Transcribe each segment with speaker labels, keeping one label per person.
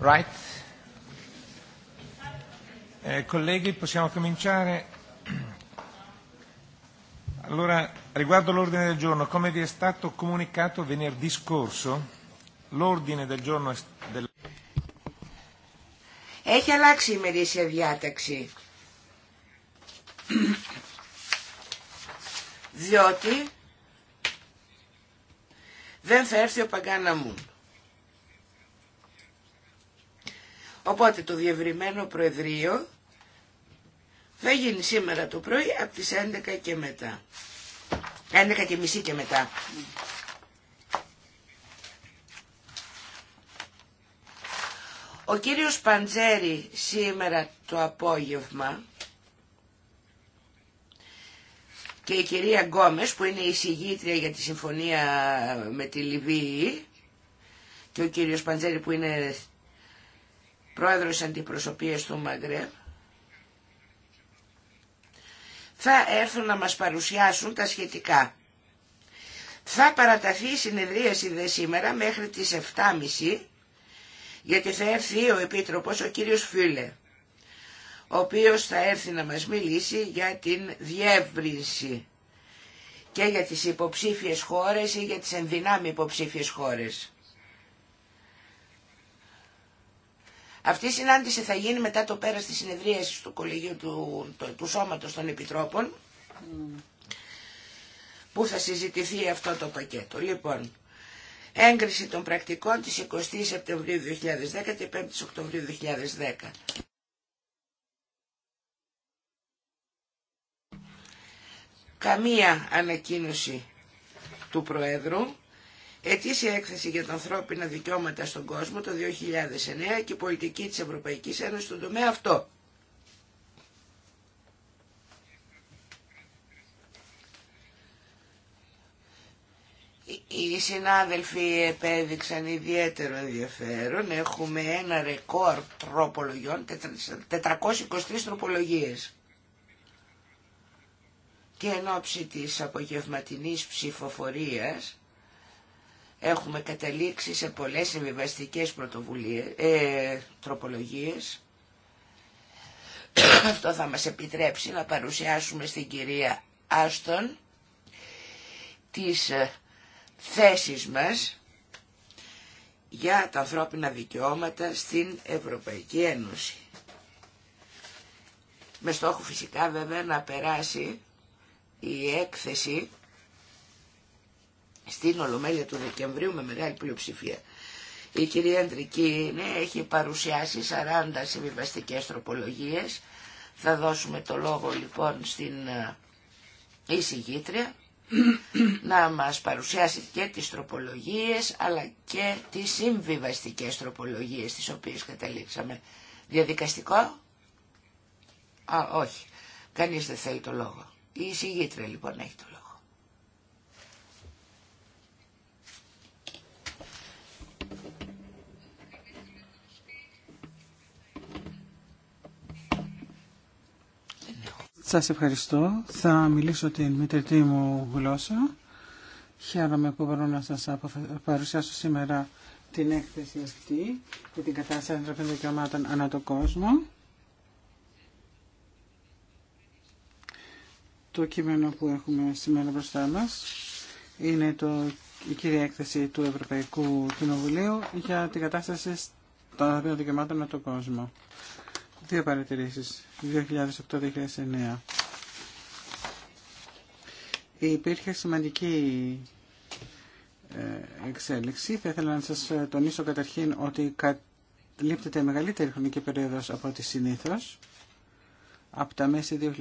Speaker 1: Right. Eh, colleghi, possiamo cominciare. Allora, riguardo l'ordine del giorno, come vi è stato comunicato venerdì scorso, l'ordine del giorno del...
Speaker 2: Έχει αλλάξει η μερίσια διάταξη. Διότι δεν θα έρθει ο παγκάνα μου. Οπότε το διευρυμένο Προεδρείο θα γίνει σήμερα το πρωί από τις 11 και μετά. 11 και μισή και μετά. Ο κύριος Παντζέρη σήμερα το απόγευμα και η κυρία Γκόμες που είναι η συγγήτρια για τη συμφωνία με τη Λιβύη και ο κύριος Παντζέρη που είναι πρόεδρος αντιπροσωπείας του Μαγκρέμ, θα έρθουν να μας παρουσιάσουν τα σχετικά. Θα παραταθεί η συνεδρίαση δε σήμερα μέχρι τις 7.30 γιατί θα έρθει ο Επίτροπος ο κύριος Φίλε ο οποίος θα έρθει να μας μιλήσει για την διεύρυνση και για τις υποψήφιες χώρες ή για τις ενδυνάμει υποψήφιες χώρες. Αυτή η συνάντηση θα γίνει μετά το πέρας της συνεδρίαση του Κολεγίου του, του, Σώματος των Επιτρόπων που θα συζητηθεί αυτό το πακέτο. Λοιπόν, έγκριση των πρακτικών της 20 Σεπτεμβρίου 2010 και 5 Οκτωβρίου 2010. Καμία ανακοίνωση του Προέδρου. Ετήσια έκθεση για τα ανθρώπινα δικαιώματα στον κόσμο το 2009 και η πολιτική της Ευρωπαϊκής Ένωσης στον τομέα αυτό. Οι συνάδελφοι επέδειξαν ιδιαίτερο ενδιαφέρον. Έχουμε ένα ρεκόρ τροπολογιών, 423 τροπολογίες. Και εν ώψη της απογευματινής ψηφοφορίας, Έχουμε καταλήξει σε πολλές συμβιβαστικέ ε, τροπολογίες. Αυτό θα μας επιτρέψει να παρουσιάσουμε στην κυρία Άστον τις ε, θέσεις μας για τα ανθρώπινα δικαιώματα στην Ευρωπαϊκή Ένωση. Με στόχο φυσικά βέβαια να περάσει η έκθεση στην Ολομέλεια του Δεκεμβρίου με μεγάλη πλειοψηφία. Η κυρία Αντρική ναι, έχει παρουσιάσει 40 συμβιβαστικέ τροπολογίες. Θα δώσουμε το λόγο λοιπόν στην εισηγήτρια να μας παρουσιάσει και τις τροπολογίες αλλά και τις συμβιβαστικές τροπολογίες τις οποίες καταλήξαμε. Διαδικαστικό? Α, όχι. Κανείς δεν θέλει το λόγο. Η εισηγήτρια λοιπόν έχει το λόγο.
Speaker 3: Σας ευχαριστώ. Θα μιλήσω την μητρική μου γλώσσα. Χαίρομαι που μπορώ να σας παρουσιάσω σήμερα την έκθεση αυτή για την κατάσταση ανθρωπίνων δικαιωμάτων ανά τον κόσμο. Το κείμενο που έχουμε σήμερα μπροστά μας είναι το, η κύρια έκθεση του Ευρωπαϊκού Κοινοβουλίου για την κατάσταση των ανθρωπίνων δικαιωμάτων ανά τον κόσμο δυο παρατηρησει παρατηρήσεις. 2008-2009. Υπήρχε σημαντική ε, εξέλιξη. Θα ήθελα να σας ε, τονίσω καταρχήν ότι καλύπτεται μεγαλύτερη χρονική περίοδο από ό,τι συνήθως από τα μέση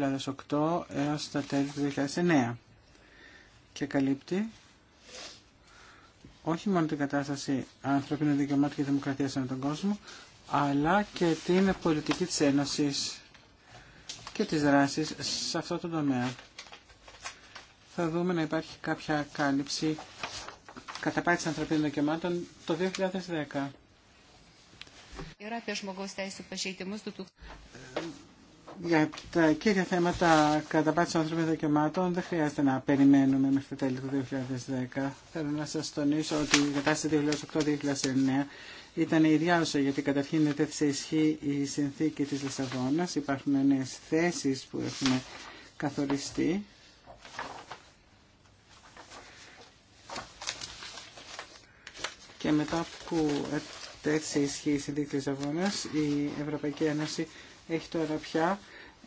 Speaker 3: 2008 έως τα τέλη του 2009 και καλύπτει όχι μόνο την κατάσταση ανθρωπίνων δικαιωμάτων και δημοκρατίας ανά τον κόσμο, αλλά και την πολιτική της Ένωσης και τις δράσεις σε αυτό το τομέα. Θα δούμε να υπάρχει κάποια κάλυψη κατά πάτηση ανθρωπίνων δικαιωμάτων το 2010. Για τα κύρια θέματα κατά πάτηση ανθρωπίνων δικαιωμάτων δεν χρειάζεται να περιμένουμε μέχρι το τέλη του 2010. Θέλω να σας τονίσω ότι η κατάσταση 2008-2009 ήταν ιδιάζουσα γιατί καταρχήν τέθησε ισχύ η συνθήκη της Λισαβόνας, υπάρχουν νέες θέσεις που έχουν καθοριστεί. Και μετά που τέθησε ισχύ η συνθήκη της Λισαβόνας, η Ευρωπαϊκή Ένωση έχει τώρα πια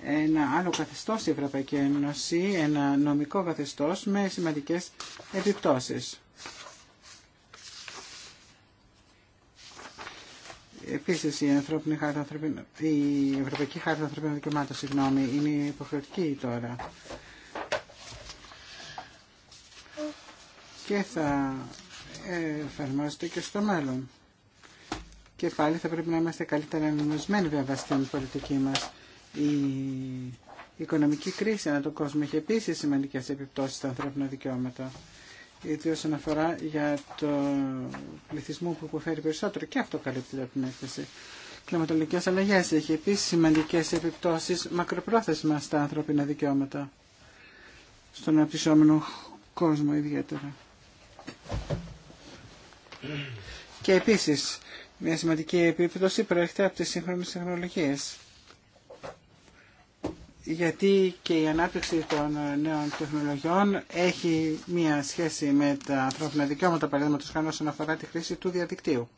Speaker 3: ένα άλλο καθεστώς η Ευρωπαϊκή Ένωση, ένα νομικό καθεστώς με σημαντικές επιπτώσεις. Επίση, η, η Ευρωπαϊκή Χάρτα Ανθρωπίνων Δικαιωμάτων συγγνώμη, είναι υποχρεωτική τώρα. Και θα εφαρμόζεται και στο μέλλον. Και πάλι θα πρέπει να είμαστε καλύτερα ενημερισμένοι βέβαια στην πολιτική μας. Η οικονομική κρίση ανά τον κόσμο έχει επίση σημαντικές επιπτώσεις στα ανθρώπινα δικαιώματα γιατί όσον αφορά για το πληθυσμό που υποφέρει περισσότερο και αυτό καλύπτει από την έκθεση. Κλιματολογικέ αλλαγέ έχει επίση σημαντικέ επιπτώσει μακροπρόθεσμα στα ανθρώπινα δικαιώματα. Στον αναπτυσσόμενο κόσμο ιδιαίτερα. Και επίση, μια σημαντική επίπτωση προέρχεται από τι σύγχρονε τεχνολογίε γιατί και η ανάπτυξη των νέων τεχνολογιών έχει μία σχέση με τα ανθρώπινα δικαιώματα, παραδείγματος χάνω όσον αφορά τη χρήση του διαδικτύου.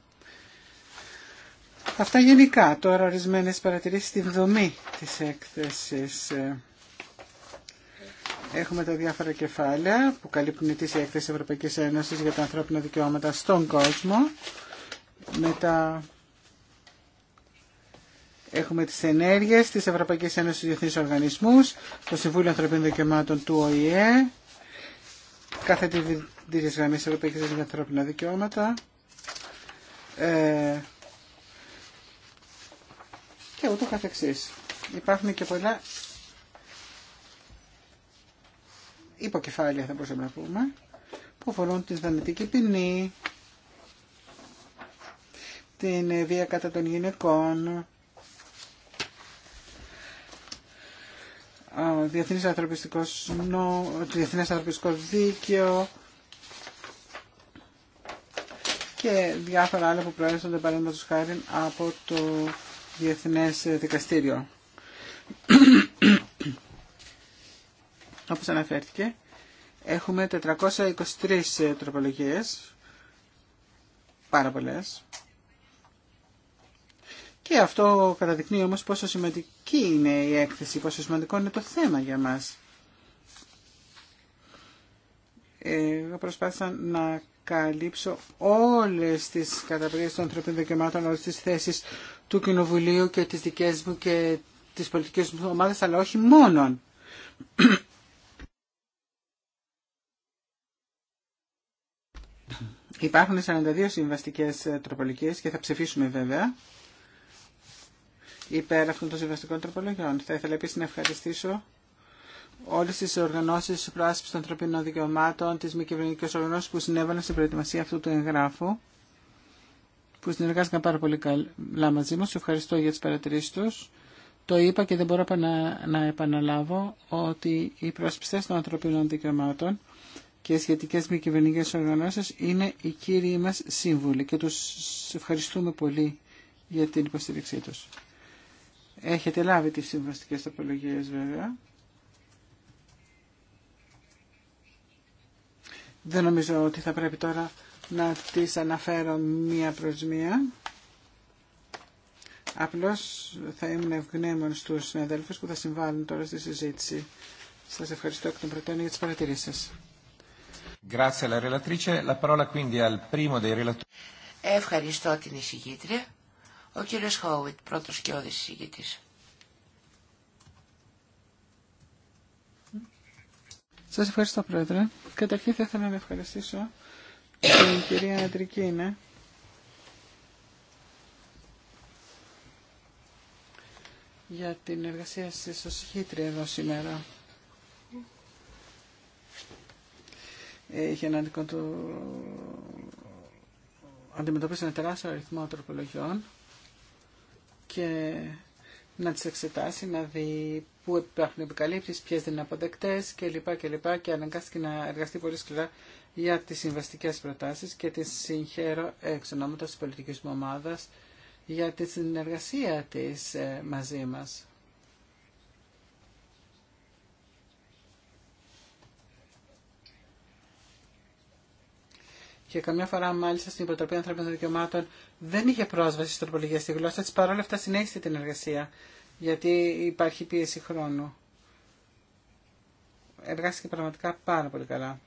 Speaker 3: Αυτά γενικά, τώρα ορισμένε παρατηρήσεις στη δομή της έκθεσης. Έχουμε τα διάφορα κεφάλαια που καλύπτουν η έκθεση Ευρωπαϊκής Ένωσης για τα ανθρώπινα δικαιώματα στον κόσμο. τα... Έχουμε τις ενέργειες της Ευρωπαϊκής Ένωσης Διεθνής Οργανισμούς, το Συμβούλιο Ανθρωπίνων Δικαιωμάτων του ΟΗΕ, κάθε γραμμή γραμμής Ευρωπαϊκής Ένωσης για ανθρώπινα δικαιώματα ε, και ούτω καθεξής. Υπάρχουν και πολλά υποκεφάλαια θα μπορούσαμε να πούμε που αφορούν την δανειτική ποινή, την βία κατά των γυναικών, διεθνής ανθρωπιστικός, νο, διεθνές ανθρωπιστικό δίκαιο και διάφορα άλλα που προέρχονται παραδείγματο χάρη από το Διεθνές Δικαστήριο. Όπως αναφέρθηκε, έχουμε 423 τροπολογίες, πάρα πολλές, και αυτό καταδεικνύει όμως πόσο σημαντική είναι η έκθεση, πόσο σημαντικό είναι το θέμα για μας. Ε, εγώ προσπάθησα να καλύψω όλες τις καταπληκτικές των ανθρωπίνων δικαιωμάτων, όλες τις θέσεις του Κοινοβουλίου και τις δικές μου και τις πολιτικές μου ομάδες, αλλά όχι μόνον. Υπάρχουν 42 συμβαστικές τροπολογίες και θα ψηφίσουμε βέβαια υπέρ αυτών των συμβαστικών τροπολογιών. Θα ήθελα επίση να ευχαριστήσω όλε τι οργανώσει προάσπιση των ανθρωπίνων δικαιωμάτων, τις μη κυβερνητικέ οργανώσεις που συνέβαλαν στην προετοιμασία αυτού του εγγράφου, που συνεργάστηκαν πάρα πολύ καλά μαζί μας. Ευχαριστώ για τι παρατηρήσει του. Το είπα και δεν μπορώ να, να επαναλάβω ότι οι προσπιστέ των ανθρωπίνων δικαιωμάτων και σχετικέ μη κυβερνικές οργανώσει είναι οι κύριοι μα σύμβουλοι και του ευχαριστούμε πολύ για την υποστήριξή τους. Έχετε λάβει τις συμβαστικές απολογίες βέβαια. Δεν νομίζω ότι θα πρέπει τώρα να τις αναφέρω μία προς μία. Απλώς θα ήμουν ευγνώμων στους συναδέλφους που θα συμβάλλουν τώρα στη συζήτηση. Σας ευχαριστώ εκ των προτέρων για τις παρατηρήσεις
Speaker 1: σας.
Speaker 2: Ευχαριστώ την εισηγήτρια. Ο κύριος Χόουιτ, πρώτος και ηγητής.
Speaker 3: Σας ευχαριστώ Πρόεδρε. Καταρχήν θα ήθελα να ευχαριστήσω την κυρία Αντρικίνα για την εργασία σας ως χήτρια εδώ σήμερα. Είχε αντιμετωπίσει ένα τεράστιο αριθμό τροπολογιών και να τις εξετάσει, να δει πού υπάρχουν επικαλύψεις, ποιες δεν είναι αποδεκτές κλπ. λοιπά και αναγκάστηκε να εργαστεί πολύ σκληρά για τις συμβαστικές προτάσεις και τις συγχαίρω εξ ονόματος της πολιτικής μου ομάδας για τη συνεργασία της ε, μαζί μας. και καμιά φορά μάλιστα στην Υποτροπή Ανθρώπινων Δικαιωμάτων δεν είχε πρόσβαση στην τροπολογία στη γλώσσα τη, παρόλα αυτά συνέχισε την εργασία, γιατί υπάρχει πίεση χρόνου. Εργάστηκε πραγματικά πάρα πολύ καλά.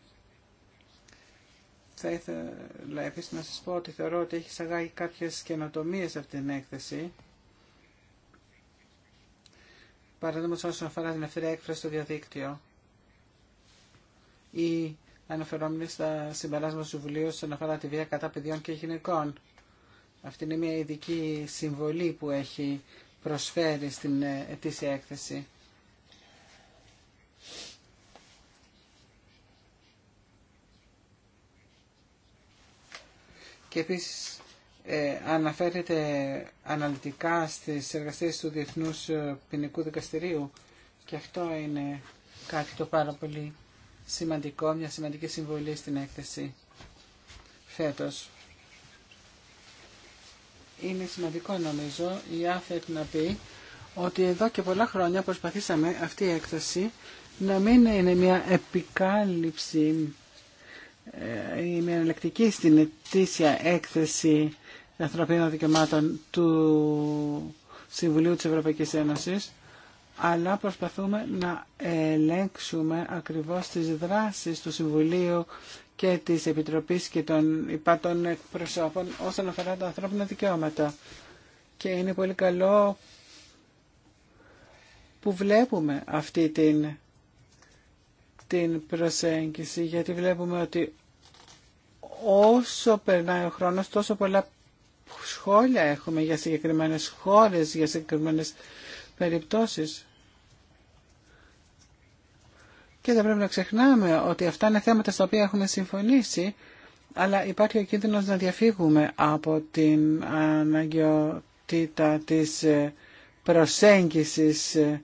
Speaker 3: Θα ήθελα επίση να σα πω ότι θεωρώ ότι έχει σαγάγει κάποιε καινοτομίε αυτή την έκθεση. Παραδείγματο όσον αφορά την ελευθερία έκφραση στο διαδίκτυο. Η αναφερόμενοι στα συμπεράσματα του Συμβουλίου στον αφορά τη βία κατά παιδιών και γυναικών. Αυτή είναι μια ειδική συμβολή που έχει προσφέρει στην ε, ετήσια έκθεση. Και επίσης ε, αναφέρεται αναλυτικά στις εργασίες του Διεθνούς Ποινικού Δικαστηρίου και αυτό είναι κάτι το πάρα πολύ σημαντικό, μια σημαντική συμβολή στην έκθεση φέτος. Είναι σημαντικό νομίζω η Άφετ να πει ότι εδώ και πολλά χρόνια προσπαθήσαμε αυτή η έκθεση να μην είναι μια επικάλυψη ε, ή μια ελεκτική στην ετήσια έκθεση ανθρωπίνων δικαιωμάτων του Συμβουλίου της Ευρωπαϊκής Ένωσης αλλά προσπαθούμε να ελέγξουμε ακριβώς τις δράσεις του Συμβουλίου και της Επιτροπής και των υπάτων εκπροσώπων όσον αφορά τα ανθρώπινα δικαιώματα. Και είναι πολύ καλό που βλέπουμε αυτή την, την προσέγγιση, γιατί βλέπουμε ότι όσο περνάει ο χρόνος, τόσο πολλά σχόλια έχουμε για συγκεκριμένες χώρες, για συγκεκριμένες περιπτώσεις. Και δεν πρέπει να ξεχνάμε ότι αυτά είναι θέματα στα οποία έχουμε συμφωνήσει, αλλά υπάρχει ο κίνδυνος να διαφύγουμε από την αναγκαιότητα της ε, προσέγγισης. Ε,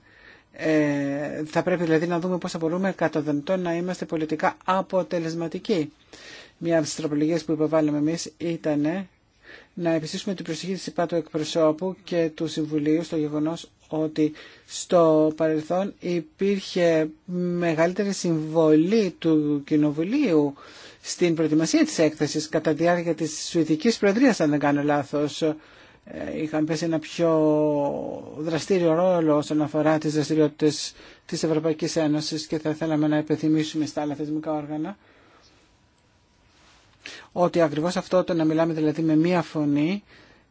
Speaker 3: ε, θα πρέπει δηλαδή να δούμε πώς θα μπορούμε κατά να είμαστε πολιτικά αποτελεσματικοί. Μία από τις τροπολογίες που υποβάλαμε εμείς ήταν να επιστήσουμε την προσοχή της υπάτου εκπροσώπου και του Συμβουλίου στο γεγονός ότι στο παρελθόν υπήρχε μεγαλύτερη συμβολή του Κοινοβουλίου στην προετοιμασία της έκθεσης κατά τη διάρκεια της Σουηδικής Προεδρίας, αν δεν κάνω λάθος. Ε, Είχαν πέσει ένα πιο δραστήριο ρόλο όσον αφορά τις δραστηριότητες της Ευρωπαϊκής Ένωσης και θα θέλαμε να επιθυμίσουμε στα άλλα θεσμικά όργανα ότι ακριβώς αυτό το να μιλάμε δηλαδή με μία φωνή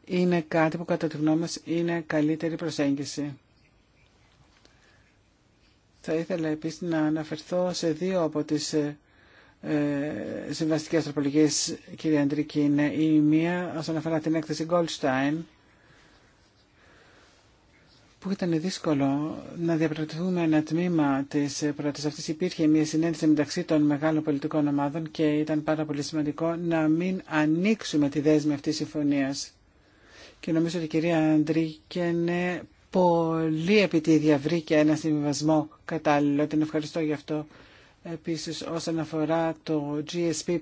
Speaker 3: είναι κάτι που κατά τη γνώμη μας είναι καλύτερη προσέγγιση. Θα ήθελα επίσης να αναφερθώ σε δύο από τις ε, συμβαστικές τροπολογίες, κύριε Αντρική, η μία όσον αφορά την έκθεση Goldstein, που ήταν δύσκολο να διαπραγματευτούμε ένα τμήμα της πρώτης αυτής. Υπήρχε μια συνέντευξη μεταξύ των μεγάλων πολιτικών ομάδων και ήταν πάρα πολύ σημαντικό να μην ανοίξουμε τη δέσμη αυτής συμφωνίας και νομίζω ότι η κυρία Αντρίκεν ναι, πολύ επιτίδια βρήκε ένα συμβιβασμό κατάλληλο. Την ευχαριστώ γι' αυτό. Επίσης όσον αφορά το GSP+,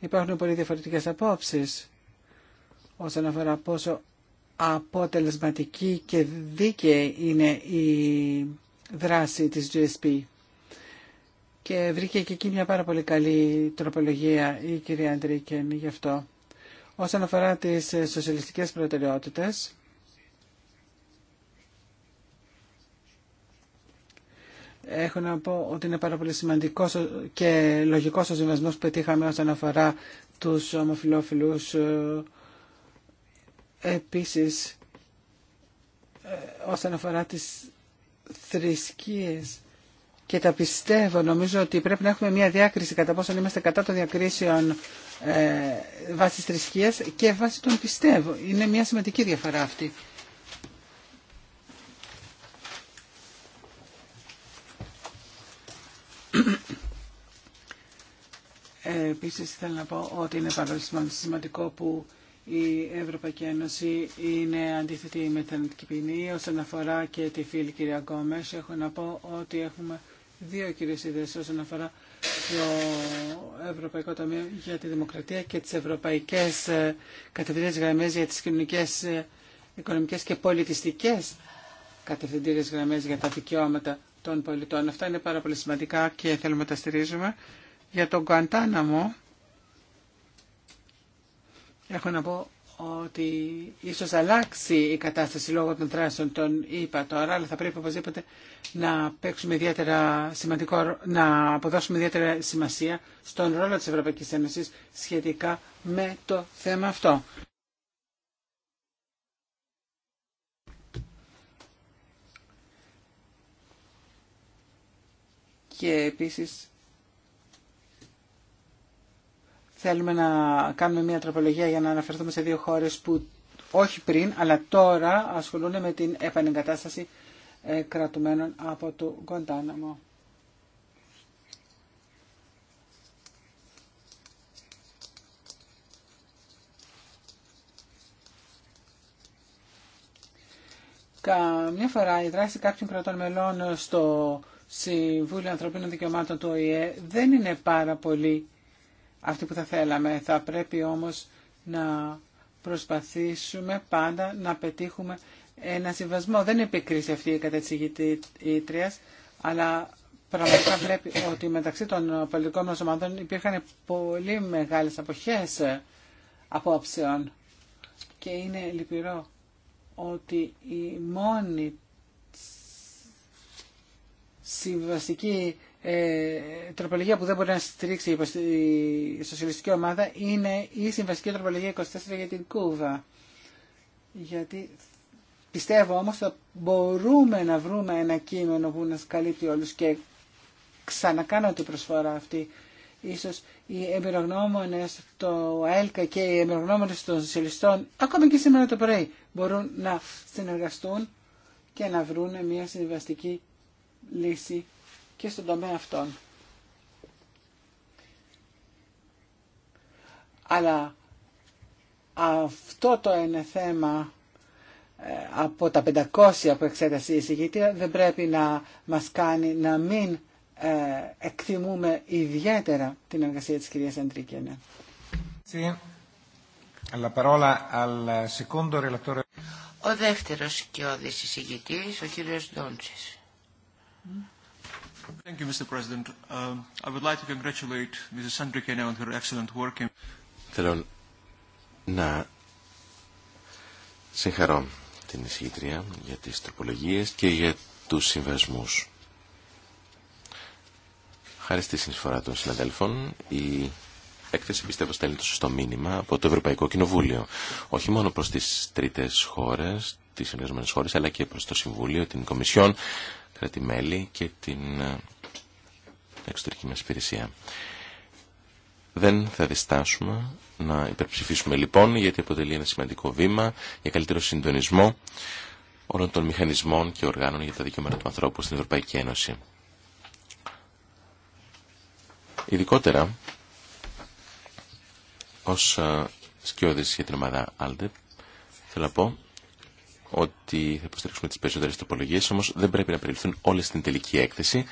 Speaker 3: υπάρχουν πολύ διαφορετικές απόψεις όσον αφορά πόσο αποτελεσματική και δίκαιη είναι η δράση της GSP. Και βρήκε και εκεί μια πάρα πολύ καλή τροπολογία η κυρία Αντρίκεν γι' αυτό. Όσον αφορά τις ε, σοσιαλιστικές προτεραιότητες, έχω να πω ότι είναι πάρα πολύ σημαντικός και λογικός ο συμβασμός που πετύχαμε όσον αφορά τους ομοφιλόφιλους. Ε, επίσης, ε, όσον αφορά τις θρησκείες και τα πιστεύω, νομίζω ότι πρέπει να έχουμε μια διάκριση κατά πόσον είμαστε κατά των διακρίσεων ε, της θρησκείας και βάσει των πιστεύω. Είναι μια σημαντική διαφορά αυτή. Ε, Επίση θέλω να πω ότι είναι πάρα σημαντικό που η Ευρωπαϊκή Ένωση είναι αντίθετη με την ποινή. Όσον αφορά και τη φίλη κυρία Γκόμες, έχω να πω ότι έχουμε δύο κυρίες ιδέες όσον αφορά το Ευρωπαϊκό Ταμείο για τη Δημοκρατία και τις Ευρωπαϊκές ε, Κατευθυντήριες Γραμμές για τις Κοινωνικές, ε, Οικονομικές και Πολιτιστικές Κατευθυντήριες Γραμμές για τα δικαιώματα των πολιτών. Αυτά είναι πάρα πολύ σημαντικά και θέλουμε να τα στηρίζουμε. Για τον Κουαντάναμο έχω να πω ότι ίσως αλλάξει η κατάσταση λόγω των δράσεων των ΙΠΑ τώρα, αλλά θα πρέπει οπωσδήποτε να παίξουμε ιδιαίτερα σημαντικό, να αποδώσουμε ιδιαίτερα σημασία στον ρόλο της Ευρωπαϊκής Ένωσης σχετικά με το θέμα αυτό. Και επίσης Θέλουμε να κάνουμε μια τροπολογία για να αναφερθούμε σε δύο χώρες που όχι πριν, αλλά τώρα ασχολούνται με την επανεγκατάσταση ε, κρατουμένων από το Γκοντάναμο. Καμιά φορά η δράση κάποιων κρατών μελών στο Συμβούλιο Ανθρωπίνων Δικαιωμάτων του ΟΗΕ δεν είναι πάρα πολύ αυτή που θα θέλαμε. Θα πρέπει όμως να προσπαθήσουμε πάντα να πετύχουμε ένα συμβασμό. Δεν είναι επικρίση αυτή η κατεξηγητή αλλά πραγματικά βλέπει ότι μεταξύ των πολιτικών μας ομάδων υπήρχαν πολύ μεγάλες αποχές απόψεων. Και είναι λυπηρό ότι η μόνη συμβαστική ε, τροπολογία που δεν μπορεί να στηρίξει η σοσιαλιστική ομάδα είναι η συμβασική τροπολογία 24 για την Κούβα. Γιατί πιστεύω όμως ότι μπορούμε να βρούμε ένα κείμενο που να καλύπτει όλους και ξανακάνω την προσφορά αυτή. Ίσως οι εμπειρογνώμονες το ΑΕΛΚΑ και οι εμπειρογνώμονες των σοσιαλιστών ακόμη και σήμερα το πρωί μπορούν να συνεργαστούν και να βρουν μια συμβαστική λύση και στον τομέα αυτών. Αλλά αυτό το είναι θέμα ε, από τα 500 που εξέτασε η εισηγήτρια δεν πρέπει να μας κάνει να μην ε, εκτιμούμε ιδιαίτερα την εργασία της κυρίας Αντρίκενε.
Speaker 2: Ο δεύτερος και ο εισηγητής, ο κύριος Ντόντσης.
Speaker 4: Thank you, Mr. President. Θέλω να συγχαρώ την εισηγήτρια για τις τροπολογίες και για τους συμβασμούς. Χάρη στη συνεισφορά των συναδέλφων, η έκθεση πιστεύω στέλνει το σωστό μήνυμα από το Ευρωπαϊκό Κοινοβούλιο. Όχι μόνο προς τις τρίτες χώρες, τις συνεργασμένες χώρες, αλλά και προς το Συμβούλιο, την Κομισιόν, κρατη και την ε, εξωτερική μας υπηρεσία. Δεν θα διστάσουμε να υπερψηφίσουμε λοιπόν γιατί αποτελεί ένα σημαντικό βήμα για καλύτερο συντονισμό όλων των μηχανισμών και οργάνων για τα δικαιώματα του ανθρώπου στην Ευρωπαϊκή Ένωση. Ειδικότερα, ως ε, σκιώδης για την ομάδα ALDE, θέλω να πω ότι θα υποστηρίξουμε τι περισσότερε τροπολογίες, όμω δεν πρέπει να περιληφθούν όλες στην τελική έκθεση.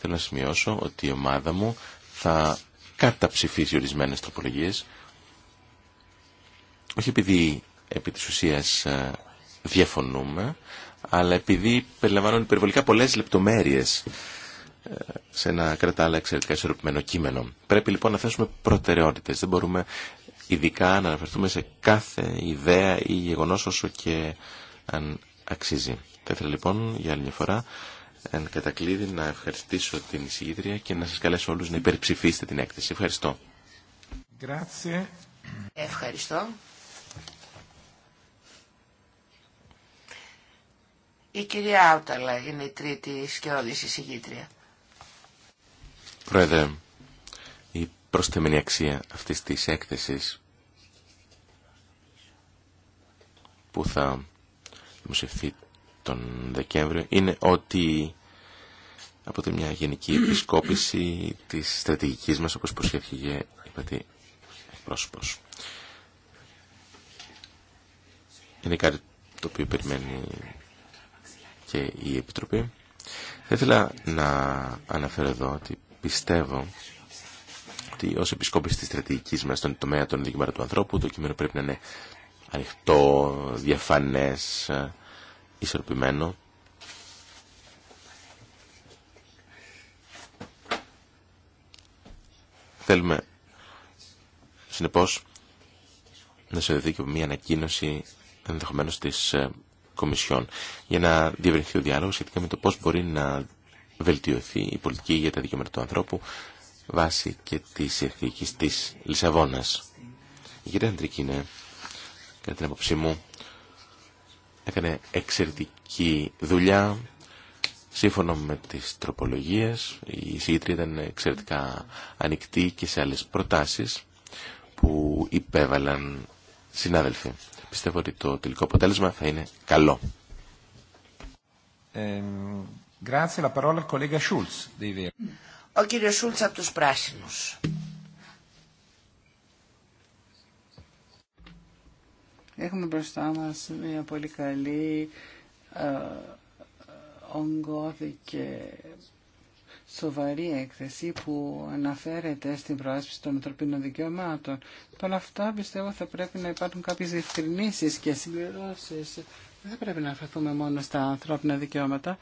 Speaker 4: Θέλω να σημειώσω ότι η ομάδα μου θα καταψηφίσει ορισμένες τροπολογίες, όχι επειδή επί τη ουσία ε, διαφωνούμε, αλλά επειδή περιλαμβάνουν υπερβολικά πολλές λεπτομέρειες ε, σε ένα τα άλλα εξαιρετικά ισορροπημένο κείμενο. Πρέπει λοιπόν να θέσουμε προτεραιότητε. Δεν μπορούμε ειδικά να αναφερθούμε σε κάθε ιδέα ή γεγονός όσο και αν αξίζει. Θα ήθελα λοιπόν για άλλη μια φορά εν κατακλείδη να ευχαριστήσω την εισηγήτρια και να σας καλέσω όλους να υπερψηφίσετε την έκθεση. Ευχαριστώ.
Speaker 2: Ευχαριστώ. Η κυρία Άουταλα είναι η τρίτη σκιώδης εισηγήτρια.
Speaker 4: Πρόεδρε, η προσθεμένη αξία αυτής της έκθεσης που θα δημοσιευθεί τον Δεκέμβριο είναι ότι από τη μια γενική επισκόπηση της στρατηγικής μας όπως προσχέθηκε είπατε εκπρόσωπος. Είναι κάτι το οποίο περιμένει και η Επιτροπή. Θα ήθελα να αναφέρω εδώ ότι πιστεύω ότι ως επισκόπηση της στρατηγικής μας στον τομέα των δικαιωμάτων του ανθρώπου το κείμενο πρέπει να είναι ανοιχτό, διαφανές, ε, ισορροπημένο. Θέλουμε, συνεπώς, να σε και μια ανακοίνωση ενδεχομένως της ε, Κομισιόν για να διευρυνθεί ο διάλογος σχετικά με το πώς μπορεί να βελτιωθεί η πολιτική για τα δικαιώματα του ανθρώπου βάσει και της εθνικής της Λισαβόνας. Η κυρία Αντρική είναι κατά την άποψή μου, έκανε εξαιρετική δουλειά. Σύμφωνα με τις τροπολογίες, η εισηγήτρια ήταν εξαιρετικά ανοιχτή και σε άλλες προτάσεις που υπέβαλαν συνάδελφοι. Πιστεύω ότι το τελικό αποτέλεσμα
Speaker 2: θα είναι καλό. Ο κύριος Σούλτς από τους Πράσινους. Έχουμε μπροστά μας
Speaker 3: μια πολύ καλή ε, ογκώδη και σοβαρή έκθεση που αναφέρεται στην προάσπιση των ανθρωπίνων δικαιωμάτων. Παρ' αυτά πιστεύω θα πρέπει να υπάρχουν κάποιες διευκρινήσεις και συμπληρώσεις. Δεν θα πρέπει να αφαιθούμε μόνο στα ανθρώπινα δικαιώματα,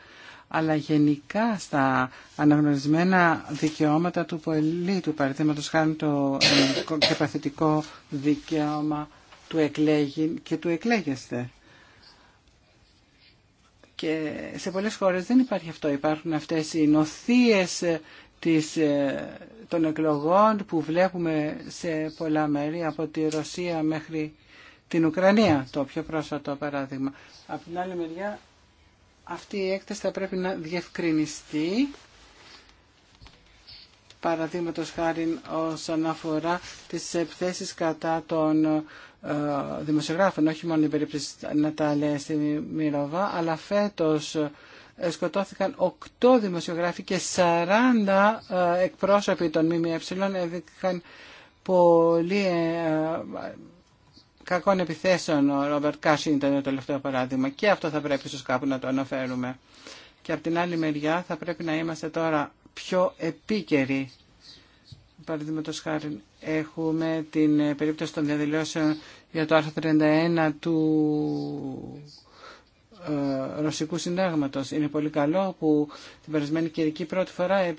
Speaker 3: αλλά γενικά στα αναγνωρισμένα δικαιώματα του πολίτου, παραδείγματο χάρη το και παθητικό δικαίωμα του εκλέγει και του εκλέγεστε. Και σε πολλές χώρες δεν υπάρχει αυτό. Υπάρχουν αυτές οι νοθείες ε, της, ε, των εκλογών που βλέπουμε σε πολλά μέρη από τη Ρωσία μέχρι την Ουκρανία, το πιο πρόσφατο παράδειγμα. Από την άλλη μεριά, αυτή η έκθεση θα πρέπει να διευκρινιστεί, παραδείγματο χάρη όσον αφορά τις επιθέσεις κατά των ε, δημοσιογράφων, όχι μόνο η περίπτωση Νατάλια στη Μυροβά, αλλά φέτος ε, σκοτώθηκαν 8 δημοσιογράφοι και 40 ε, εκπρόσωποι των ΜΜΕ έδειξαν πολύ κακών επιθέσεων. Ο Ρόμπερτ Κάσιν ήταν το τελευταίο παράδειγμα και αυτό θα πρέπει ίσως κάπου να το αναφέρουμε. Και από την άλλη μεριά θα πρέπει να είμαστε τώρα πιο επίκαιροι. παραδείγματος χάρη έχουμε την περίπτωση των διαδηλώσεων για το άρθρο 31 του ε, Ρωσικού Συντάγματος. Είναι πολύ καλό που την περασμένη Κυρική πρώτη φορά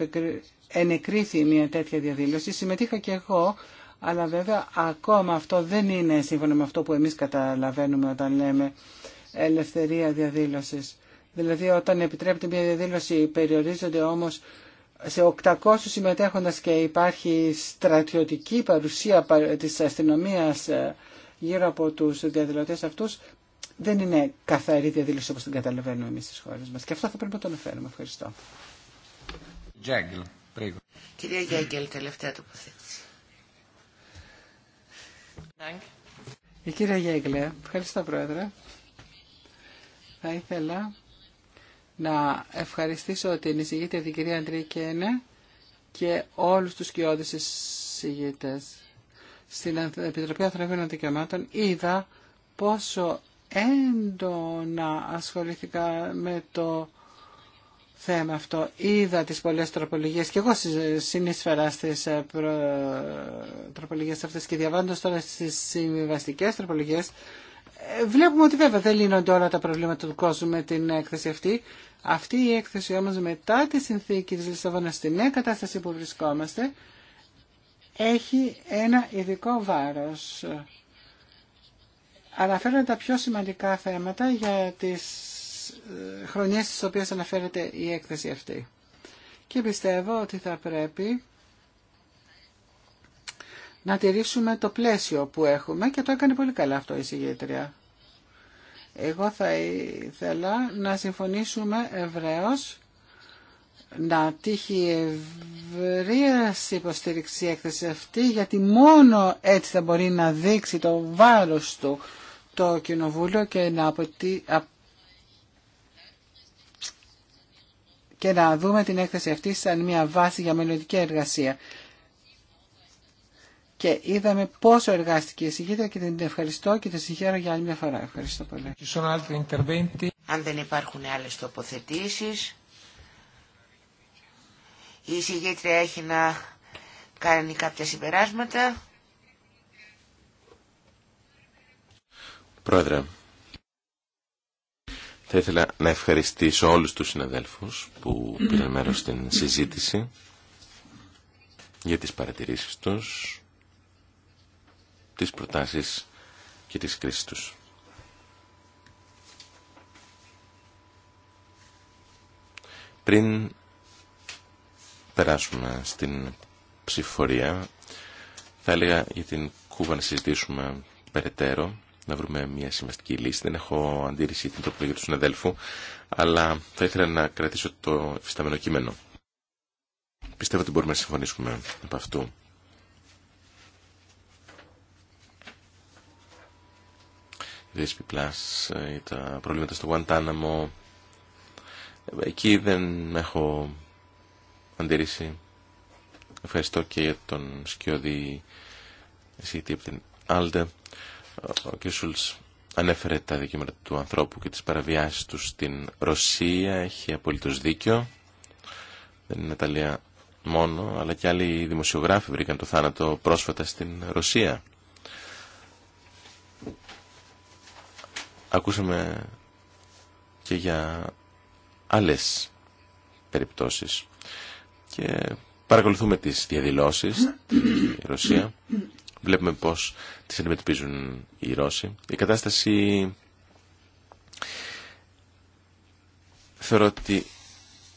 Speaker 3: ενεκρίθη μια τέτοια διαδήλωση. Συμμετείχα και εγώ, αλλά βέβαια ακόμα αυτό δεν είναι σύμφωνα με αυτό που εμείς καταλαβαίνουμε όταν λέμε ελευθερία διαδήλωσης. Δηλαδή όταν επιτρέπεται μια διαδήλωση περιορίζονται όμως σε 800 συμμετέχοντας και υπάρχει στρατιωτική παρουσία της αστυνομίας ε, γύρω από τους διαδηλωτές αυτούς, δεν είναι καθαρή διαδήλωση όπως την καταλαβαίνουμε εμείς στις χώρες μας. Και αυτό θα πρέπει να το αναφέρουμε. Ευχαριστώ.
Speaker 1: Κυρία Γέγγελ,
Speaker 2: τελευταία τοποθέτηση.
Speaker 3: Η κυρία Γέγγελ, ευχαριστώ πρόεδρε. Θα ήθελα να ευχαριστήσω την εισηγήτρια την κυρία Αντρίκενε και όλους τους κοιόδους εισηγήτες. Στην Επιτροπή Ανθρωπίνων Δικαιωμάτων είδα πόσο έντονα ασχολήθηκα με το θέμα αυτό. Είδα τις πολλές τροπολογίες και εγώ συνεισφερά στις ε, προ... τροπολογίες αυτές και διαβάζοντας τώρα στις συμβιβαστικές τροπολογίες ε, βλέπουμε ότι βέβαια δεν λύνονται όλα τα προβλήματα του κόσμου με την έκθεση αυτή. Αυτή η έκθεση όμως μετά τη συνθήκη της Λισαβόνας στη νέα κατάσταση που βρισκόμαστε έχει ένα ειδικό βάρος. Αναφέρονται τα πιο σημαντικά θέματα για τις ε, χρονιές στις οποίες αναφέρεται η έκθεση αυτή. Και πιστεύω ότι θα πρέπει να τηρήσουμε το πλαίσιο που έχουμε και το έκανε πολύ καλά αυτό η συγγετρία. Εγώ θα ήθελα να συμφωνήσουμε ευρέως να τύχει ευρεία υποστήριξη η έκθεση αυτή γιατί μόνο έτσι θα μπορεί να δείξει το βάρος του το κοινοβούλιο και να, αποτι... και να δούμε την έκθεση αυτή σαν μια βάση για μελλοντική εργασία και είδαμε πόσο εργάστηκε η συγκίτρια και την ευχαριστώ και την συγχαίρω για άλλη μια φορά. Ευχαριστώ πολύ.
Speaker 2: Αν δεν υπάρχουν άλλες τοποθετήσεις, η συγκίτρια έχει να κάνει κάποια συμπεράσματα.
Speaker 4: Πρόεδρε, θα ήθελα να ευχαριστήσω όλους τους συναδέλφους που πήραν μέρος στην συζήτηση για τις παρατηρήσεις τους τις προτάσεις και τις κρίσεις τους. Πριν περάσουμε στην ψηφορία, θα έλεγα για την Κούβα να συζητήσουμε περαιτέρω, να βρούμε μια σημαντική λύση. Δεν έχω αντίρρηση την για του συναδέλφου, αλλά θα ήθελα να κρατήσω το εφισταμένο κείμενο. Πιστεύω ότι μπορούμε να συμφωνήσουμε από αυτού. DSP Plus ε, τα προβλήματα στο Γουαντάναμο Εκεί δεν έχω αντιρρήσει. Ευχαριστώ και για τον σκιώδη εισηγητή από την Άλτε Ο κ. Σούλτς ανέφερε τα δικαιώματα του ανθρώπου και τις παραβιάσεις του στην Ρωσία. Έχει απολύτως δίκιο. Δεν είναι Ιταλία μόνο, αλλά και άλλοι δημοσιογράφοι βρήκαν το θάνατο πρόσφατα στην Ρωσία. Ακούσαμε και για άλλες περιπτώσεις και παρακολουθούμε τις διαδηλώσεις στη Ρωσία. Βλέπουμε πώς τις αντιμετωπίζουν οι Ρώσοι. Η κατάσταση θεωρώ ότι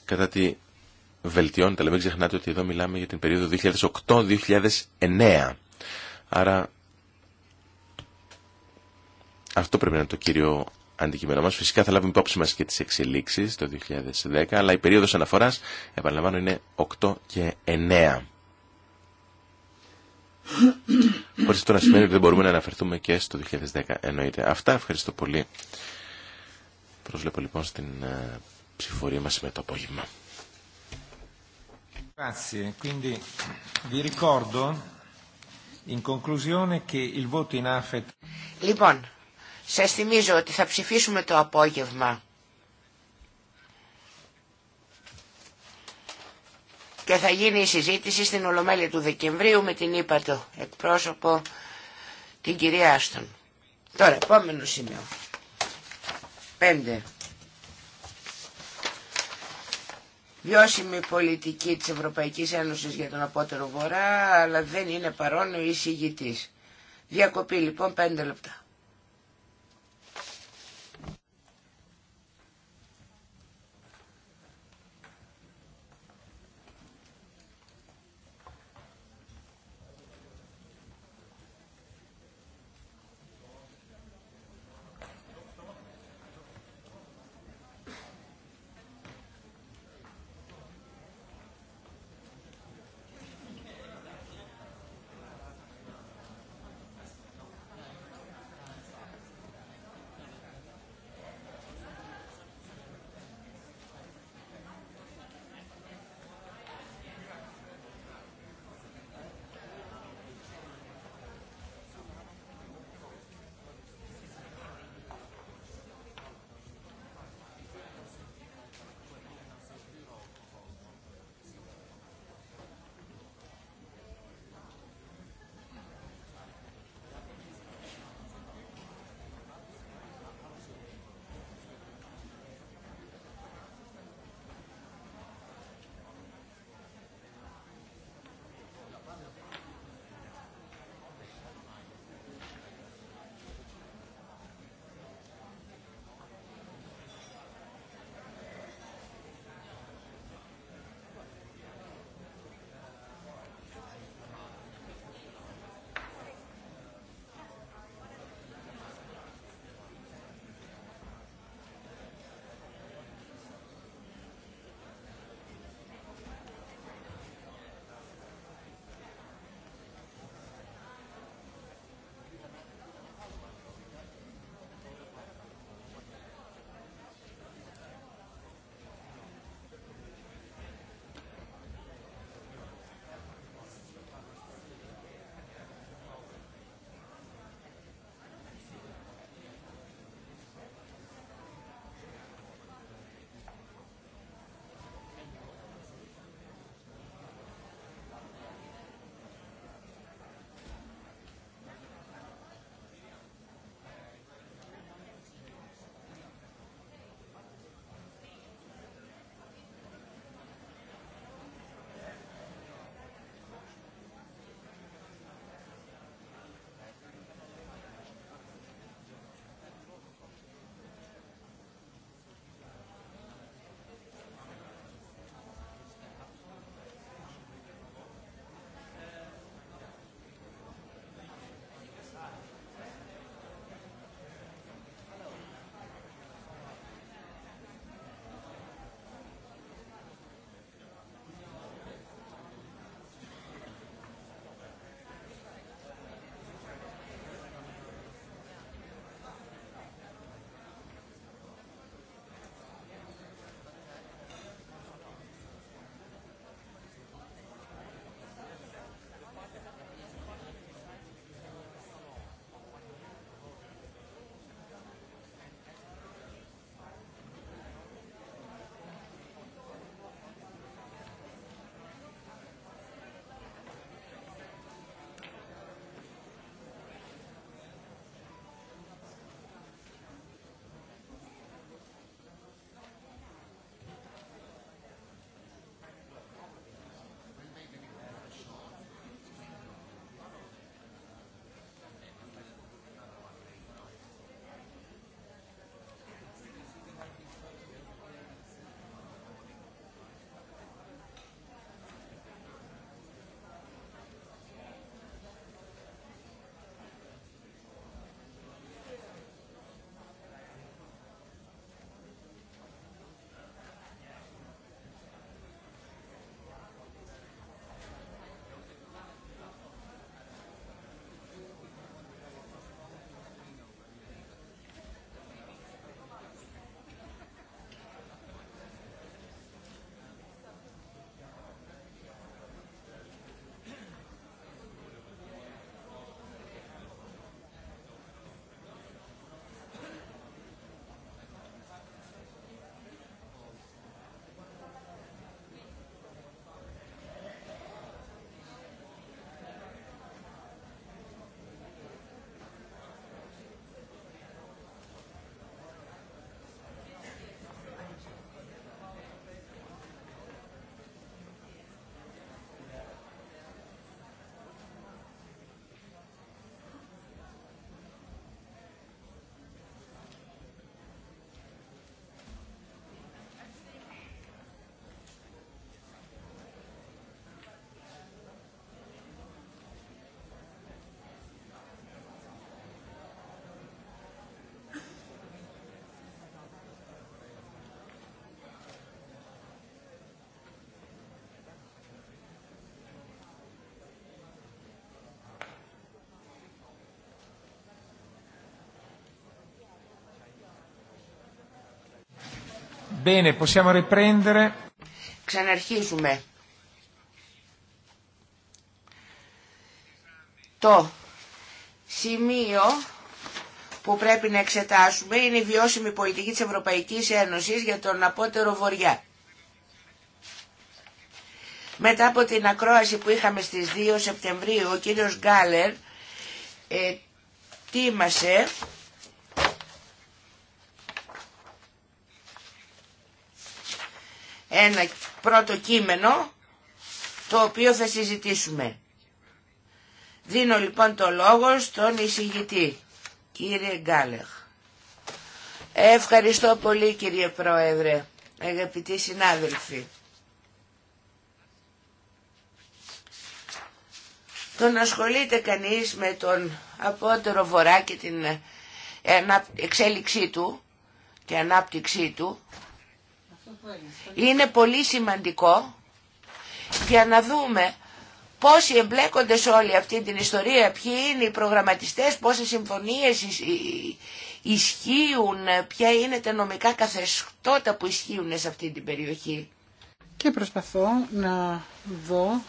Speaker 4: κατά τη βελτιώνεται, αλλά μην ξεχνάτε ότι εδώ μιλάμε για την περίοδο 2008-2009. Άρα αυτό πρέπει να είναι το κύριο αντικείμενο μα, Φυσικά θα λάβουμε υπόψη μα και τι εξελίξει το 2010, αλλά η περίοδο αναφορά, επαναλαμβάνω, είναι 8 και 9. Χωρί αυτό να σημαίνει ότι δεν μπορούμε να αναφερθούμε και στο 2010, εννοείται. Αυτά, ευχαριστώ πολύ. Προσβλέπω λοιπόν στην ε, ψηφορία μα με το απόγευμα.
Speaker 1: E
Speaker 2: λοιπόν, σας θυμίζω ότι θα ψηφίσουμε το απόγευμα. Και θα γίνει η συζήτηση στην Ολομέλεια του Δεκεμβρίου με την ύπατο εκπρόσωπο την κυρία Άστον. Τώρα, επόμενο σημείο. 5. Βιώσιμη πολιτική της Ευρωπαϊκής Ένωσης για τον απότερο βορρά, αλλά δεν είναι παρόν ο εισηγητής. Διακοπή λοιπόν πέντε λεπτά.
Speaker 1: Bene, possiamo riprendere.
Speaker 2: Ξαναρχίζουμε. Το σημείο που πρέπει να εξετάσουμε είναι η βιώσιμη πολιτική της Ευρωπαϊκής Ένωσης για τον απότερο βοριά. Μετά από την ακρόαση που είχαμε στις 2 Σεπτεμβρίου, ο κύριος Γκάλερ ετοίμασε ένα πρώτο κείμενο το οποίο θα συζητήσουμε. Δίνω λοιπόν το λόγο στον εισηγητή, κύριε Γκάλεχ. Ευχαριστώ πολύ κύριε Πρόεδρε, αγαπητοί συνάδελφοι. Τον να ασχολείται κανείς με τον απότερο βορρά και την ε, εξέλιξή του και ανάπτυξή του είναι πολύ σημαντικό για να δούμε πόσοι εμπλέκονται σε όλη αυτή την ιστορία, ποιοι είναι οι προγραμματιστές, πόσες συμφωνίες ισχύουν, ποια είναι τα νομικά καθεστώτα που ισχύουν σε αυτή την περιοχή.
Speaker 3: Και προσπαθώ να δω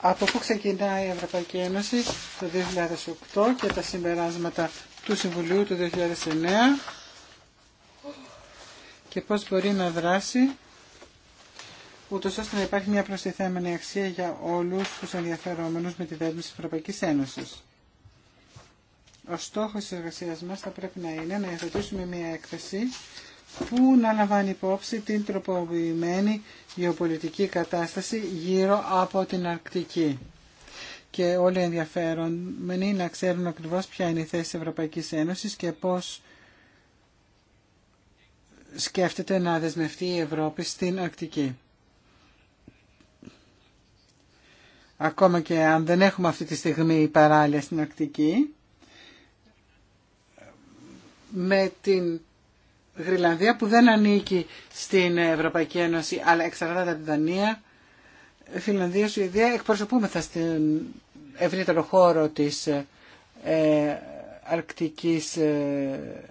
Speaker 3: από πού ξεκινάει η Ευρωπαϊκή Ένωση το 2008 και τα συμπεράσματα του Συμβουλίου του 2009 και πώς μπορεί να δράσει ούτως ώστε να υπάρχει μια προστιθέμενη αξία για όλους τους ενδιαφερόμενους με τη δέσμευση της Ευρωπαϊκής Ένωσης. Ο στόχος της εργασίας μας θα πρέπει να είναι να υιοθετήσουμε μια έκθεση που να λαμβάνει υπόψη την τροποποιημένη γεωπολιτική κατάσταση γύρω από την Αρκτική. Και όλοι οι ενδιαφέρομενοι να ξέρουν ακριβώς ποια είναι η θέση της Ευρωπαϊκής Ένωσης και πώς σκέφτεται να δεσμευτεί η Ευρώπη στην Αρκτική. Ακόμα και αν δεν έχουμε αυτή τη στιγμή παράλληλα στην Αρκτική, με την Γρυλανδία που δεν ανήκει στην Ευρωπαϊκή Ένωση αλλά εξαρτάται από την Δανία, Φιλανδία, Σουηδία εκπροσωπούμεθα στην ευρύτερο χώρο της ε, αρκτικής ε,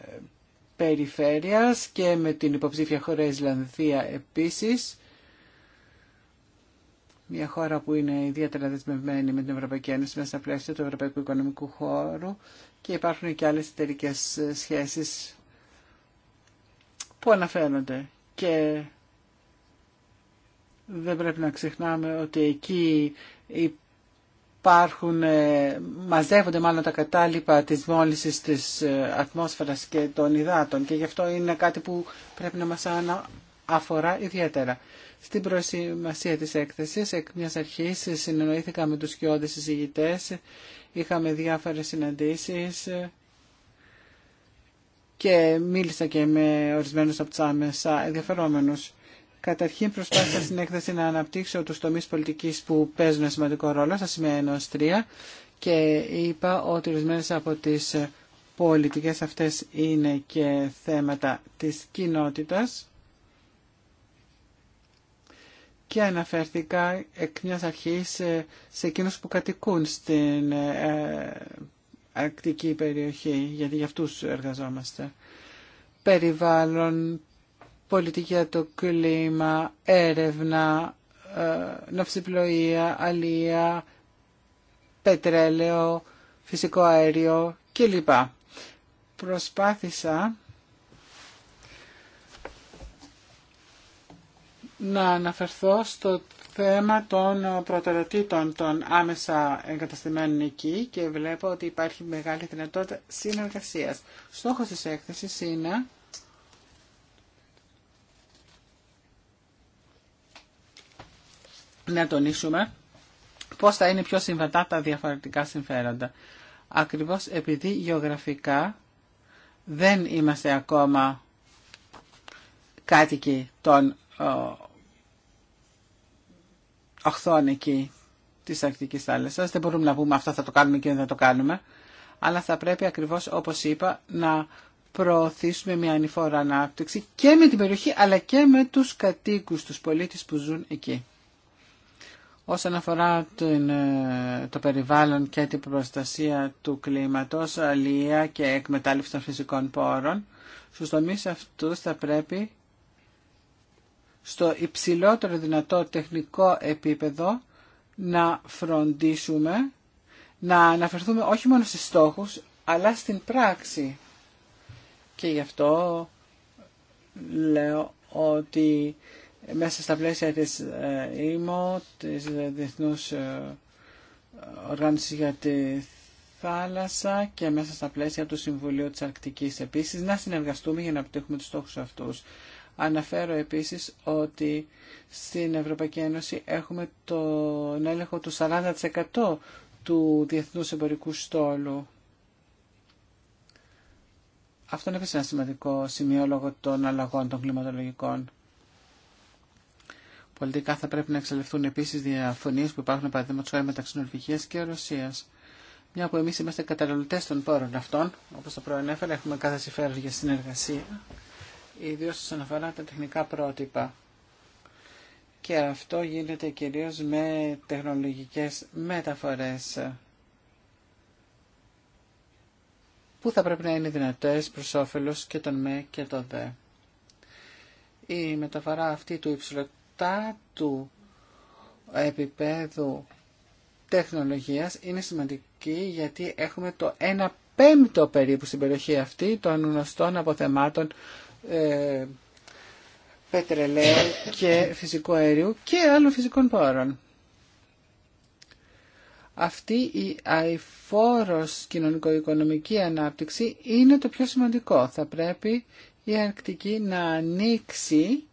Speaker 3: περιφέρειας και με την υποψήφια χώρα Ισλανδία επίσης. Μια χώρα που είναι ιδιαίτερα δεσμευμένη με την Ευρωπαϊκή Ένωση μέσα στα πλαίσια του Ευρωπαϊκού Οικονομικού Χώρου και υπάρχουν και άλλες εταιρικέ σχέσεις που αναφέρονται και δεν πρέπει να ξεχνάμε ότι εκεί υπάρχουν, ε, μαζεύονται μάλλον τα κατάλοιπα της μόλυνσης της ε, ατμόσφαιρας και των υδάτων και γι' αυτό είναι κάτι που πρέπει να μας αφορά ιδιαίτερα. Στην προσημασία της έκθεσης, εκ μιας αρχής συνεννοήθηκα με τους σκιώδες συζητητές, είχαμε διάφορες συναντήσεις και μίλησα και με ορισμένους από τους άμεσα ενδιαφερόμενους. Καταρχήν προσπάθησα στην έκθεση να αναπτύξω τους τομείς πολιτικής που παίζουν σημαντικό ρόλο στα σημεία 1 3 και είπα ότι ορισμένε από τις πολιτικές αυτές είναι και θέματα της κοινότητας και αναφέρθηκα εκ μιας αρχής σε εκείνους που κατοικούν στην ε, ακτική περιοχή, γιατί για αυτούς εργαζόμαστε. Περιβάλλον, πολιτική για το κλίμα, έρευνα, ε, ναυσιπλοεία, αλία, πετρέλαιο, φυσικό αέριο κλπ. Προσπάθησα να αναφερθώ στο θέμα των προτεραιοτήτων των άμεσα εγκαταστημένων εκεί και βλέπω ότι υπάρχει μεγάλη δυνατότητα συνεργασίας. Στόχος της έκθεσης είναι να τονίσουμε πώς θα είναι πιο συμβατά τα διαφορετικά συμφέροντα. Ακριβώς επειδή γεωγραφικά δεν είμαστε ακόμα κάτοικοι των οχθών εκεί της Αρκτικής θάλασσας. Δεν μπορούμε να πούμε αυτό θα το κάνουμε και δεν θα το κάνουμε. Αλλά θα πρέπει ακριβώς όπως είπα να προωθήσουμε μια ανηφόρα ανάπτυξη και με την περιοχή αλλά και με τους κατοίκους, τους πολίτες που ζουν εκεί. Όσον αφορά ε, το περιβάλλον και την προστασία του κλίματος, αλληλεία και εκμετάλλευση των φυσικών πόρων, στους τομείς αυτούς θα πρέπει στο υψηλότερο δυνατό τεχνικό επίπεδο να φροντίσουμε, να αναφερθούμε όχι μόνο στις στόχους, αλλά στην πράξη. Και γι' αυτό λέω ότι μέσα στα πλαίσια της ΕΜΟ, της Διεθνούς ε, Οργάνωσης για τη Θάλασσα και μέσα στα πλαίσια του Συμβουλίου της Αρκτικής επίσης, να συνεργαστούμε για να επιτύχουμε τους στόχους αυτούς. Αναφέρω επίσης ότι στην Ευρωπαϊκή Ένωση έχουμε τον έλεγχο του 40% του διεθνούς εμπορικού στόλου. Αυτό είναι ένα σημαντικό σημείο λόγω των αλλαγών των κλιματολογικών πολιτικά θα πρέπει να εξελευθούν επίση διαφωνίε που υπάρχουν παραδείγματο χάρη μεταξύ Νορβηγία και Ρωσίας. Μια που εμεί είμαστε καταναλωτέ των πόρων αυτών, Όπω το προανέφερα, έχουμε κάθε συμφέρον για συνεργασία, ιδίω όσον αφορά τα τεχνικά πρότυπα. Και αυτό γίνεται κυρίως με τεχνολογικές μεταφορές που θα πρέπει να είναι δυνατές προς όφελος και των με και των δε. Η μεταφορά αυτή του υψηλού κατά του επίπεδου τεχνολογίας είναι σημαντική γιατί έχουμε το 1 πέμπτο περίπου στην περιοχή αυτή των γνωστών αποθεμάτων ε, πετρελαίου και φυσικού αερίου και άλλων φυσικών πόρων. Αυτή η αηφόρος κοινωνικο-οικονομική ανάπτυξη είναι το πιο σημαντικό. Θα πρέπει η Αρκτική να ανοίξει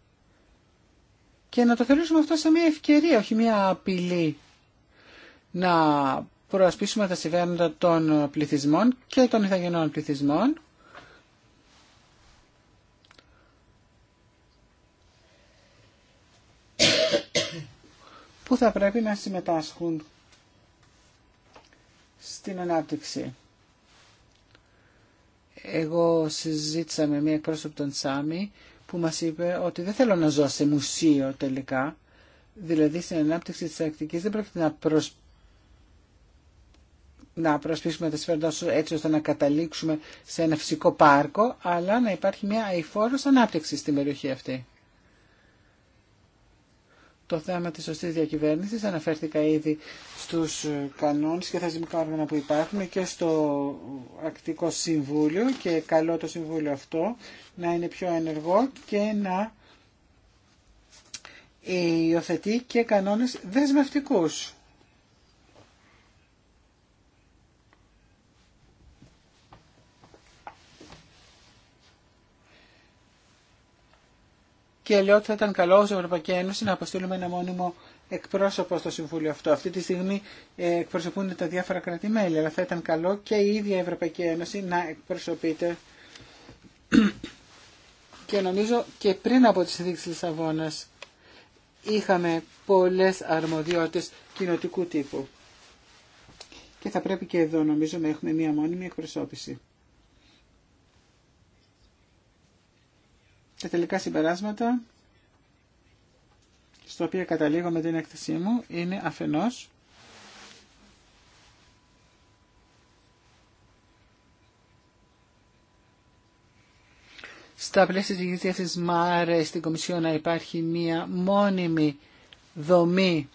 Speaker 3: και να το θεωρήσουμε αυτό σε μια ευκαιρία, όχι μια απειλή να προασπίσουμε τα συμβαίνοντα των πληθυσμών και των ηθαγενών πληθυσμών που θα πρέπει να συμμετάσχουν στην ανάπτυξη. Εγώ συζήτησα με μία εκπρόσωπη των που μας είπε ότι δεν θέλω να ζω σε μουσείο τελικά, δηλαδή στην ανάπτυξη της Αρκτικής δεν πρέπει να, προσ... να προσπίσουμε τα σφαίρα έτσι ώστε να καταλήξουμε σε ένα φυσικό πάρκο, αλλά να υπάρχει μια αηφόρος ανάπτυξη στην περιοχή αυτή το θέμα της σωστής διακυβέρνησης. Αναφέρθηκα ήδη στους ε, κανόνες και θεσμικά όργανα που υπάρχουν και στο Ακτικό Συμβούλιο και καλό το Συμβούλιο αυτό να είναι πιο ενεργό και να ε, υιοθετεί και κανόνες δεσμευτικούς. και ότι θα ήταν καλό ως Ευρωπαϊκή Ένωση να αποστείλουμε ένα μόνιμο εκπρόσωπο στο Συμβούλιο αυτό. Αυτή τη στιγμή ε, εκπροσωπούνται τα διάφορα κράτη-μέλη, αλλά θα ήταν καλό και η ίδια η Ευρωπαϊκή Ένωση να εκπροσωπείται και νομίζω και πριν από τις συνθήκες Λισαβόνας είχαμε πολλές αρμοδιότητες κοινοτικού τύπου. Και θα πρέπει και εδώ νομίζω να έχουμε μία μόνιμη εκπροσώπηση. τα τελικά συμπεράσματα στο οποίο καταλήγω με την έκθεσή μου είναι αφενός στα πλαίσια της Γενικής ΜΑΡΕ στην Κομισιό να υπάρχει μία μόνιμη δομή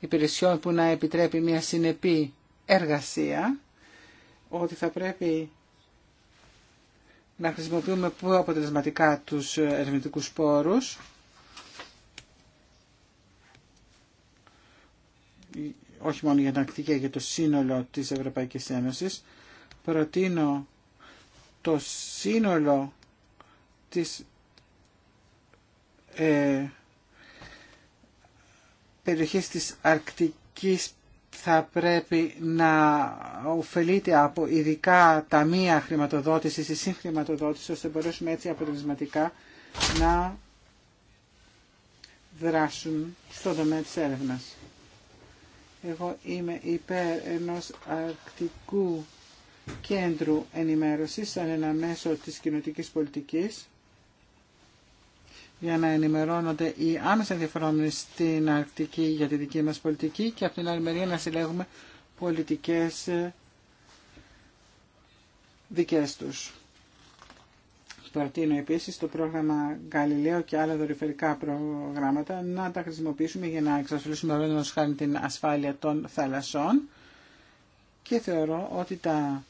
Speaker 3: υπηρεσιών που να επιτρέπει μία συνεπή εργασία, ότι θα πρέπει να χρησιμοποιούμε πιο αποτελεσματικά τους ερευνητικούς πόρους όχι μόνο για την Αρκτική, για το σύνολο της Ευρωπαϊκής Ένωσης. Προτείνω το σύνολο της ε, περιοχής της Αρκτικής θα πρέπει να ωφελείται από ειδικά ταμεία χρηματοδότησης ή συγχρηματοδότηση, ώστε μπορέσουμε έτσι αποτελεσματικά να δράσουν στον τομέα της έρευνας. Εγώ είμαι υπέρ ενός αρκτικού κέντρου ενημέρωσης σαν ένα μέσο της κοινωτικής πολιτικής για να ενημερώνονται οι άμεσα ενδιαφερόμενοι στην Αρκτική για τη δική μας πολιτική και από την άλλη μερία να συλλέγουμε πολιτικές ε, δικές τους. Προτείνω επίσης το πρόγραμμα Γαλιλαίο και άλλα δορυφερικά προγράμματα να τα χρησιμοποιήσουμε για να εξασφαλίσουμε να χάρη την ασφάλεια των θαλασσών και θεωρώ ότι τα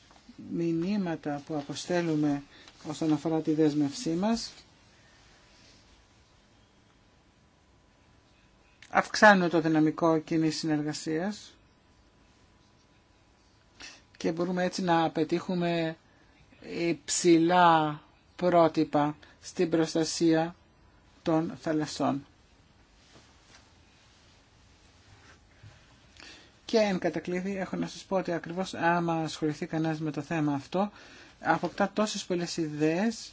Speaker 3: μηνύματα που αποστέλουμε όσον αφορά τη δέσμευσή μας Αυξάνουμε το δυναμικό κοινή συνεργασίας και μπορούμε έτσι να πετύχουμε υψηλά πρότυπα στην προστασία των θαλασσών. Και εν κατακλείδη έχω να σας πω ότι ακριβώς άμα ασχοληθεί κανένας με το θέμα αυτό, αποκτά τόσες πολλές ιδέες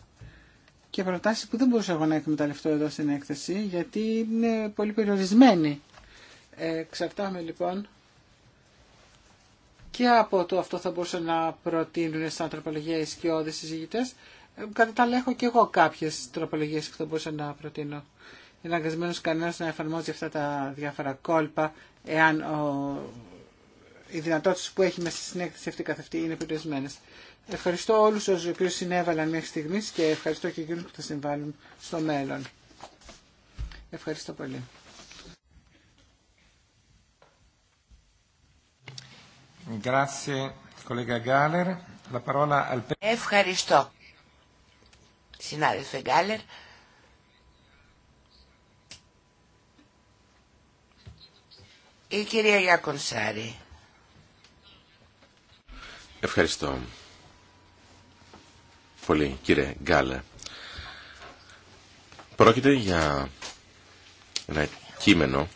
Speaker 3: και προτάσει που δεν μπορούσα εγώ να εκμεταλλευτώ εδώ στην έκθεση γιατί είναι πολύ περιορισμένη. Εξαρτάμε λοιπόν και από το αυτό θα μπορούσα να προτείνουν σαν τροπολογία οι σκιώδες συζητητές. Ε, κατά τα άλλα έχω και εγώ κάποιες τροπολογίες που θα μπορούσα να προτείνω. Είναι αγκασμένος κανένας να εφαρμόζει αυτά τα διάφορα κόλπα εάν ο οι δυνατότητε που έχει μέσα στη συνέχιση αυτή καθ' αυτή είναι περιορισμένε. Ευχαριστώ όλου του συνέβαλαν μέχρι στιγμή και ευχαριστώ και εκείνου που θα συμβάλλουν στο μέλλον. Ευχαριστώ πολύ.
Speaker 1: Ευχαριστώ.
Speaker 2: Συνάδελφε Γκάλερ. Η κυρία Γιάκονσάρη.
Speaker 4: Ευχαριστώ πολύ κύριε Γκάλε. Πρόκειται για ένα κείμενο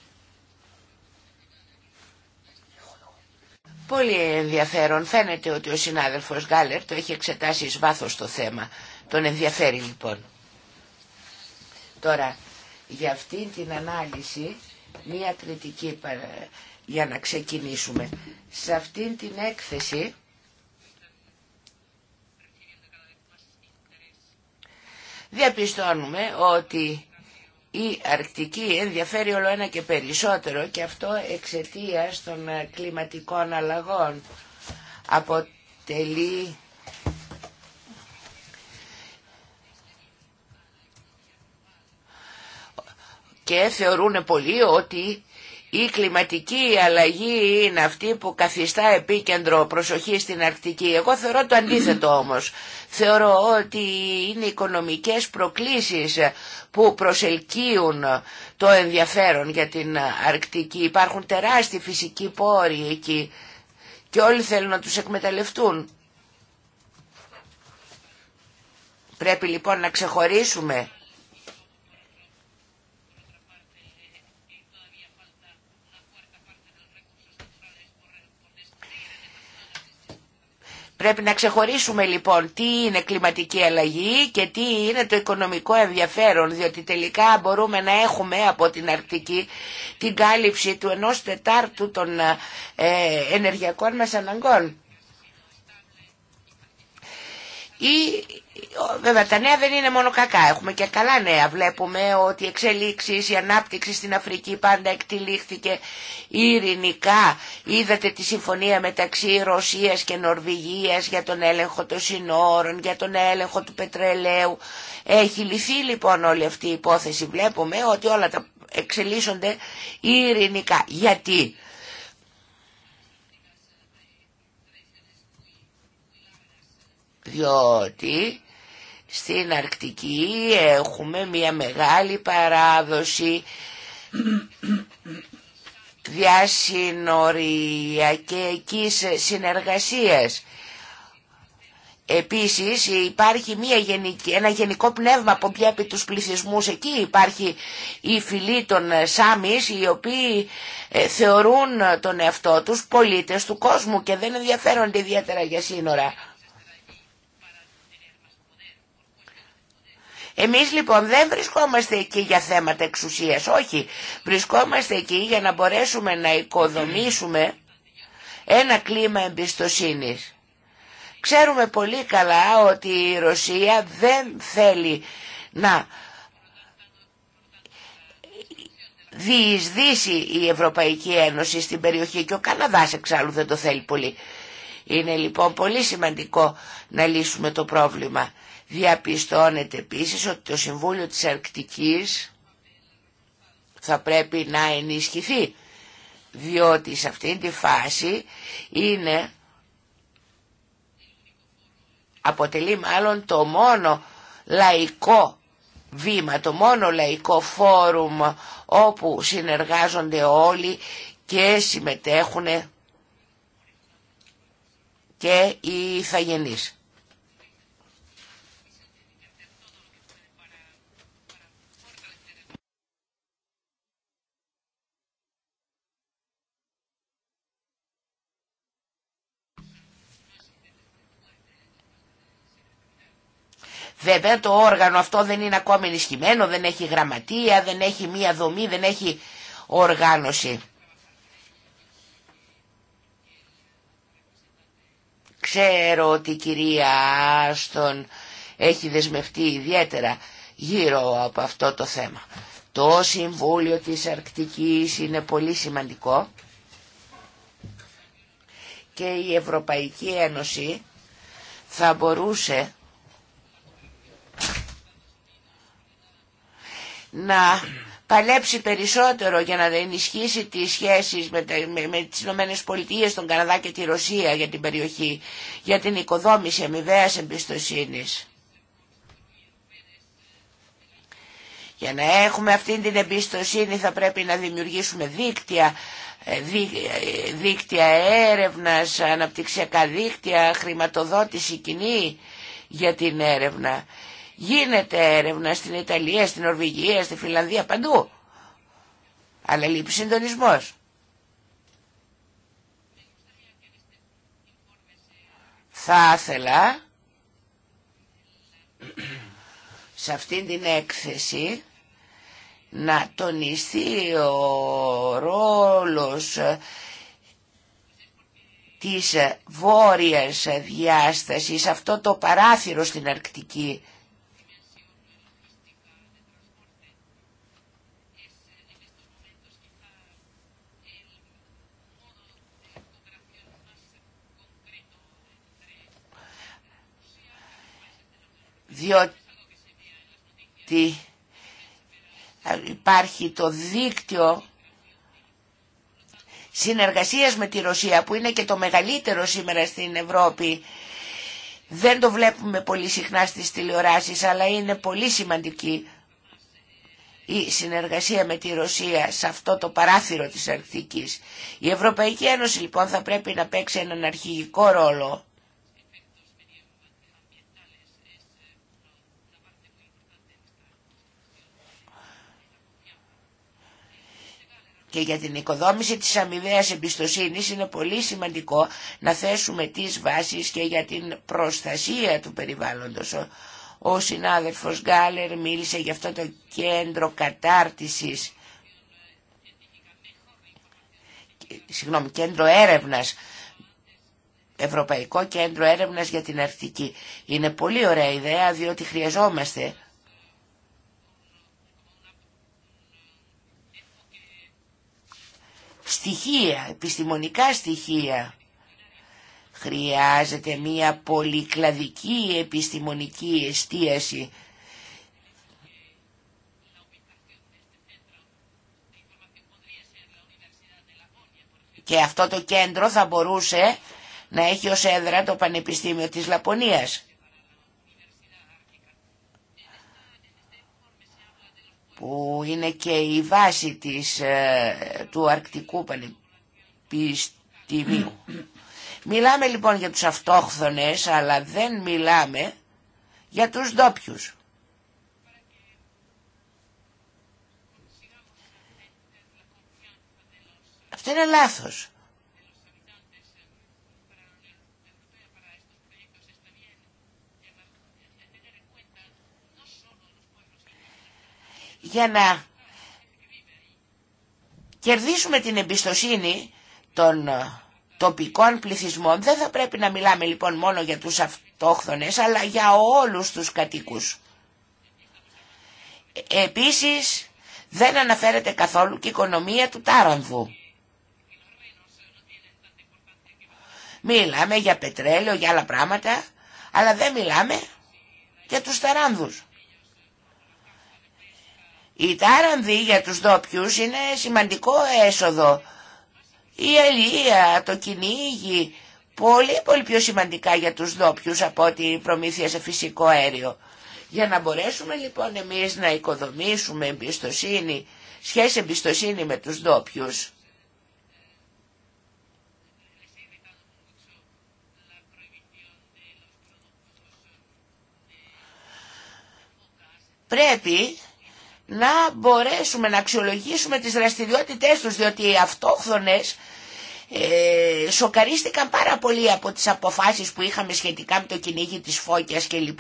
Speaker 2: Πολύ ενδιαφέρον. Φαίνεται ότι ο συνάδελφος Γκάλερ το έχει εξετάσει εις βάθος το θέμα. Τον ενδιαφέρει λοιπόν. Τώρα, για αυτήν την ανάλυση, μία κριτική για να ξεκινήσουμε. Σε αυτή την έκθεση διαπιστώνουμε ότι η Αρκτική ενδιαφέρει όλο ένα και περισσότερο και αυτό εξαιτίας των ε, κλιματικών αλλαγών αποτελεί και θεωρούν πολλοί ότι η κλιματική αλλαγή είναι αυτή που καθιστά επίκεντρο προσοχή στην Αρκτική. Εγώ θεωρώ το αντίθετο όμως. Θεωρώ ότι είναι οικονομικές προκλήσεις που προσελκύουν το ενδιαφέρον για την Αρκτική. Υπάρχουν τεράστιοι φυσικοί πόροι εκεί και όλοι θέλουν να τους εκμεταλλευτούν. Πρέπει λοιπόν να ξεχωρίσουμε Πρέπει να ξεχωρίσουμε λοιπόν τι είναι κλιματική αλλαγή και τι είναι το οικονομικό ενδιαφέρον, διότι τελικά μπορούμε να έχουμε από την Αρκτική την κάλυψη του ενός τετάρτου των ε, ενεργειακών μας αναγκών. Ή, βέβαια τα νέα δεν είναι μόνο κακά, έχουμε και καλά νέα. Βλέπουμε ότι οι εξελίξεις, η ανάπτυξη στην Αφρική πάντα εκτυλίχθηκε ειρηνικά. Είδατε τη συμφωνία μεταξύ Ρωσίας και καλα νεα βλεπουμε οτι η εξελιξεις η αναπτυξη στην αφρικη παντα εκτιλήχθηκε ειρηνικα ειδατε τη συμφωνια μεταξυ ρωσιας και νορβηγιας για τον έλεγχο των συνόρων, για τον έλεγχο του πετρελαίου. Έχει λυθεί λοιπόν όλη αυτή η υπόθεση. Βλέπουμε ότι όλα τα εξελίσσονται ειρηνικά. Γιατί διότι στην Αρκτική έχουμε μια μεγάλη παράδοση διασυνοριακής συνεργασίες. Επίσης υπάρχει μια γενική, ένα γενικό πνεύμα που βλέπει τους πληθυσμούς εκεί. Υπάρχει η φυλή των Σάμις οι οποίοι ε, θεωρούν τον εαυτό τους πολίτες του κόσμου και δεν ενδιαφέρονται ιδιαίτερα για σύνορα. Εμείς λοιπόν δεν βρισκόμαστε εκεί για θέματα εξουσίας, όχι. Βρισκόμαστε εκεί για να μπορέσουμε να οικοδομήσουμε ένα κλίμα εμπιστοσύνης. Ξέρουμε πολύ καλά ότι η Ρωσία δεν θέλει να διεισδύσει η Ευρωπαϊκή Ένωση στην περιοχή και ο Καναδάς εξάλλου δεν το θέλει πολύ. Είναι λοιπόν πολύ σημαντικό να λύσουμε το πρόβλημα. Διαπιστώνεται επίσης ότι το Συμβούλιο της Αρκτικής θα πρέπει να ενισχυθεί, διότι σε αυτή τη φάση είναι, αποτελεί μάλλον το μόνο λαϊκό βήμα, το μόνο λαϊκό φόρουμ όπου συνεργάζονται όλοι και συμμετέχουν και οι ηθαγενείς. Βέβαια το όργανο αυτό δεν είναι ακόμη ενισχυμένο, δεν έχει γραμματεία, δεν έχει μία δομή, δεν έχει οργάνωση. Ξέρω ότι η κυρία Άστον έχει δεσμευτεί ιδιαίτερα γύρω από αυτό το θέμα. Το Συμβούλιο της Αρκτικής είναι πολύ σημαντικό και η Ευρωπαϊκή Ένωση θα μπορούσε να παλέψει περισσότερο για να ενισχύσει τις σχέσεις με, με, με τις Ηνωμένες Πολιτείες, τον Καναδά και τη Ρωσία για την περιοχή, για την οικοδόμηση αμοιβαίας εμπιστοσύνης. Για να έχουμε αυτή την εμπιστοσύνη θα πρέπει να δημιουργήσουμε δίκτυα, ε, δί, ε, δίκτυα έρευνας, αναπτυξιακά δίκτυα, χρηματοδότηση κοινή για την έρευνα. Γίνεται έρευνα στην Ιταλία, στην Ορβηγία, στη Φιλανδία, παντού. Αλλά λείπει συντονισμό. Θα ήθελα σε αυτή την έκθεση να τονιστεί ο ρόλος της βόρειας διάστασης, αυτό το παράθυρο στην Αρκτική διότι υπάρχει το δίκτυο συνεργασίας με τη Ρωσία που είναι και το μεγαλύτερο σήμερα στην Ευρώπη δεν το βλέπουμε πολύ συχνά στις τηλεοράσεις αλλά είναι πολύ σημαντική η συνεργασία με τη Ρωσία σε αυτό το παράθυρο της Αρκτικής. Η Ευρωπαϊκή Ένωση λοιπόν θα πρέπει να παίξει έναν αρχηγικό ρόλο και για την οικοδόμηση της αμοιβαίας εμπιστοσύνης είναι πολύ σημαντικό να θέσουμε τις βάσεις και για την προστασία του περιβάλλοντος. Ο συνάδελφος Γκάλερ μίλησε για αυτό το κέντρο κατάρτισης, συγγνώμη, κέντρο έρευνας, Ευρωπαϊκό Κέντρο Έρευνας για την Αρκτική. Είναι πολύ ωραία ιδέα διότι χρειαζόμαστε στοιχεία, επιστημονικά στοιχεία. Χρειάζεται μία πολυκλαδική επιστημονική εστίαση. Και αυτό το κέντρο θα μπορούσε να έχει ως έδρα το Πανεπιστήμιο της Λαπωνίας. που είναι και η βάση της, ε, του Αρκτικού Πανεπιστημίου. Μιλάμε λοιπόν για τους αυτόχθονες, αλλά δεν μιλάμε για τους ντόπιου. Αυτό είναι λάθος. για να κερδίσουμε την εμπιστοσύνη των τοπικών πληθυσμών. Δεν θα πρέπει να μιλάμε λοιπόν μόνο για τους αυτόχθονες, αλλά για όλους τους κατοίκους. Επίσης, δεν αναφέρεται καθόλου και η οικονομία του τάρανδου. Μιλάμε για πετρέλαιο, για άλλα πράγματα, αλλά δεν μιλάμε για τους ταράνδους. Η τάρανδη για τους ντόπιου είναι σημαντικό έσοδο. Η ελία το κυνήγι, πολύ πολύ πιο σημαντικά για τους ντόπιου από ότι προμήθεια σε φυσικό αέριο. Για να μπορέσουμε λοιπόν εμείς να οικοδομήσουμε εμπιστοσύνη, σχέση εμπιστοσύνη με τους ντόπιου. Πρέπει να μπορέσουμε να αξιολογήσουμε τις δραστηριότητές τους, διότι οι αυτόχθονες ε, σοκαρίστηκαν πάρα πολύ από τις αποφάσεις που είχαμε σχετικά με το κυνήγι της Φώκιας κλπ.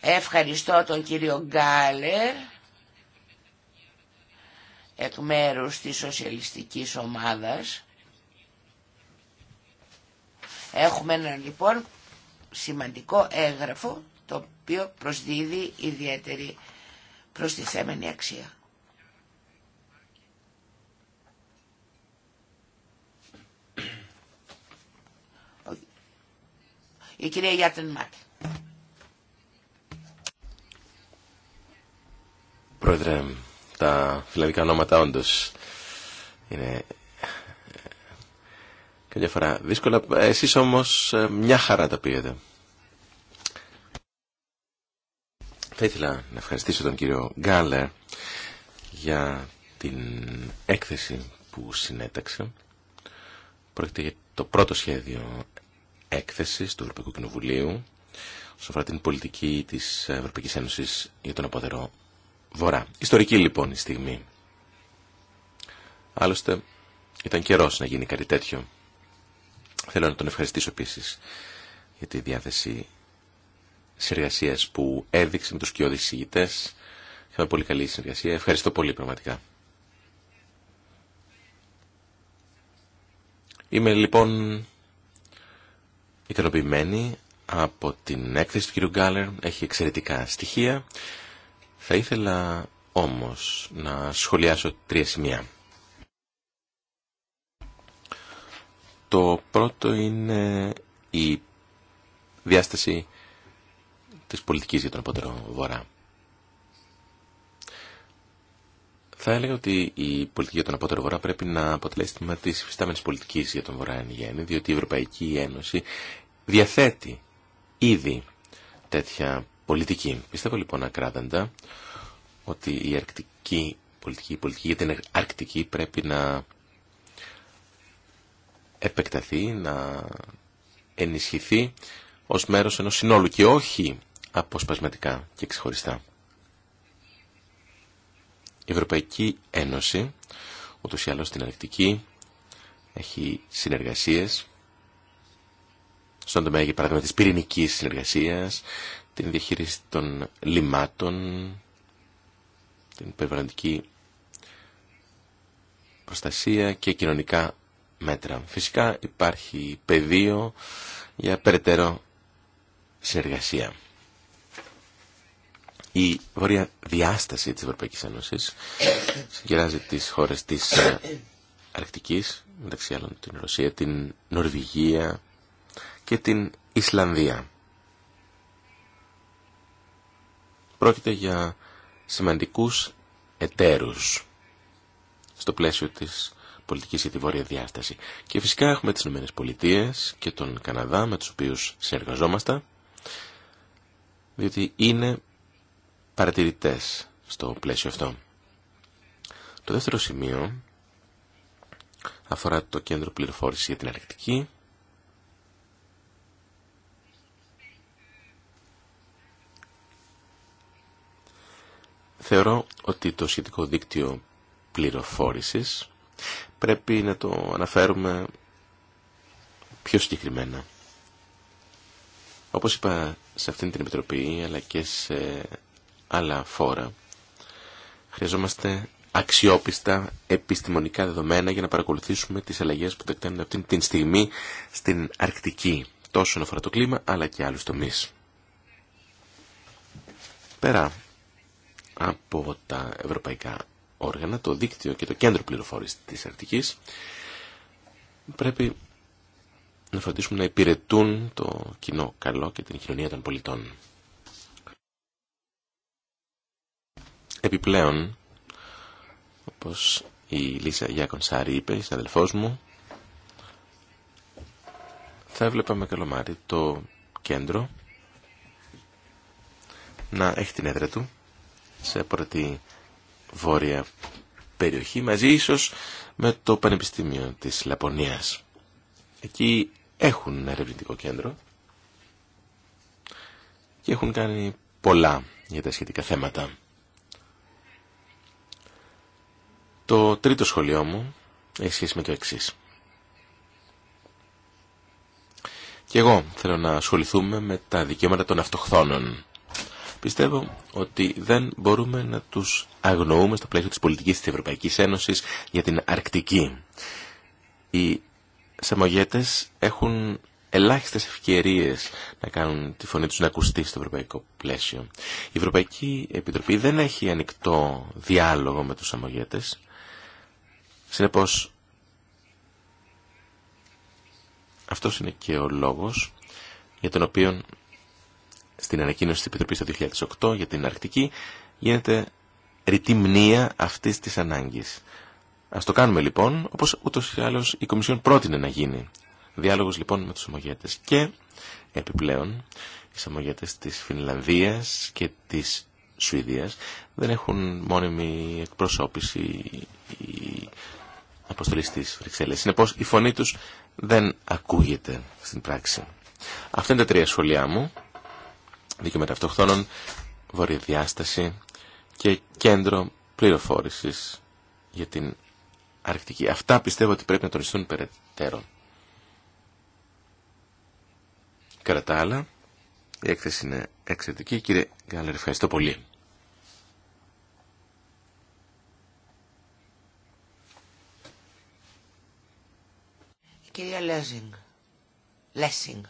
Speaker 2: Ευχαριστώ τον κύριο Γκάλερ εκ μέρους της σοσιαλιστικής ομάδας. Έχουμε ένα λοιπόν σημαντικό έγγραφο οποίο προσδίδει ιδιαίτερη προστιθέμενη αξία. Η κυρία Γιάτεν Μάτ.
Speaker 4: Πρόεδρε, τα φιλανδικά ονόματα όντω είναι ε, καμιά φορά δύσκολα. Εσείς όμως ε, μια χαρά τα πείτε. Θα ήθελα να ευχαριστήσω τον κύριο Γκάλερ για την έκθεση που συνέταξε. Πρόκειται για το πρώτο σχέδιο έκθεσης του Ευρωπαϊκού Κοινοβουλίου όσον αφορά την πολιτική της Ευρωπαϊκής Ένωσης για τον Αποδερό Βορρά. Ιστορική λοιπόν η στιγμή. Άλλωστε ήταν καιρός να γίνει κάτι τέτοιο. Θέλω να τον ευχαριστήσω επίσης για τη διάθεση συνεργασία που έδειξε με του κοιόδη συγητέ. Είχαμε πολύ καλή συνεργασία. Ευχαριστώ πολύ πραγματικά. Είμαι λοιπόν ικανοποιημένη από την έκθεση του κύριου Γκάλερ. Έχει εξαιρετικά στοιχεία. Θα ήθελα όμως να σχολιάσω τρία σημεία. Το πρώτο είναι η διάσταση της πολιτικής για τον απότερο βορρά. Θα έλεγα ότι η πολιτική για τον απότερο βορρά πρέπει να αποτελέσει τη της υφιστάμενης πολιτικής για τον βορρά εν γέννη, διότι η Ευρωπαϊκή Ένωση διαθέτει ήδη τέτοια πολιτική. Πιστεύω λοιπόν ακράδαντα ότι η αρκτική πολιτική, πολιτική για την αρκτική πρέπει να επεκταθεί, να ενισχυθεί ως μέρος ενός συνόλου και όχι αποσπασματικά και ξεχωριστά. Η Ευρωπαϊκή Ένωση, ούτως ή άλλως στην Αρκτική, έχει συνεργασίες στον τομέα, για παράδειγμα, της πυρηνικής συνεργασίας, την διαχείριση των λιμάτων, την περιβαλλοντική προστασία και κοινωνικά μέτρα. Φυσικά υπάρχει πεδίο για περαιτέρω συνεργασία. Η βόρεια διάσταση της Ευρωπαϊκής Ένωσης συγκεράζει τις χώρες της ε, Αρκτικής, μεταξύ άλλων την Ρωσία, την Νορβηγία και την Ισλανδία. Πρόκειται για σημαντικούς εταίρους στο πλαίσιο της πολιτικής για τη βόρεια διάσταση. Και φυσικά έχουμε τις Ηνωμένες Πολιτείες και τον Καναδά με τους οποίους συνεργαζόμαστε, διότι είναι παρατηρητές στο πλαίσιο αυτό. Το δεύτερο σημείο αφορά το κέντρο πληροφόρηση για την Αρκτική. Θεωρώ ότι το σχετικό δίκτυο πληροφόρησης πρέπει να το αναφέρουμε πιο συγκεκριμένα. Όπως είπα σε αυτήν την Επιτροπή αλλά και σε άλλα φόρα. Χρειαζόμαστε αξιόπιστα επιστημονικά δεδομένα για να παρακολουθήσουμε τις αλλαγές που τεκταίνονται αυτήν την στιγμή στην Αρκτική, τόσο αφορά το κλίμα αλλά και άλλους τομείς. Πέρα από τα ευρωπαϊκά όργανα, το δίκτυο και το κέντρο πληροφόρησης της Αρκτικής, πρέπει να φροντίσουμε να υπηρετούν το κοινό καλό και την κοινωνία των πολιτών. Επιπλέον, όπως η Λίσσα Γιάκονσάρη είπε, η αδελφός μου, θα έβλεπα με καλομάρι το κέντρο να έχει την έδρα του σε πρώτη βόρεια περιοχή, μαζί ίσως με το Πανεπιστήμιο της Λαπωνίας. Εκεί έχουν ένα ερευνητικό κέντρο και έχουν κάνει πολλά για τα σχετικά θέματα. Το τρίτο σχολείο μου έχει σχέση με το εξή. Και εγώ θέλω να ασχοληθούμε με τα δικαιώματα των αυτοχθόνων. Πιστεύω ότι δεν μπορούμε να τους αγνοούμε στο πλαίσιο της πολιτικής της Ευρωπαϊκής Ένωσης για την Αρκτική. Οι σαμογέτες έχουν ελάχιστες ευκαιρίες να κάνουν τη φωνή τους να ακουστεί στο ευρωπαϊκό πλαίσιο. Η Ευρωπαϊκή Επιτροπή δεν έχει ανοιχτό διάλογο με τους σαμογέτες. Συνεπώς, αυτός είναι και ο λόγος για τον οποίο στην ανακοίνωση της Επιτροπής το 2008 για την Αρκτική γίνεται ρητή μνήα αυτής της ανάγκης. Ας το κάνουμε λοιπόν, όπως ούτως ή άλλως η Κομισιόν πρότεινε να γίνει. Διάλογος λοιπόν με τους ομογέτες. Και επιπλέον, οι ομογέτες της Φινλανδίας και της Σουηδίας δεν έχουν μόνιμη εκπροσώπηση αποστολή τη Βρυξέλλε. Συνεπώ η φωνή του δεν ακούγεται στην πράξη. Αυτά είναι τα τρία σχολιά μου. Δίκαιο μεταυτοχθόνων, βορειοδιάσταση και κέντρο πληροφόρηση για την Αρκτική. Αυτά πιστεύω ότι πρέπει να τονιστούν περαιτέρω. Κατά τα άλλα, η έκθεση είναι εξαιρετική. Κύριε Γκάλερ, ευχαριστώ πολύ.
Speaker 2: κυρία Λέζινγκ.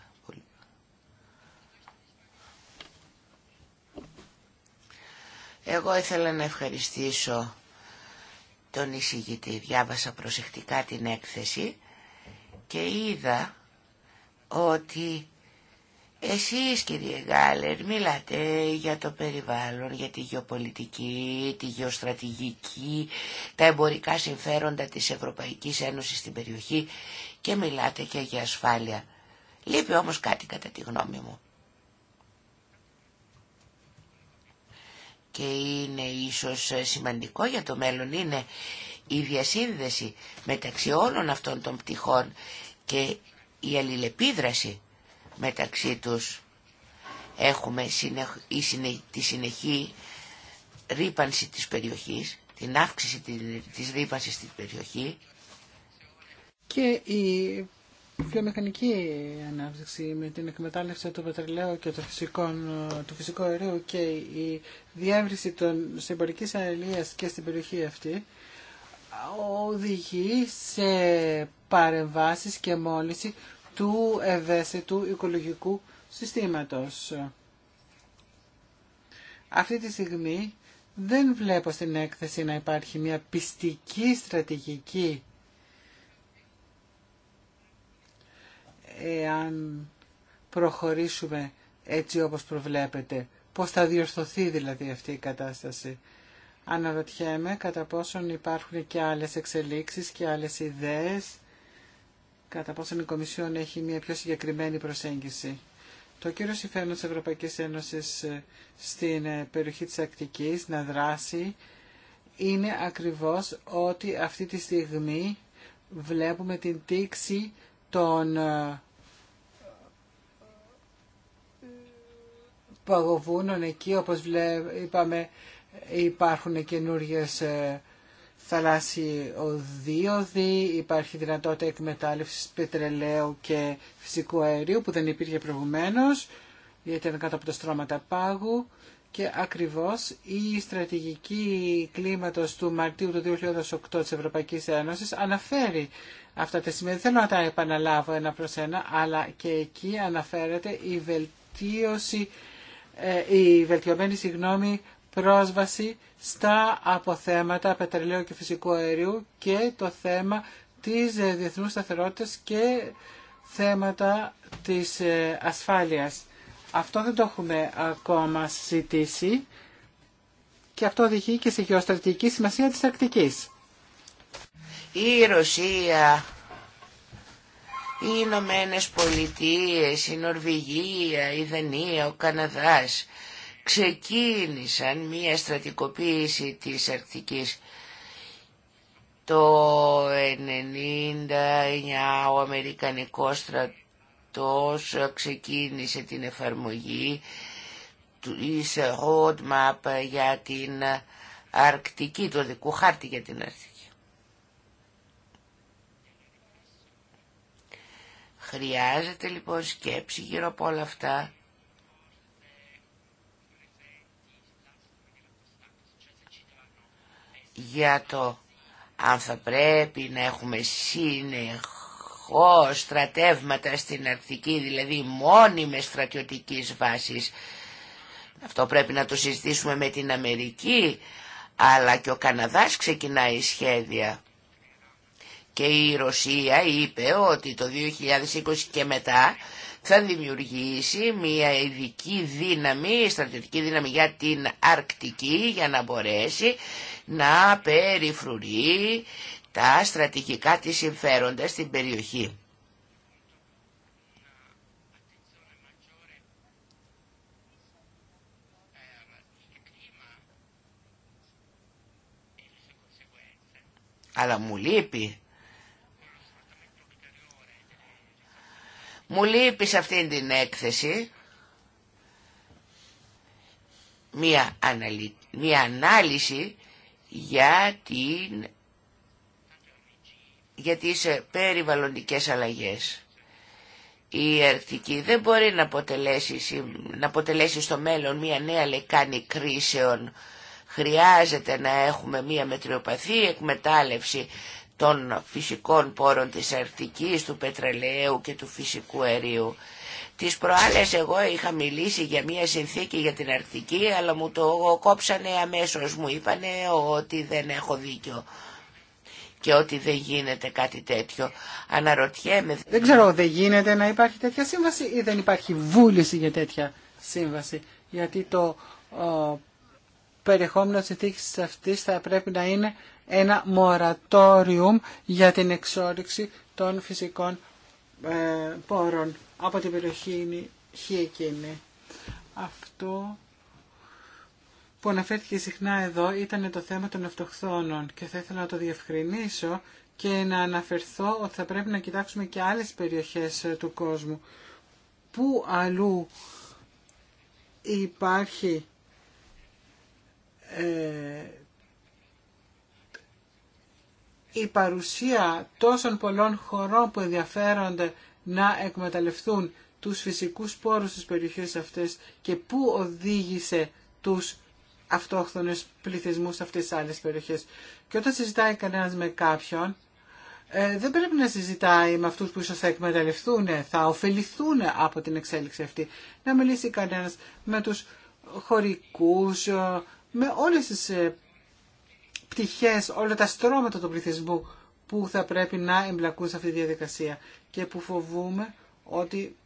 Speaker 2: Εγώ ήθελα να ευχαριστήσω τον εισηγητή. Διάβασα προσεκτικά την έκθεση και είδα ότι εσείς κύριε Γκάλερ μιλάτε για το περιβάλλον, για τη γεωπολιτική, τη γεωστρατηγική, τα εμπορικά συμφέροντα της Ευρωπαϊκής Ένωσης στην περιοχή και μιλάτε και για ασφάλεια. Λείπει όμως κάτι κατά τη γνώμη μου. Και είναι ίσως σημαντικό για το μέλλον, είναι η διασύνδεση μεταξύ όλων αυτών των πτυχών και η αλληλεπίδραση μεταξύ τους. Έχουμε τη συνεχή ρήπανση της περιοχής, την αύξηση της ρήπανσης στην περιοχή
Speaker 3: και η βιομηχανική ανάπτυξη με την εκμετάλλευση του πετρελαίου και του φυσικού αερίου και η διεύρυνση των συμπορικής αερίας και στην περιοχή αυτή οδηγεί σε παρεμβάσεις και μόλυνση του ευαίσθητου οικολογικού συστήματος. Αυτή τη στιγμή δεν βλέπω στην έκθεση να υπάρχει μια πιστική στρατηγική εάν προχωρήσουμε έτσι όπως προβλέπετε. Πώς θα διορθωθεί δηλαδή αυτή η κατάσταση. Αναρωτιέμαι κατά πόσον υπάρχουν και άλλες εξελίξεις και άλλες ιδέες, κατά πόσον η Κομισιόν έχει μια πιο συγκεκριμένη προσέγγιση. Το κύριο συμφέρον της Ευρωπαϊκής Ένωσης ε, στην ε, περιοχή της Ακτικής να δράσει είναι ακριβώς ότι αυτή τη στιγμή βλέπουμε την τήξη των ε, παγοβούνων εκεί όπως είπαμε υπάρχουν καινούριε ε, θαλάσσιοι οδείοδοι, υπάρχει δυνατότητα εκμετάλλευσης πετρελαίου και φυσικού αερίου που δεν υπήρχε προηγουμένως γιατί ήταν κάτω από τα στρώματα πάγου και ακριβώς η στρατηγική κλίματος του Μαρτίου του 2008 της Ευρωπαϊκής Ένωσης αναφέρει αυτά τα σημεία. Δεν θέλω να τα επαναλάβω ένα προς ένα, αλλά και εκεί αναφέρεται η βελτίωση ε, η βελτιωμένη συγγνώμη πρόσβαση στα αποθέματα πετρελαίου και φυσικού αερίου και το θέμα της ε, διεθνούς σταθερότητας και θέματα της ε, ασφάλειας. Αυτό δεν το έχουμε ακόμα συζητήσει και αυτό οδηγεί και σε γεωστρατηγική σημασία της Αρκτικής.
Speaker 2: Η Ρωσία οι Ηνωμένε Πολιτείε, η Νορβηγία, η Δανία, ο Καναδάς ξεκίνησαν μία στρατικοποίηση της Αρκτικής. Το 1999 ο Αμερικανικός στρατός ξεκίνησε την εφαρμογή της roadmap για την Αρκτική, του δικού χάρτη για την Αρκτική. Χρειάζεται λοιπόν σκέψη γύρω από όλα αυτά. Για το αν θα πρέπει να έχουμε συνεχώς στρατεύματα στην Αρκτική, δηλαδή μόνιμες στρατιωτικής βάσης. Αυτό πρέπει να το συζητήσουμε με την Αμερική, αλλά και ο Καναδάς ξεκινάει σχέδια. Και η Ρωσία είπε ότι το 2020 και μετά θα δημιουργήσει μια ειδική δύναμη, στρατιωτική δύναμη για την Αρκτική για να μπορέσει να περιφρουρεί τα στρατηγικά της συμφέροντα στην περιοχή. Αλλά μου λείπει Μου λείπει σε αυτήν την έκθεση μία, ανάλυση για, την... για τις ε, περιβαλλοντικές αλλαγές. Η Αρκτική δεν μπορεί να αποτελέσει, να αποτελέσει στο μέλλον μία νέα λεκάνη κρίσεων. Χρειάζεται να έχουμε μία μετριοπαθή εκμετάλλευση των φυσικών πόρων της Αρκτικής, του πετρελαίου και του φυσικού αερίου. Τις προάλλες εγώ είχα μιλήσει για μια συνθήκη για την Αρκτική, αλλά μου το κόψανε αμέσως, μου είπανε ότι δεν έχω δίκιο και ότι δεν γίνεται κάτι τέτοιο. Αναρωτιέμαι... Δεν
Speaker 3: ξέρω, δεν γίνεται να υπάρχει τέτοια σύμβαση ή δεν υπάρχει βούληση για τέτοια σύμβαση, γιατί το περιεχόμενο συνθήκης αυτή θα πρέπει να είναι ένα μορατόριουμ για την εξόριξη των φυσικών ε, πόρων από την περιοχή χ εκείνη. Αυτό που αναφέρθηκε συχνά εδώ ήταν το θέμα των αυτοχθόνων και θα ήθελα να το διευκρινίσω και να αναφερθώ ότι θα πρέπει να κοιτάξουμε και άλλες περιοχές ε, του κόσμου. Πού αλλού υπάρχει ε, η παρουσία τόσων πολλών χωρών που ενδιαφέρονται να εκμεταλλευτούν τους φυσικούς πόρους στις περιοχές αυτές και πού οδήγησε τους αυτόχθονες πληθυσμούς σε αυτές τις άλλες περιοχές. Και όταν συζητάει κανένας με κάποιον, ε, δεν πρέπει να συζητάει με αυτούς που ίσως θα εκμεταλλευτούν, θα ωφεληθούν από την εξέλιξη αυτή. Να μιλήσει κανένας με τους χωρικούς, ε, με όλες τις ε, πτυχές, όλα τα στρώματα του πληθυσμού που θα πρέπει να εμπλακούν σε αυτή τη διαδικασία και που φοβούμε ότι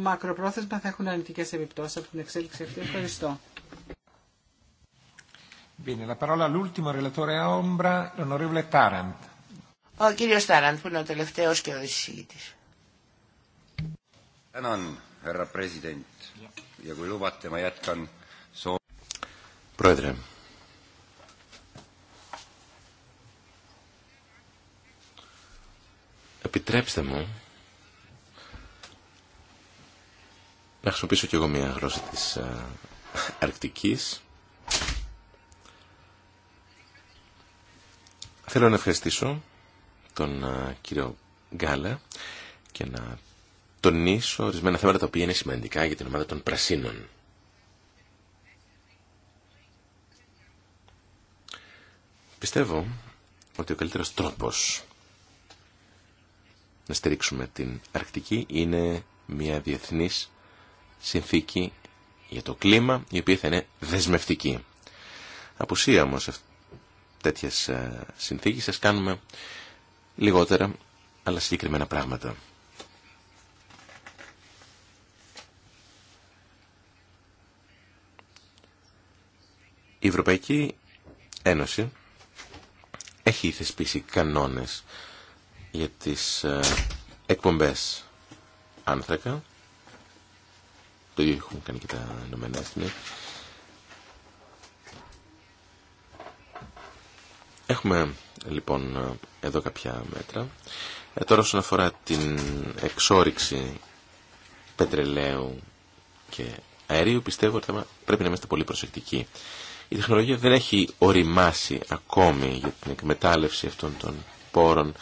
Speaker 3: μακροπρόθεσμα θα έχουν αρνητικέ επιπτώσεις από την
Speaker 2: εξέλιξη αυτή. Ευχαριστώ.
Speaker 1: Bene, la parola all'ultimo relatore a ombra, l'onorevole Tarant.
Speaker 2: Oh, κύριος Τάραντ που είναι ο τελευταίος και ο εισηγητής.
Speaker 1: Έναν, herra president. Ja yeah. kui lubate, ma jätkan Πρόεδρε.
Speaker 4: Επιτρέψτε μου να χρησιμοποιήσω και εγώ μια γλώσσα της Αρκτική. Ε, Αρκτικής. Θέλω να ευχαριστήσω τον ε, κύριο Γκάλα και να τονίσω ορισμένα θέματα τα οποία είναι σημαντικά για την ομάδα των Πρασίνων. Πιστεύω ότι ο καλύτερος τρόπος να στηρίξουμε την Αρκτική είναι μια διεθνής συνθήκη για το κλίμα, η οποία θα είναι δεσμευτική. Απουσία όμως τέτοιες ε, συνθήκες σας κάνουμε λιγότερα, αλλά συγκεκριμένα πράγματα. Η Ευρωπαϊκή Ένωση έχει θεσπίσει κανόνες για τις ε, εκπομπές άνθρακα. Το ίδιο έχουν κάνει και τα Ηνωμένα Έθνη. Έχουμε λοιπόν εδώ κάποια μέτρα. Ε, τώρα όσον αφορά την εξόριξη πετρελαίου και αερίου, πιστεύω ότι πρέπει να είμαστε πολύ προσεκτικοί. Η τεχνολογία δεν έχει οριμάσει ακόμη για την εκμετάλλευση αυτών των πόρων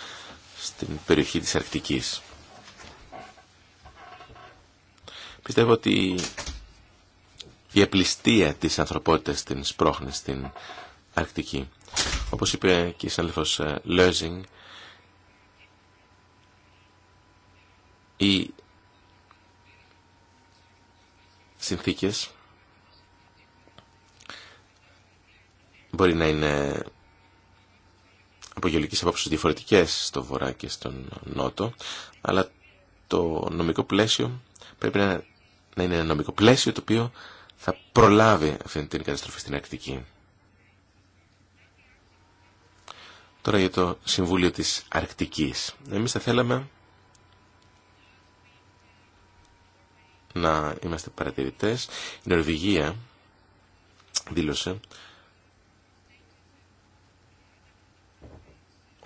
Speaker 4: στην περιοχή της Αρκτικής. Πιστεύω ότι η απληστία της ανθρωπότητας την σπρώχνει στην Αρκτική. Όπως είπε και η συνάδελφος ε, Λέζινγκ, οι συνθήκες μπορεί να είναι από γεωλικής απόψης διαφορετικές στο βορρά και στον νότο, αλλά το νομικό πλαίσιο πρέπει να, να είναι ένα νομικό πλαίσιο το οποίο θα προλάβει αυτή την καταστροφή στην Αρκτική. Τώρα για το Συμβούλιο της Αρκτικής. Εμείς θα θέλαμε να είμαστε παρατηρητές. Η Νορβηγία δήλωσε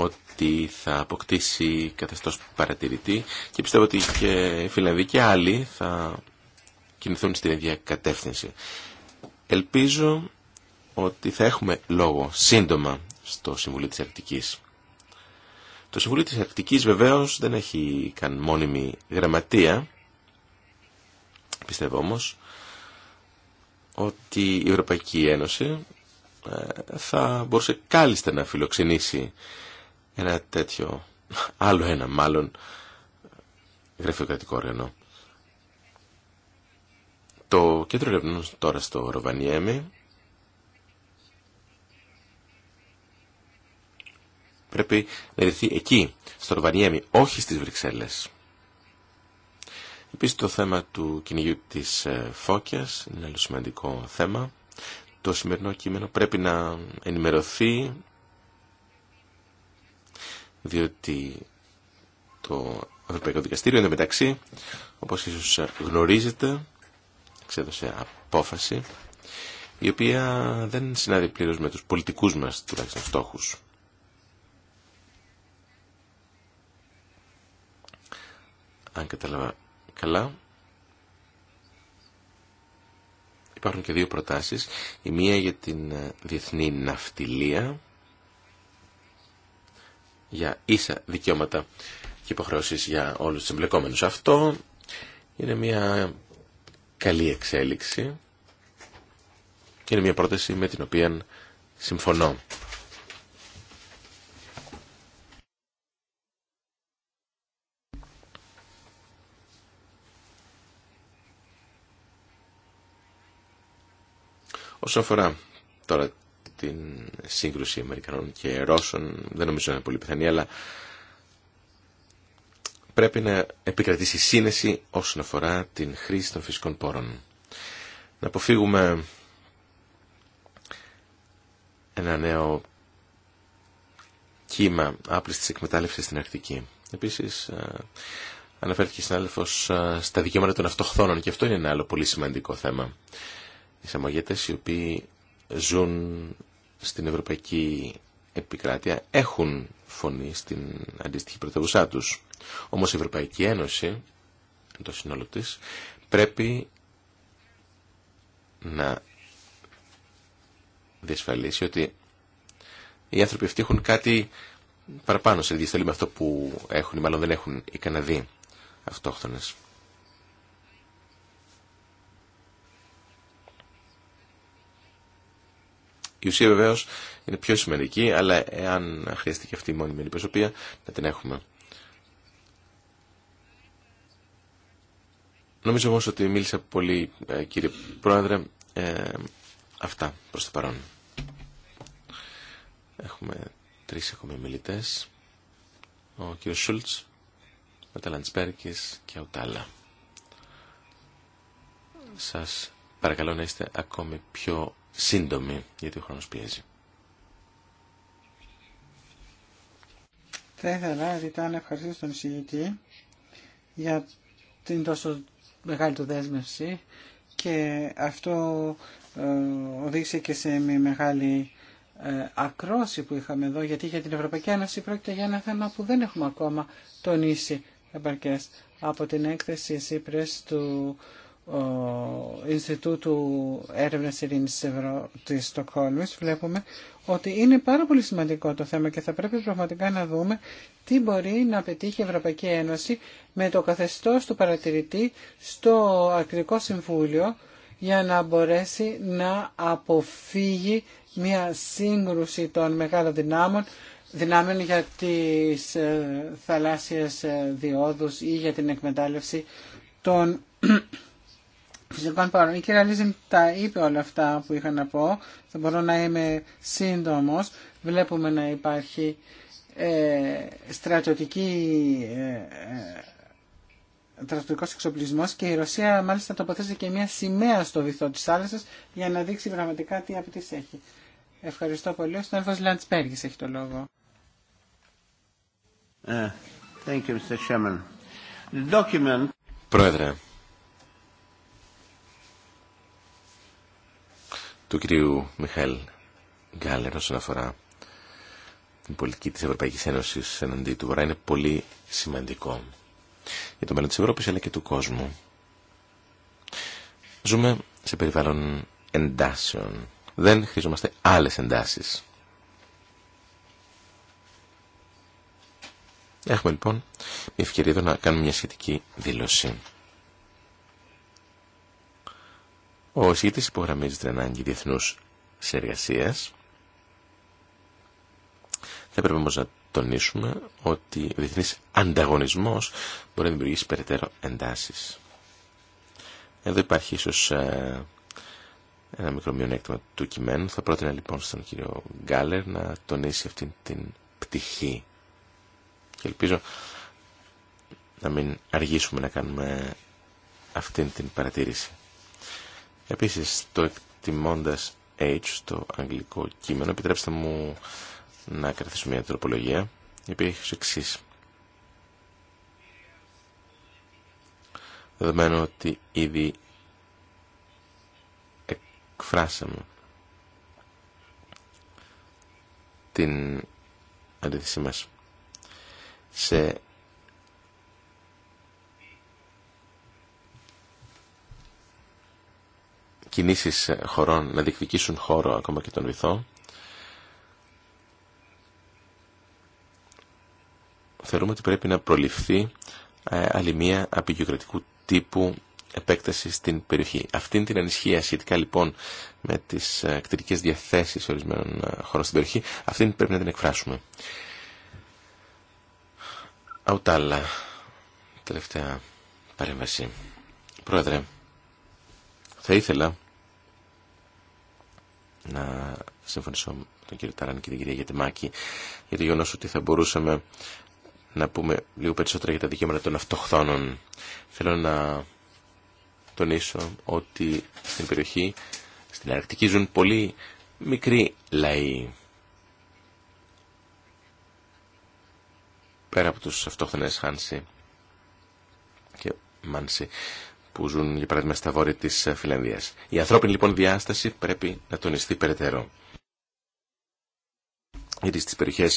Speaker 4: ότι θα αποκτήσει καθεστώς παρατηρητή και πιστεύω ότι και οι Φιλανδοί και άλλοι θα κινηθούν στην ίδια κατεύθυνση. Ελπίζω ότι θα έχουμε λόγο σύντομα στο Συμβουλίο της Αρκτικής. Το Συμβουλίο της Αρκτικής βεβαίως δεν έχει καν μόνιμη γραμματεία. Πιστεύω όμως ότι η Ευρωπαϊκή Ένωση ε, θα μπορούσε κάλλιστα να φιλοξενήσει ένα τέτοιο, άλλο ένα μάλλον, γραφειοκρατικό όργανο. Το κέντρο ερευνών τώρα στο Ροβανιέμι πρέπει να ειδηθεί εκεί, στο Ροβανιέμι, όχι στις Βρυξέλλες. Επίσης το θέμα του κυνηγιού της ε, φώκιας είναι ένα σημαντικό θέμα. Το σημερινό κείμενο πρέπει να ενημερωθεί διότι το Ευρωπαϊκό Δικαστήριο μεταξύ, όπως ίσως γνωρίζετε, εξέδωσε απόφαση η οποία δεν συνάδει πλήρω με τους πολιτικούς μας τουλάχιστον στόχους. Αν κατάλαβα καλά, υπάρχουν και δύο προτάσεις. Η μία για την ε, διεθνή ναυτιλία για ίσα δικαιώματα και υποχρεώσεις για όλους τους εμπλεκόμενους. Αυτό είναι μια καλή εξέλιξη και είναι μια πρόταση με την οποία συμφωνώ. Όσον αφορά τώρα την σύγκρουση Αμερικανών και Ρώσων δεν νομίζω να είναι πολύ πιθανή αλλά πρέπει να επικρατήσει σύνεση όσον αφορά την χρήση των φυσικών πόρων. Να αποφύγουμε ένα νέο κύμα άπλης εκμετάλλευσης στην Αρκτική. Επίσης, ε, αναφέρθηκε συνάδελφος ε, στα δικαιώματα των αυτοχθόνων και αυτό είναι ένα άλλο πολύ σημαντικό θέμα. Οι οι οποίοι ζουν στην Ευρωπαϊκή Επικράτεια έχουν φωνή στην αντίστοιχη πρωτεύουσά τους. Όμως η Ευρωπαϊκή Ένωση, το σύνολο της, πρέπει να διασφαλίσει ότι οι άνθρωποι αυτοί έχουν κάτι παραπάνω σε διαστολή με αυτό που έχουν ή μάλλον δεν έχουν οι Καναδοί αυτόχθονες. Η ουσία βεβαίω είναι πιο σημαντική, αλλά εάν χρειαστεί και αυτή η μόνιμη αντιπροσωπεία, να την έχουμε. Νομίζω όμω ότι μίλησα πολύ, ε, κύριε Πρόεδρε, ε, αυτά προς το παρόν. Έχουμε τρεις ακόμη μιλητές. Ο κύριος Σούλτς, ο Ταλαντσπέρκης και ο Τάλα. Σας παρακαλώ να είστε ακόμη πιο σύντομη, γιατί ο χρόνος πιέζει.
Speaker 3: Θα ήθελα ρητά να ευχαριστήσω τον εισηγητή για την τόσο μεγάλη του δέσμευση και αυτό ε, οδήγησε και σε μια μεγάλη ε, ακρόση που είχαμε εδώ, γιατί για την Ευρωπαϊκή Ένωση πρόκειται για ένα θέμα που δεν έχουμε ακόμα τονίσει επαρκές από την έκθεση ΣΥΠΡΕΣ του Ινστιτούτου Έρευνα Ειρήνη τη Στοκχόλμη, βλέπουμε ότι είναι πάρα πολύ σημαντικό το θέμα και θα πρέπει πραγματικά να δούμε τι μπορεί να πετύχει η Ευρωπαϊκή Ένωση με το καθεστώ του παρατηρητή στο Αρκτικό Συμβούλιο για να μπορέσει να αποφύγει μια σύγκρουση των μεγάλων δυνάμων δυνάμεων για τις ε, θαλάσσιες ε, διόδους ή για την εκμετάλλευση των η κυρία Λίζιν τα είπε όλα αυτά που είχα να πω. Θα μπορώ να είμαι σύντομος. Βλέπουμε να υπάρχει ε, στρατιωτική ε, ε στρατιωτικό εξοπλισμό και η Ρωσία μάλιστα τοποθετεί και μια σημαία στο βυθό τη θάλασσα για να δείξει πραγματικά τι απαιτήσει έχει. Ευχαριστώ πολύ. Ο συνάδελφο Λαντσπέργη έχει το λόγο.
Speaker 5: Uh,
Speaker 1: you,
Speaker 4: Πρόεδρε, του κυρίου Μιχαήλ Γκάλερ όσον αφορά την πολιτική της Ευρωπαϊκής Ένωσης εναντί του Βορρά είναι πολύ σημαντικό για το μέλλον της Ευρώπης αλλά και του κόσμου. Ζούμε σε περιβάλλον εντάσεων. Δεν χρειαζόμαστε άλλες εντάσεις. Έχουμε λοιπόν μια ευκαιρία εδώ να κάνουμε μια σχετική δήλωση. Ο εισηγητής υπογραμμίζει την ανάγκη διεθνούς συνεργασία. Θα πρέπει όμως να τονίσουμε ότι ο διεθνής ανταγωνισμός μπορεί να δημιουργήσει περαιτέρω εντάσεις. Εδώ υπάρχει ίσως ε, ένα μικρό μειονέκτημα του κειμένου. Θα πρότεινα λοιπόν στον κύριο Γκάλερ να τονίσει αυτή την πτυχή. Και ελπίζω να μην αργήσουμε να κάνουμε αυτή την παρατήρηση. Επίσης, το εκτιμώντας H, το αγγλικό κείμενο, επιτρέψτε μου να κρατήσω μια τροπολογία, η οποία έχει ως εξής. Δεδομένου ότι ήδη εκφράσαμε την αντίθεσή μας σε κινήσεις ε, χωρών να διεκδικήσουν χώρο ακόμα και τον βυθό. Θεωρούμε ότι πρέπει να προληφθεί ε, άλλη μία απεικιοκρατικού τύπου επέκταση στην περιοχή. Αυτήν την ανησυχία σχετικά λοιπόν με τις ε, κτηρικές διαθέσεις ορισμένων χωρών στην περιοχή, αυτήν πρέπει να την εκφράσουμε. Αουτάλα, τελευταία παρέμβαση. Πρόεδρε, θα ήθελα να συμφωνήσω με τον κύριο Ταράν και την κυρία Γετεμάκη για το γεγονό ότι θα μπορούσαμε να πούμε λίγο περισσότερα για τα δικαιώματα των αυτοχθόνων. Θέλω να τονίσω ότι στην περιοχή, στην Αρκτική, ζουν πολύ μικροί λαοί. Πέρα από τους αυτόχθονες Χάνση και Μάνση που ζουν για παράδειγμα στα βόρεια της ε, Φιλανδίας. Η ανθρώπινη λοιπόν διάσταση πρέπει να τονιστεί περαιτέρω. Γιατί στι περιοχέ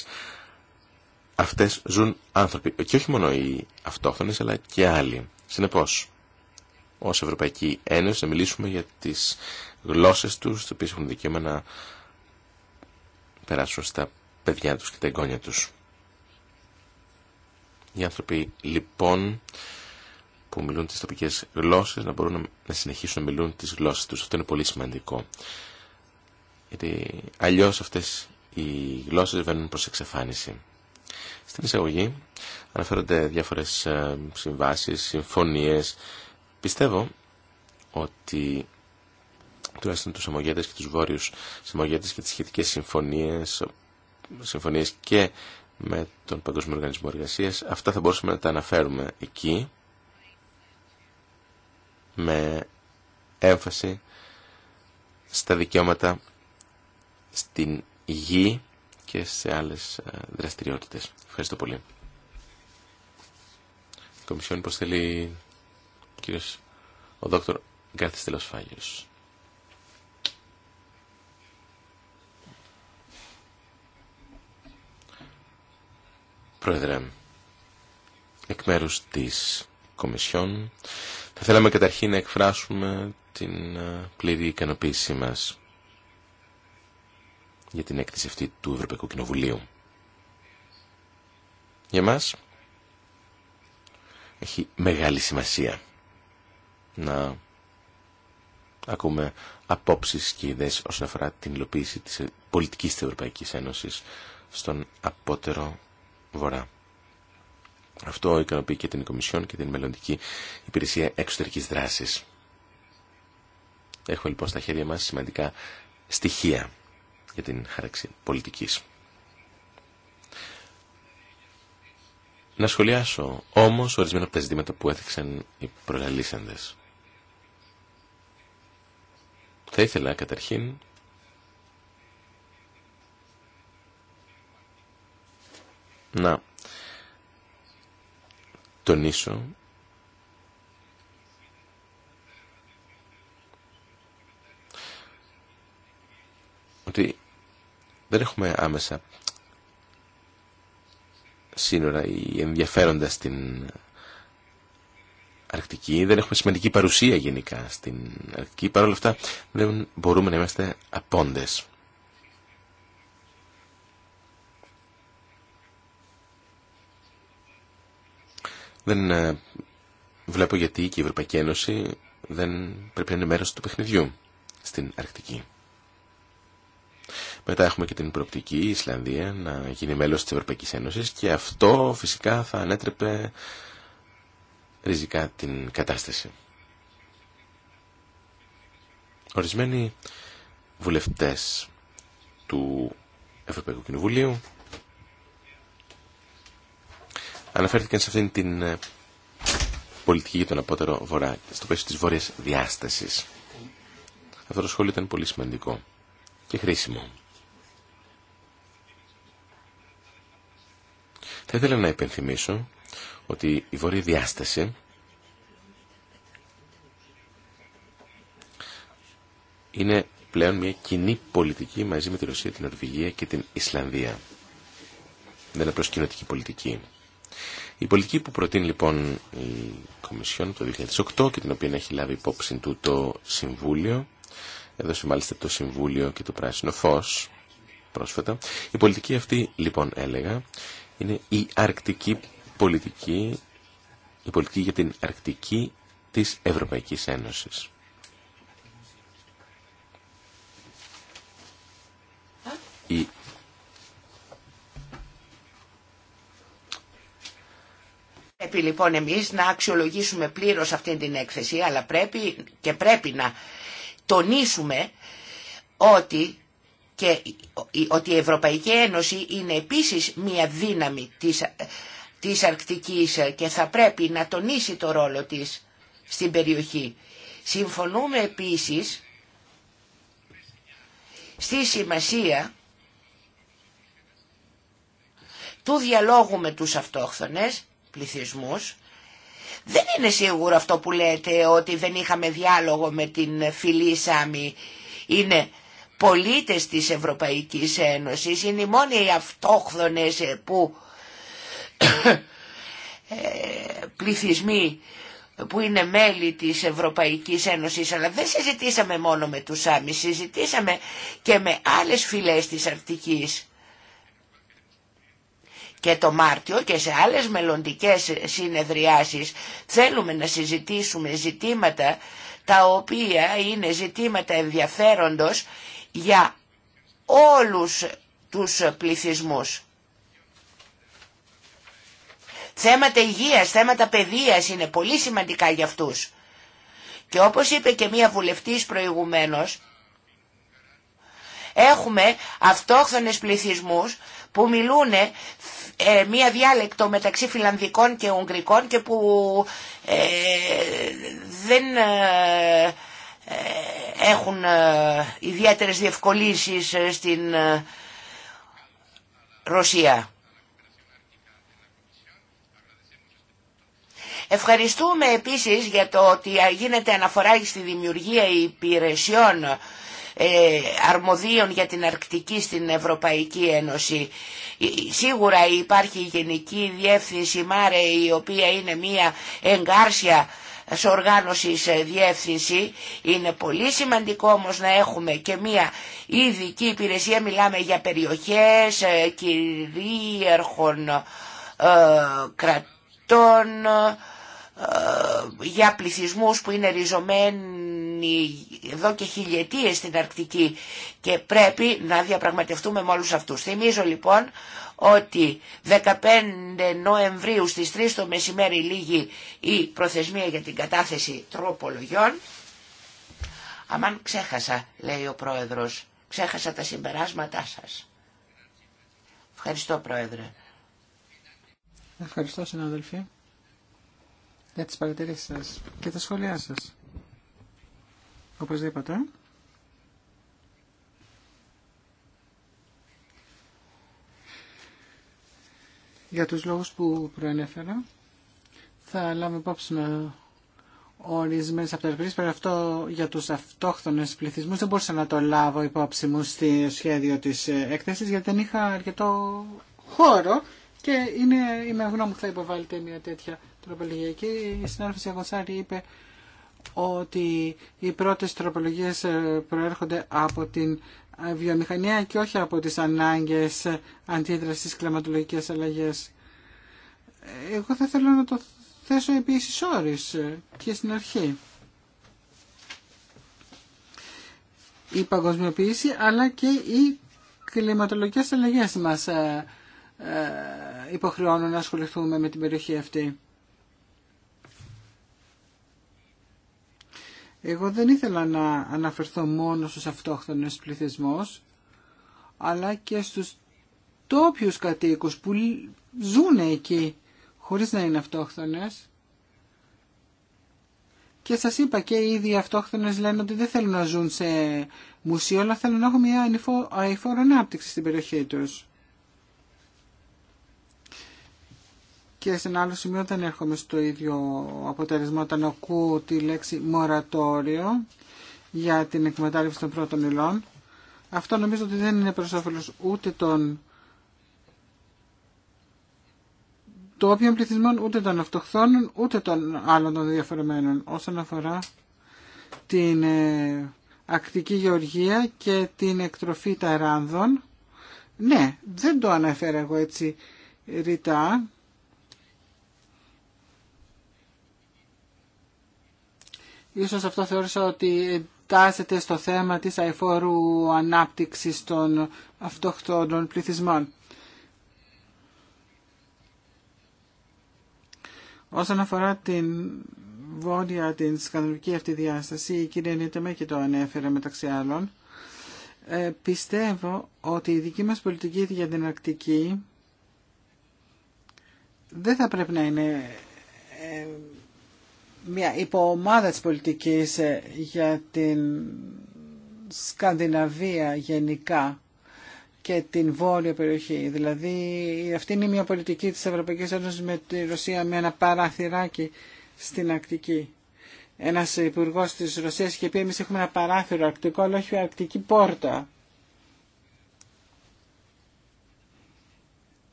Speaker 4: αυτές ζουν άνθρωποι και όχι μόνο οι αυτόχθονε, αλλά και άλλοι. Συνεπώ, ω Ευρωπαϊκή Ένωση να μιλήσουμε για τις γλώσσες τους, τι οποίε έχουν δικαίωμα να περάσουν στα παιδιά του και τα εγγόνια του. Οι άνθρωποι λοιπόν που μιλούν τις τοπικές γλώσσες να μπορούν να συνεχίσουν να μιλούν τις γλώσσες τους. Αυτό είναι πολύ σημαντικό. Γιατί αλλιώς αυτές οι γλώσσες βαίνουν προς εξαφάνιση. Στην εισαγωγή αναφέρονται διάφορες ε, συμβάσεις, συμφωνίες. Πιστεύω ότι τουλάχιστον τους Αμογέτες και τους Βόρειους Αμογέτες και τις σχετικές συμφωνίες, συμφωνίες και με τον Παγκόσμιο Οργανισμό Εργασίας, αυτά θα μπορούσαμε να τα αναφέρουμε εκεί με έμφαση στα δικαιώματα στην γη και σε άλλες ε, δραστηριότητες. Ευχαριστώ πολύ. Η Κομισιόν πως θέλει ο κύριος ο δόκτωρ Γκάρθης Τελοσφάγιος. Πρόεδρε, εκ μέρους της Κομισιόν θα θέλαμε καταρχήν να εκφράσουμε την ε, πλήρη ικανοποίησή μας για την έκθεση αυτή του Ευρωπαϊκού Κοινοβουλίου. Για μας έχει μεγάλη σημασία να ακούμε απόψεις και ιδέες όσον αφορά την υλοποίηση της πολιτικής της Ευρωπαϊκής Ένωσης στον απότερο βορρά. Αυτό ικανοποιεί και την Κομισιόν και την Μελλοντική Υπηρεσία Εξωτερικής Δράσης. Έχω λοιπόν στα χέρια μα σημαντικά στοιχεία για την χάραξη πολιτική. Να σχολιάσω όμως ορισμένα από τα ζητήματα που έθιξαν οι προλαλήσαντε. Θα ήθελα καταρχήν να τονίσω ότι δεν έχουμε άμεσα σύνορα ή ενδιαφέροντα στην Αρκτική, δεν έχουμε σημαντική παρουσία γενικά στην Αρκτική, παρόλα αυτά δεν μπορούμε να είμαστε απόντες. Δεν ε, βλέπω γιατί και η Ευρωπαϊκή Ένωση δεν πρέπει να είναι μέρος του παιχνιδιού στην Αρκτική. Μετά έχουμε και την προοπτική η Ισλανδία να γίνει μέλος της Ευρωπαϊκής Ένωσης και αυτό φυσικά θα ανέτρεπε ριζικά την κατάσταση. Ορισμένοι βουλευτές του Ευρωπαϊκού Κοινοβουλίου αναφέρθηκαν σε αυτήν την ε, πολιτική για τον απότερο βορρά, στο πλαίσιο της βόρειας διάστασης. Αυτό το σχόλιο ήταν πολύ σημαντικό και χρήσιμο. Θα ήθελα να υπενθυμίσω ότι η βόρεια διάσταση είναι πλέον μια κοινή πολιτική μαζί με τη Ρωσία, την Ορβηγία και την Ισλανδία. Δεν είναι απλώς κοινωτική πολιτική. Η πολιτική που προτείνει λοιπόν η Κομισιόν το 2008 και την οποία έχει λάβει υπόψη του το Συμβούλιο, εδώ μάλιστα το Συμβούλιο και το Πράσινο Φως πρόσφατα, η πολιτική αυτή λοιπόν έλεγα είναι η αρκτική πολιτική, η πολιτική για την αρκτική της Ευρωπαϊκής Ένωσης.
Speaker 2: Πρέπει λοιπόν εμείς να αξιολογήσουμε πλήρως αυτή την έκθεση, αλλά πρέπει και πρέπει να τονίσουμε ότι, και, ότι η Ευρωπαϊκή Ένωση είναι επίσης μια δύναμη της, της Αρκτικής και θα πρέπει να τονίσει το ρόλο της στην περιοχή. Συμφωνούμε επίσης στη σημασία του διαλόγου με τους αυτόχθονες πληθυσμούς. Δεν είναι σίγουρο αυτό που λέτε ότι δεν είχαμε διάλογο με την φυλή Σάμι. Είναι πολίτες της Ευρωπαϊκής Ένωσης, είναι οι μόνοι οι αυτόχθονες ε, που ε, πληθυσμοί που είναι μέλη της Ευρωπαϊκής Ένωσης, αλλά δεν συζητήσαμε μόνο με τους Σάμι, συζητήσαμε και με άλλες φυλές της Αρκτικής και το Μάρτιο και σε άλλες μελλοντικές συνεδριάσεις θέλουμε να συζητήσουμε ζητήματα τα οποία είναι ζητήματα ενδιαφέροντος για όλους τους πληθυσμούς. Θέματα υγείας, θέματα παιδείας είναι πολύ σημαντικά για αυτούς. Και όπως είπε και μία βουλευτής προηγουμένως, έχουμε αυτόχθονες πληθυσμούς που μιλούν ε, μία διάλεκτο μεταξύ φιλανδικών και ουγγρικών και που ε, δεν ε, ε, έχουν ιδιαίτερες διευκολύνσεις στην Ρωσία. Ευχαριστούμε επίσης για το ότι γίνεται αναφορά στη δημιουργία υπηρεσιών ε, αρμοδίων για την Αρκτική στην Ευρωπαϊκή Ένωση. Ε, σίγουρα υπάρχει η Γενική Διεύθυνση ΜΑΡΕ η οποία είναι μια εγκάρσια σε οργάνωση σε διεύθυνση. Είναι πολύ σημαντικό όμως να έχουμε και μια ειδική υπηρεσία. Μιλάμε για περιοχές ε, κυρίαρχων ε, κρατών ε, για πληθυσμούς που είναι ριζωμένοι εδώ και χιλιετίες στην Αρκτική και πρέπει να διαπραγματευτούμε με όλους αυτούς. Θυμίζω λοιπόν ότι 15 Νοεμβρίου στις 3 το μεσημέρι λήγει η προθεσμία για την κατάθεση τροπολογιών. Αμάν ξέχασα, λέει ο Πρόεδρος, ξέχασα τα συμπεράσματά σας. Ευχαριστώ Πρόεδρε.
Speaker 3: Ευχαριστώ συναδελφοί για τις παρατηρήσεις σας και τα σχόλιά σας. Οπωσδήποτε. Για τους λόγους που προανέφερα, θα λάβω υπόψη με ορισμένε από τα αυτό για τους αυτόχθονες πληθυσμούς δεν μπορούσα να το λάβω υπόψη μου στη σχέδιο της έκθεσης, γιατί δεν είχα αρκετό χώρο και είναι, είμαι ευγνώμη που θα υποβάλλεται μια τέτοια η συνάδελφος Αγωνσάρη είπε ότι οι πρώτες τροπολογίες ε, προέρχονται από την ε, βιομηχανία και όχι από τις ανάγκες ε, αντίδρασης στις κλιματολογικές αλλαγές. Εγώ θα θέλω να το θέσω επίσης όρις και στην αρχή. Η παγκοσμιοποίηση αλλά και οι κλιματολογικές αλλαγές μας υποχρεώνουν να ασχοληθούμε με την περιοχή αυτή. Εγώ δεν ήθελα να αναφερθώ μόνο στους αυτόχθονες πληθυσμούς, αλλά και στους τόπιους κατοίκους που ζουν εκεί χωρίς να είναι αυτόχθονες. Και σας είπα και ήδη οι αυτόχθονες λένε ότι δεν θέλουν να ζουν σε μουσείο, αλλά θέλουν να έχουν μια αηφόρο ανάπτυξη στην περιοχή τους. και σε ένα άλλο σημείο δεν έρχομαι στο ίδιο αποτέλεσμα όταν ακούω τη λέξη μορατόριο για την εκμετάλλευση των πρώτων υλών. Αυτό νομίζω ότι δεν είναι προς όφελος ούτε των το πληθυσμών ούτε των αυτοχθόνων ούτε των άλλων των διαφορεμένων όσον αφορά την ε, ακτική γεωργία και την εκτροφή ταράνδων. Ναι, δεν το αναφέρα εγώ έτσι ρητά Ίσως αυτό θεώρησα ότι εντάσσεται στο θέμα της αηφόρου ανάπτυξης των αυτοκτόνων πληθυσμών. Όσον αφορά την βόρεια, την σκανδαλική αυτή διάσταση, η κυρία και το ανέφερε μεταξύ άλλων, ε, πιστεύω ότι η δική μας πολιτική για την Αρκτική δεν θα πρέπει να είναι ε, μια υποομάδα της πολιτικής ε, για την Σκανδιναβία γενικά και την βόρεια περιοχή. Δηλαδή αυτή είναι μια πολιτική της Ευρωπαϊκής Ένωσης με τη Ρωσία με ένα παράθυράκι στην Ακτική. Ένας υπουργό της Ρωσίας είχε πει εμείς έχουμε ένα παράθυρο ακτικό, αλλά όχι αρκτική πόρτα.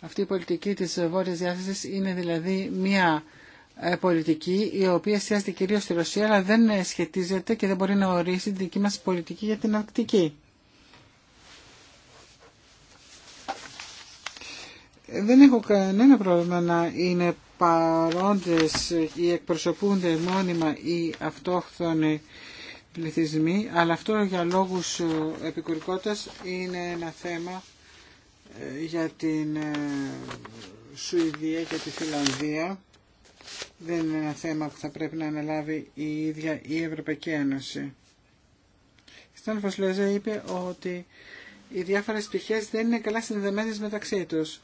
Speaker 3: Αυτή η πολιτική της βόρειας διάθεσης είναι δηλαδή μια ε, πολιτική η οποία εστιάζεται κυρίως στη Ρωσία αλλά δεν σχετίζεται και δεν μπορεί να ορίσει την δική μας πολιτική για την Αρκτική. Δεν έχω κανένα πρόβλημα να είναι παρόντες ή εκπροσωπούνται μόνιμα οι αυτόχθονοι πληθυσμοί, αλλά αυτό για λόγους ε, επικουρικότητας είναι ένα θέμα ε, για την Σουηδία και τη Φιλανδία δεν είναι ένα θέμα που θα πρέπει να αναλάβει η ίδια η Ευρωπαϊκή Ένωση. Στάνφος Λέζε είπε ότι οι διάφορες πτυχές δεν είναι καλά συνδεμένες μεταξύ τους.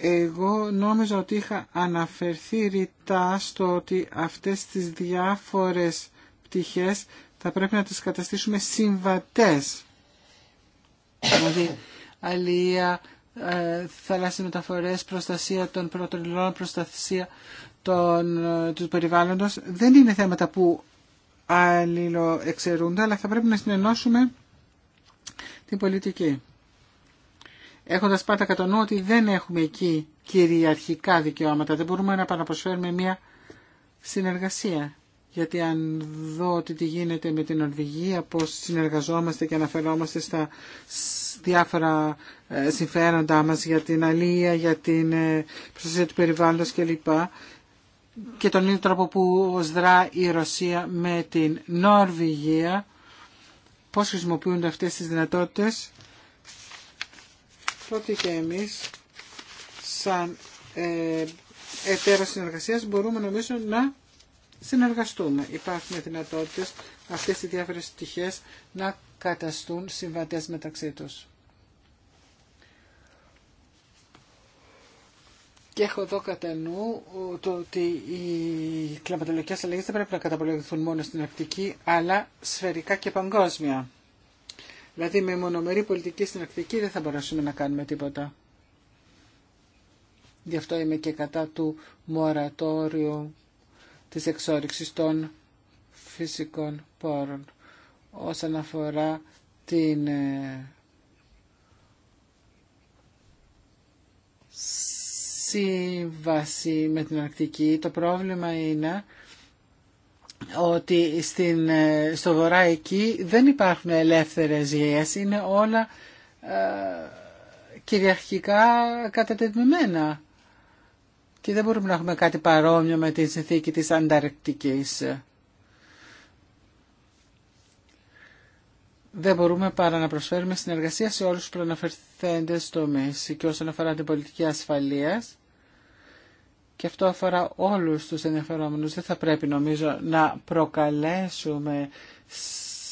Speaker 3: Εγώ νόμιζα ότι είχα αναφερθεί ρητά στο ότι αυτές τις διάφορες πτυχές θα πρέπει να τις καταστήσουμε συμβατές. Δηλαδή, αλληλεία... Ε, θαλάσσιες μεταφορές, προστασία των πρώτων υλών, προστασία των, ε, του περιβάλλοντος. Δεν είναι θέματα που αλληλοεξαιρούνται, αλλά θα πρέπει να συνενώσουμε την πολιτική. Έχοντας πάντα κατά ότι δεν έχουμε εκεί κυριαρχικά δικαιώματα, δεν μπορούμε να παραποσφέρουμε μια συνεργασία γιατί αν δω ότι τι γίνεται με την Νορβηγία, πώς συνεργαζόμαστε και αναφερόμαστε στα διάφορα ε, συμφέροντά μας για την αλλήλεια, για την ε, προστασία του περιβάλλοντος κλπ. Και τον ίδιο τρόπο που δρά η Ρωσία με την Νορβηγία, πώς χρησιμοποιούνται αυτές τις δυνατότητες, τότε και εμείς σαν ε, εταίρος συνεργασίας μπορούμε νομίζω να συνεργαστούμε. Υπάρχουν δυνατότητε αυτές οι διάφορε πτυχέ να καταστούν συμβατές μεταξύ του. Και έχω εδώ κατά νου το ότι οι κλιματολογικές αλλαγές δεν πρέπει να καταπολεμηθούν μόνο στην Αρκτική, αλλά σφαιρικά και παγκόσμια. Δηλαδή με μονομερή πολιτική στην Αρκτική δεν θα μπορέσουμε να κάνουμε τίποτα. Γι' αυτό είμαι και κατά του μορατόριου της εξόριξη των φυσικών πόρων όσον αφορά την ε, σύμβαση με την Αρκτική. Το πρόβλημα είναι ότι στην, ε, στο βορρά εκεί δεν υπάρχουν ελεύθερες γεές, είναι όλα ε, κυριαρχικά κατατεθμημένα. Και δεν μπορούμε να έχουμε κάτι παρόμοιο με την συνθήκη της Ανταρκτικής. Δεν μπορούμε παρά να προσφέρουμε συνεργασία σε όλους τους προαναφερθέντες τομείς και όσον αφορά την πολιτική ασφαλείας. Και αυτό αφορά όλους τους ενδιαφερόμενους. Δεν θα πρέπει νομίζω να προκαλέσουμε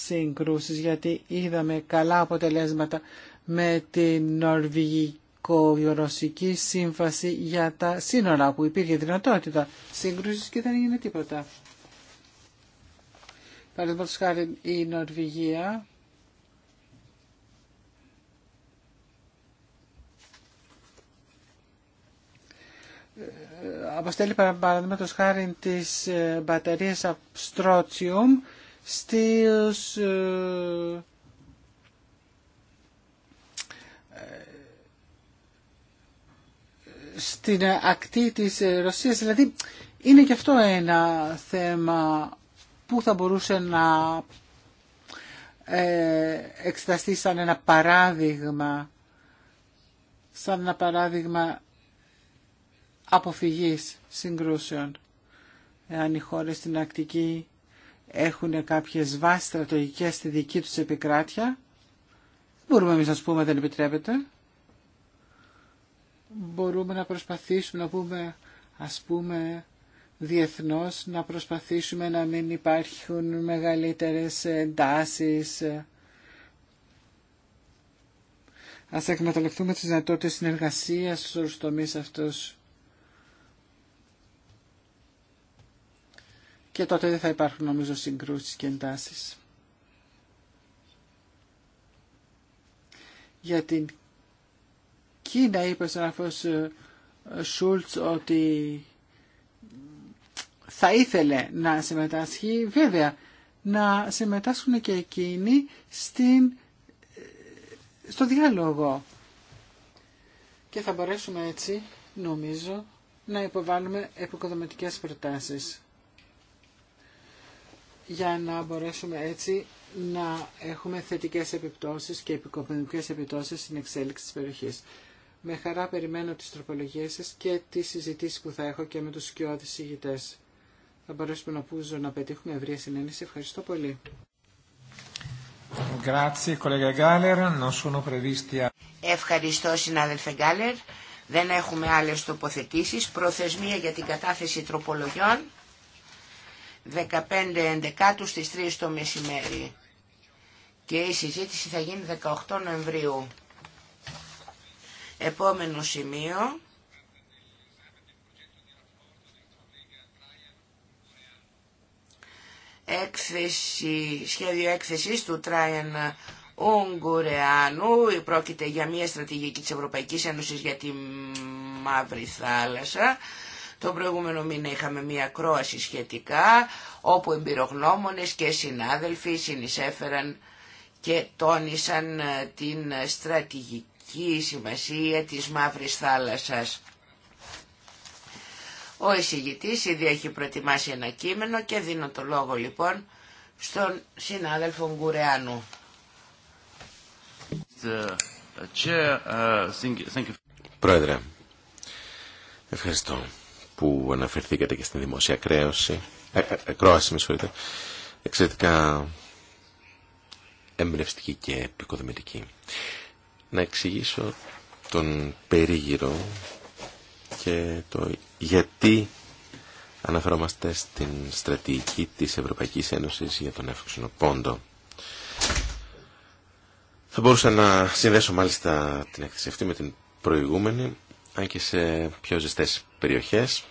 Speaker 3: συγκρούσεις γιατί είδαμε καλά αποτελέσματα με την Νορβηγική Ρωσική σύμφαση για τα σύνορα που υπήρχε δυνατότητα σύγκρουσης και δεν έγινε τίποτα. Παραδείγματο χάρη η Νορβηγία αποστέλει παραδείγματο χάρη τις ε, μπαταρίες Στρότσιουμ στους ε, στην ακτή της Ρωσίας. Δηλαδή είναι και αυτό ένα θέμα που θα μπορούσε να ε, εξεταστεί σαν ένα παράδειγμα σαν ένα παράδειγμα αποφυγής συγκρούσεων. Εάν οι χώρες στην Ακτική έχουν κάποιες βάσεις στρατογικές στη δική τους επικράτεια, μπορούμε εμείς να πούμε δεν επιτρέπεται μπορούμε να προσπαθήσουμε να πούμε ας πούμε διεθνώς να προσπαθήσουμε να μην υπάρχουν μεγαλύτερες εντάσεις. Ας εκμεταλλευτούμε τις δυνατότητες συνεργασίας στους τομείς αυτούς. Και τότε δεν θα υπάρχουν νομίζω συγκρούσεις και εντάσεις. Για την Κίνα είπε ο συνάδελφος ε, ε, Σούλτς ότι θα ήθελε να συμμετάσχει βέβαια να συμμετάσχουν και εκείνοι στην, ε, στο διάλογο και θα μπορέσουμε έτσι νομίζω να υποβάλουμε επικοδομητικές προτάσεις για να μπορέσουμε έτσι να έχουμε θετικές επιπτώσεις και επικοδομητικές επιπτώσεις στην εξέλιξη της περιοχής. Με χαρά περιμένω τις τροπολογίες σας και τις συζητήσεις που θα έχω και με τους σκιώδεις ηγητές. Θα μπορέσουμε να πούζω να πετύχουμε ευρεία συνένεση. Ευχαριστώ
Speaker 2: πολύ. Ευχαριστώ συνάδελφε Γκάλερ. Δεν έχουμε άλλες τοποθετήσεις. Προθεσμία για την κατάθεση τροπολογιών 15-11 στις 3 το μεσημέρι. Και η συζήτηση θα γίνει 18 Νοεμβρίου. Επόμενο σημείο. Έκθεση, σχέδιο έκθεσης του Τράιεν Ουγγουρεάνου. Πρόκειται για μια στρατηγική της Ευρωπαϊκής Ένωσης για τη Μαύρη Θάλασσα. Το προηγούμενο μήνα είχαμε μια κρόαση σχετικά, όπου εμπειρογνώμονες και συνάδελφοι συνεισέφεραν και τόνισαν ε, την στρατηγική στρατηγική σημασία της Μαύρης Θάλασσας. Ο εισηγητής ήδη έχει προετοιμάσει ένα κείμενο και δίνω το λόγο λοιπόν στον συνάδελφο Γκουρεάνου.
Speaker 5: Uh, uh,
Speaker 4: Πρόεδρε, ευχαριστώ που αναφερθήκατε και στην δημόσια κρέωση, Εκρόαση ε, ε, με συγχωρείτε, εξαιρετικά εμπνευστική και επικοδομητική να εξηγήσω τον περίγυρο και το γιατί αναφερόμαστε στην στρατηγική της Ευρωπαϊκής Ένωσης για τον εύξηνο πόντο. Θα μπορούσα να συνδέσω μάλιστα την έκθεση αυτή με την προηγούμενη, αν και σε πιο ζεστές περιοχές,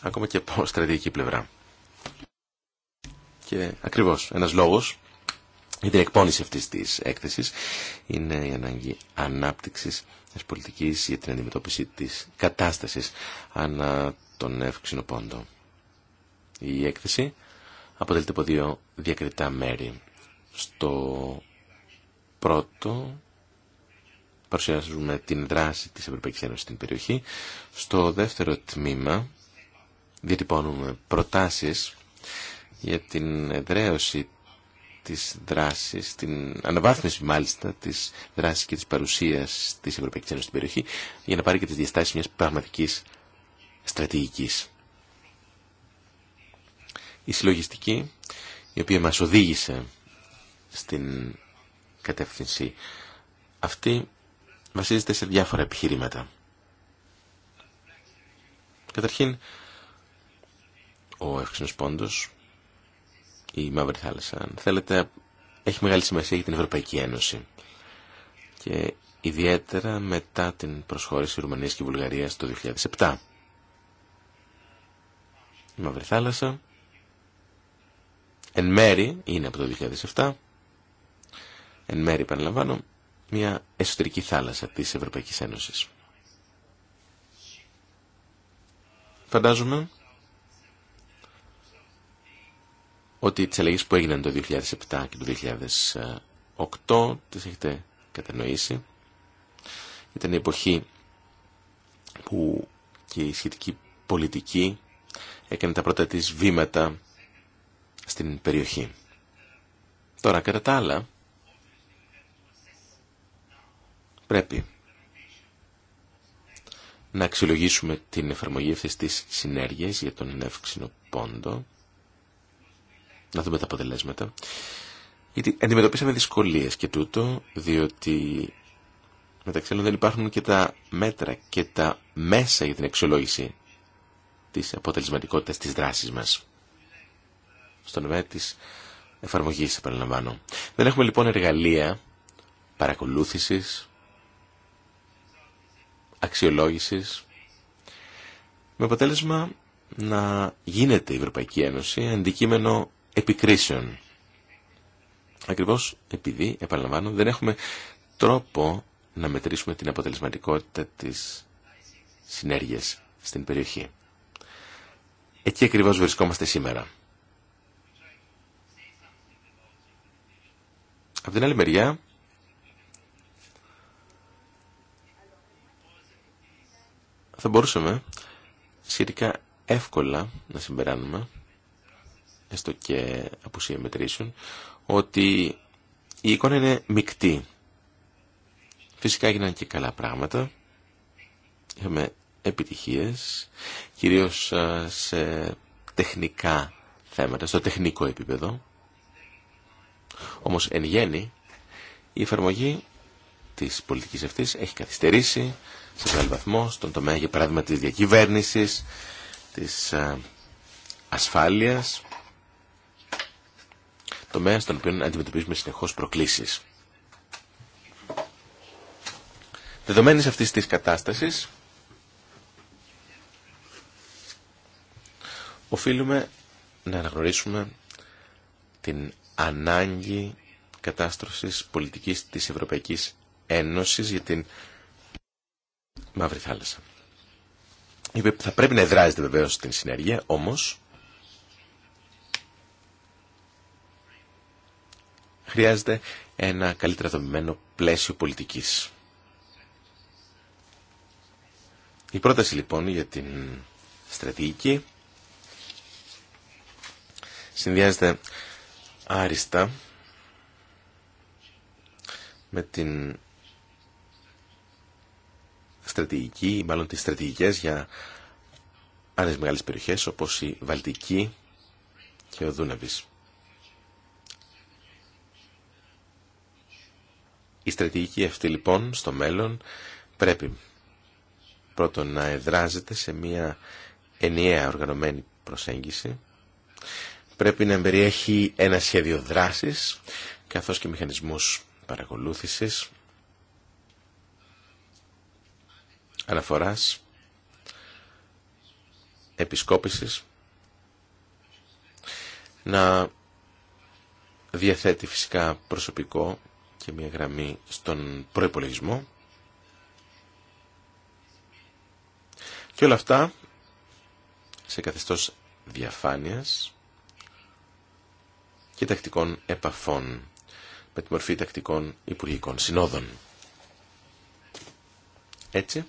Speaker 4: ακόμα και από στρατηγική πλευρά. Και ακριβώς ένας λόγος η διεκπώνηση αυτής της έκθεσης είναι η ανάγκη ανάπτυξης της πολιτικής για την αντιμετώπιση της κατάστασης ανά τον εύξηνο πόντο. Η έκθεση αποτελείται από δύο διακριτά μέρη. Στο πρώτο παρουσιάζουμε την δράση της Ευρωπαϊκής Ένωσης στην περιοχή. Στο δεύτερο τμήμα διατυπώνουμε προτάσεις για την εδραίωση της δράσης, την αναβάθμιση μάλιστα της δράσης και της παρουσίας της Ευρωπαϊκής Ένωσης στην περιοχή για να πάρει και τις διαστάσεις μιας πραγματικής στρατηγικής. Η συλλογιστική η οποία μας οδήγησε στην κατεύθυνση αυτή βασίζεται σε διάφορα επιχειρήματα. Καταρχήν, ο εύξηνος πόντος η Μαύρη Θάλασσα, αν θέλετε, έχει μεγάλη σημασία για την Ευρωπαϊκή Ένωση. Και ιδιαίτερα μετά την προσχώρηση Ρουμανίας και Βουλγαρίας το 2007. Η Μαύρη Θάλασσα εν μέρη είναι από το 2007 εν μέρη επαναλαμβάνω μια εσωτερική θάλασσα της Ευρωπαϊκής Ένωσης. Φαντάζομαι ότι τι αλλαγέ που έγιναν το 2007 και το 2008 τις έχετε κατανοήσει. Ήταν η εποχή που και η σχετική πολιτική έκανε τα πρώτα της βήματα στην περιοχή. Τώρα, κατά τα άλλα, πρέπει να αξιολογήσουμε την εφαρμογή αυτής της συνέργειας για τον εύξηνο πόντο να δούμε τα αποτελέσματα. Γιατί αντιμετωπίσαμε δυσκολίες και τούτο, διότι μεταξύ άλλων δεν υπάρχουν και τα μέτρα και τα μέσα για την αξιολόγηση της αποτελεσματικότητας της δράση μας. Στον τομέα της εφαρμογή, επαναλαμβάνω. Δεν έχουμε λοιπόν εργαλεία παρακολούθησης, αξιολόγησης, με αποτέλεσμα να γίνεται η Ευρωπαϊκή Ένωση αντικείμενο επικρίσεων. Ακριβώς επειδή, επαναλαμβάνω, δεν έχουμε τρόπο να μετρήσουμε την αποτελεσματικότητα της συνέργειας στην περιοχή. Εκεί ακριβώς βρισκόμαστε σήμερα. Από την άλλη μεριά, θα μπορούσαμε σχετικά εύκολα να συμπεράνουμε έστω και απουσία μετρήσεων, ότι η εικόνα είναι μεικτή. Φυσικά έγιναν και καλά πράγματα, είχαμε επιτυχίες, κυρίως σε τεχνικά θέματα, στο τεχνικό επίπεδο. Όμως εν γέννη, η εφαρμογή της πολιτικής αυτής έχει καθυστερήσει σε μεγάλο βαθμό στον τομέα, για παράδειγμα, της διακυβέρνησης, της ασφάλειας, τομέα στον οποίο αντιμετωπίζουμε συνεχώς προκλήσεις. Δεδομένης αυτής της κατάστασης, οφείλουμε να αναγνωρίσουμε την ανάγκη κατάστρωσης πολιτικής της Ευρωπαϊκής Ένωσης για την Μαύρη Θάλασσα. θα πρέπει να εδράζεται βεβαίως στην συνεργεία, όμως χρειάζεται ένα καλύτερα δομημένο πλαίσιο πολιτικής. Η πρόταση λοιπόν για την στρατηγική συνδυάζεται άριστα με την στρατηγική ή μάλλον τις στρατηγικές για άλλες μεγάλες περιοχές όπως Βαλτική και ο Δούναβης. Η στρατηγική αυτή λοιπόν στο μέλλον πρέπει πρώτον να εδράζεται σε μια ενιαία οργανωμένη προσέγγιση, πρέπει να περιέχει ένα σχέδιο δράσης καθώς και μηχανισμούς παρακολούθησης, αναφοράς, επισκόπησης, να διαθέτει φυσικά προσωπικό μια γραμμή στον προϋπολογισμό. Και όλα αυτά σε καθεστώς διαφάνειας και τακτικών επαφών με τη μορφή τακτικών υπουργικών συνόδων. Έτσι,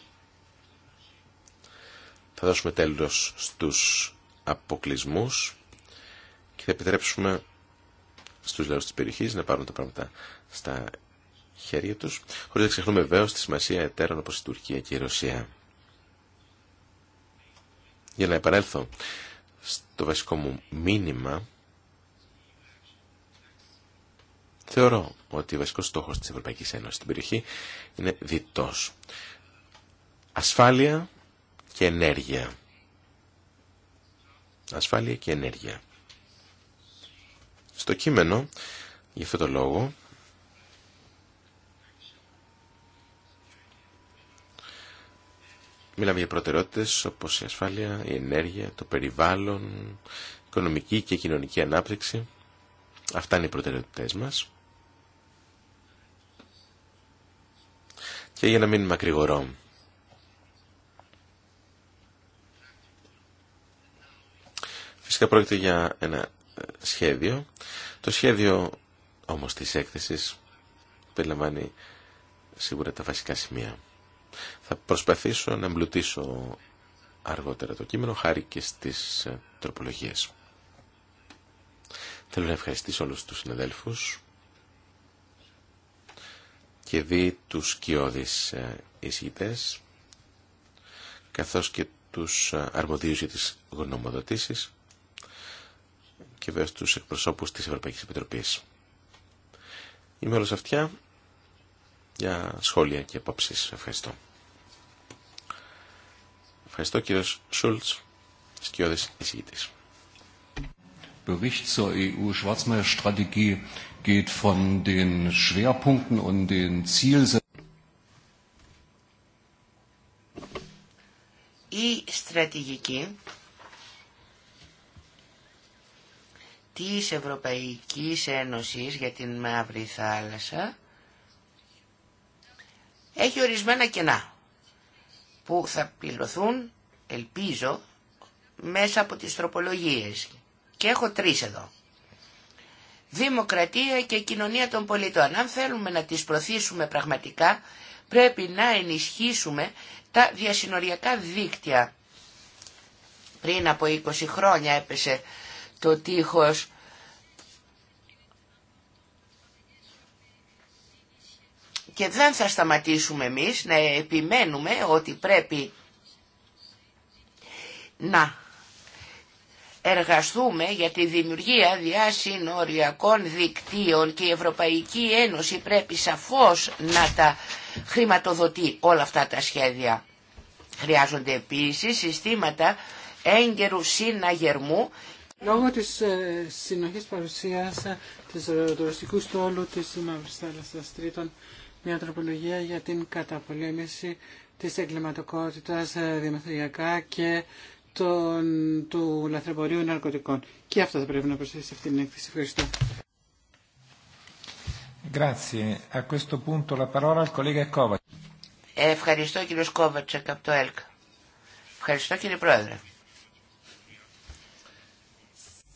Speaker 4: θα δώσουμε τέλος στους αποκλεισμούς και θα επιτρέψουμε στους λαούς της περιοχής να πάρουν τα πράγματα στα χέρια τους, χωρίς να ξεχνούμε βεβαίω τη σημασία εταίρων όπως η Τουρκία και η Ρωσία. Για να επανέλθω στο βασικό μου μήνυμα, θεωρώ ότι ο βασικός στόχος της Ευρωπαϊκής Ένωσης στην περιοχή είναι διτός. Ασφάλεια και ενέργεια. Ασφάλεια και ενέργεια. Στο κείμενο, για αυτό το λόγο, Μιλάμε για προτεραιότητες όπως η ασφάλεια, η ενέργεια, το περιβάλλον, οικονομική και κοινωνική ανάπτυξη. Αυτά είναι οι προτεραιότητες μας. Και για να μην μακρηγορώ. Φυσικά πρόκειται για ένα ε, σχέδιο. Το σχέδιο όμως της έκθεσης περιλαμβάνει σίγουρα τα βασικά σημεία. Θα προσπαθήσω να εμπλουτίσω αργότερα το κείμενο χάρη και στις ε, τροπολογίες. Θέλω να ευχαριστήσω όλους τους συναδέλφους και δι τους σκιώδεις ε, εισηγητές καθώς και τους ε, αρμοδίους για τις γνωμοδοτήσεις και βέβαια τους εκπροσώπους της Ευρωπαϊκής Επιτροπής. Είμαι όλος αυτιά για σχόλια και απόψει. Ευχαριστώ. Ευχαριστώ κύριο Σούλτ, σκιώδη εισηγητή. Bericht zur eu schwarzmeer
Speaker 1: strategie geht von den Schwerpunkten und den Zielsetzungen.
Speaker 2: Η στρατηγική της Ευρωπαϊκής Ένωσης για την Μαύρη Θάλασσα έχει ορισμένα κενά που θα πληρωθούν, ελπίζω, μέσα από τις τροπολογίες. Και έχω τρεις εδώ. Δημοκρατία και κοινωνία των πολιτών. Αν θέλουμε να τις προθίσουμε πραγματικά, πρέπει να ενισχύσουμε τα διασυνοριακά δίκτυα. Πριν από 20 χρόνια έπεσε το τείχος και δεν θα σταματήσουμε εμείς να επιμένουμε ότι πρέπει να εργαστούμε για τη δημιουργία διασυνοριακών δικτύων και η Ευρωπαϊκή Ένωση πρέπει σαφώς να τα χρηματοδοτεί όλα αυτά τα σχέδια. Χρειάζονται επίσης συστήματα έγκαιρου συναγερμού
Speaker 3: Λόγω της ε, συνοχής παρουσίας ε, της ρωτοριστικού ε, στόλου της Μαύρης Τρίτων μια τροπολογία για την καταπολέμηση της εγκληματικότητας ε, δημοσιακά και του λαθρεμπορίου ναρκωτικών. Και αυτό θα πρέπει να προσθέσει σε αυτήν την έκθεση. Ευχαριστώ.
Speaker 2: Ευχαριστώ κύριο Σκόβατσεκ από το ΕΛΚ. Ευχαριστώ κύριε Πρόεδρε.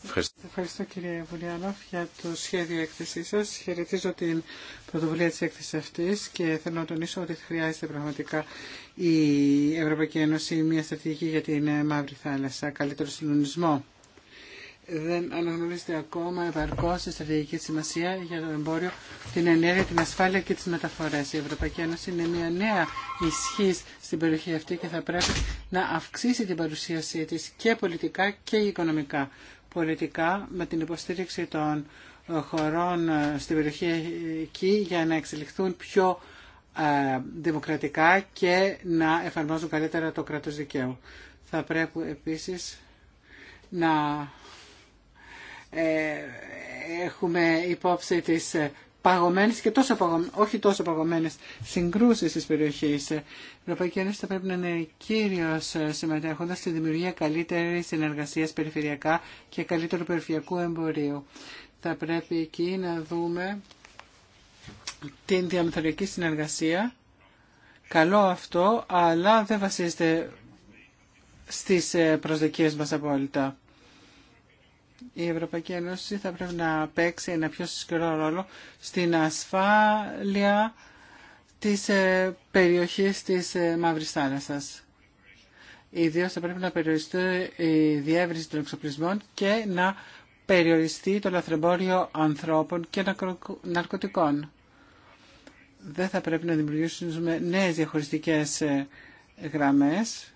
Speaker 3: Ευχαριστώ. Ευχαριστώ κύριε Βουλιάνοφ για το σχέδιο έκθεσή σα. Χαιρετίζω την πρωτοβουλία τη έκθεση αυτή και θέλω να τονίσω ότι χρειάζεται πραγματικά η Ευρωπαϊκή Ένωση μια στρατηγική για την Μαύρη Θάλασσα, καλύτερο συντονισμό. Δεν αναγνωρίζεται ακόμα επαρκώ η στρατηγική σημασία για το εμπόριο, την ενέργεια, την ασφάλεια και τι μεταφορέ. Η Ευρωπαϊκή Ένωση είναι μια νέα ισχύ στην περιοχή αυτή και θα πρέπει να αυξήσει την παρουσίασή τη και πολιτικά και οικονομικά πολιτικά με την υποστήριξη των χωρών στην περιοχή εκεί για να εξελιχθούν πιο ε, δημοκρατικά και να εφαρμόζουν καλύτερα το κράτος δικαίου. Θα πρέπει επίσης να ε, έχουμε υπόψη τις παγωμένες και τόσο όχι τόσο παγωμένες συγκρούσεις της περιοχής. Η Ευρωπαϊκή Ένωση θα πρέπει να είναι κύριος συμμετέχοντας στη δημιουργία καλύτερη συνεργασίας περιφερειακά και καλύτερου περιφερειακού εμπορίου. Θα πρέπει εκεί να δούμε την διαμεθοριακή συνεργασία. Καλό αυτό, αλλά δεν βασίζεται στις προσδοκίες μας απόλυτα η Ευρωπαϊκή Ένωση θα πρέπει να παίξει ένα πιο σκληρό ρόλο στην ασφάλεια της ε, περιοχής της ε, Μαύρης Θάλασσας. Ιδίως θα πρέπει να περιοριστεί η διεύρυνση των εξοπλισμών και να περιοριστεί το λαθρεμπόριο ανθρώπων και ναρκωτικών. Δεν θα πρέπει να δημιουργήσουμε νέες διαχωριστικές ε, γραμμές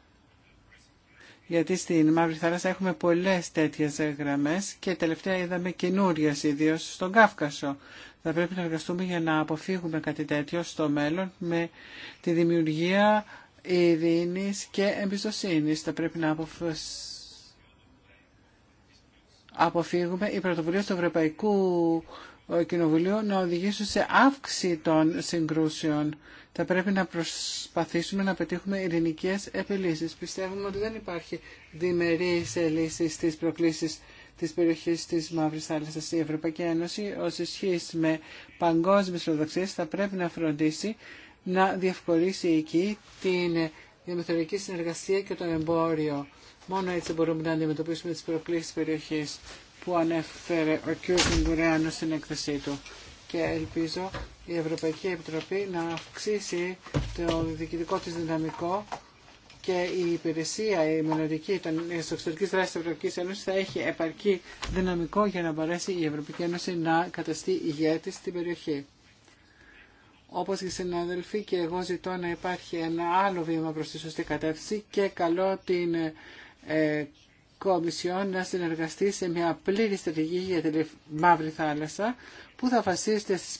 Speaker 3: γιατί στην Μαύρη Θάλασσα έχουμε πολλές τέτοιες γραμμές και τελευταία είδαμε καινούριε ιδίω στον Κάφκασο. Θα πρέπει να εργαστούμε για να αποφύγουμε κάτι τέτοιο στο μέλλον με τη δημιουργία ειρήνης και εμπιστοσύνης. Θα πρέπει να αποφύγουμε η πρωτοβουλία του Ευρωπαϊκού Κοινοβουλίου να οδηγήσουν σε αύξηση των συγκρούσεων θα πρέπει να προσπαθήσουμε να πετύχουμε ειρηνικέ επιλύσεις. Πιστεύουμε ότι δεν υπάρχει σε λύση στις προκλήσεις της περιοχής της Μαύρης Θάλασσας. Η Ευρωπαϊκή Ένωση ως ισχύς με παγκόσμιες προδοξίες θα πρέπει να φροντίσει να διευκολύσει εκεί την διαμεθορική συνεργασία και το εμπόριο. Μόνο έτσι μπορούμε να αντιμετωπίσουμε τις προκλήσεις της περιοχής που ανέφερε ο κ. Κιγκουρεάνος στην έκθεσή του και ελπίζω η Ευρωπαϊκή Επιτροπή να αυξήσει το διοικητικό της δυναμικό και η υπηρεσία, η μελλοντική της εξωτερική δράση της Ευρωπαϊκή Ένωση θα έχει επαρκή δυναμικό για να μπορέσει η Ευρωπαϊκή Ένωση να καταστεί ηγέτη στην περιοχή. Όπως και οι συναδελφοί και εγώ ζητώ να υπάρχει ένα άλλο βήμα προ τη σωστή κατεύθυνση και καλώ την ε, να συνεργαστεί σε μια πλήρη στρατηγική για τη Μαύρη Θάλασσα που θα βασίζεται στις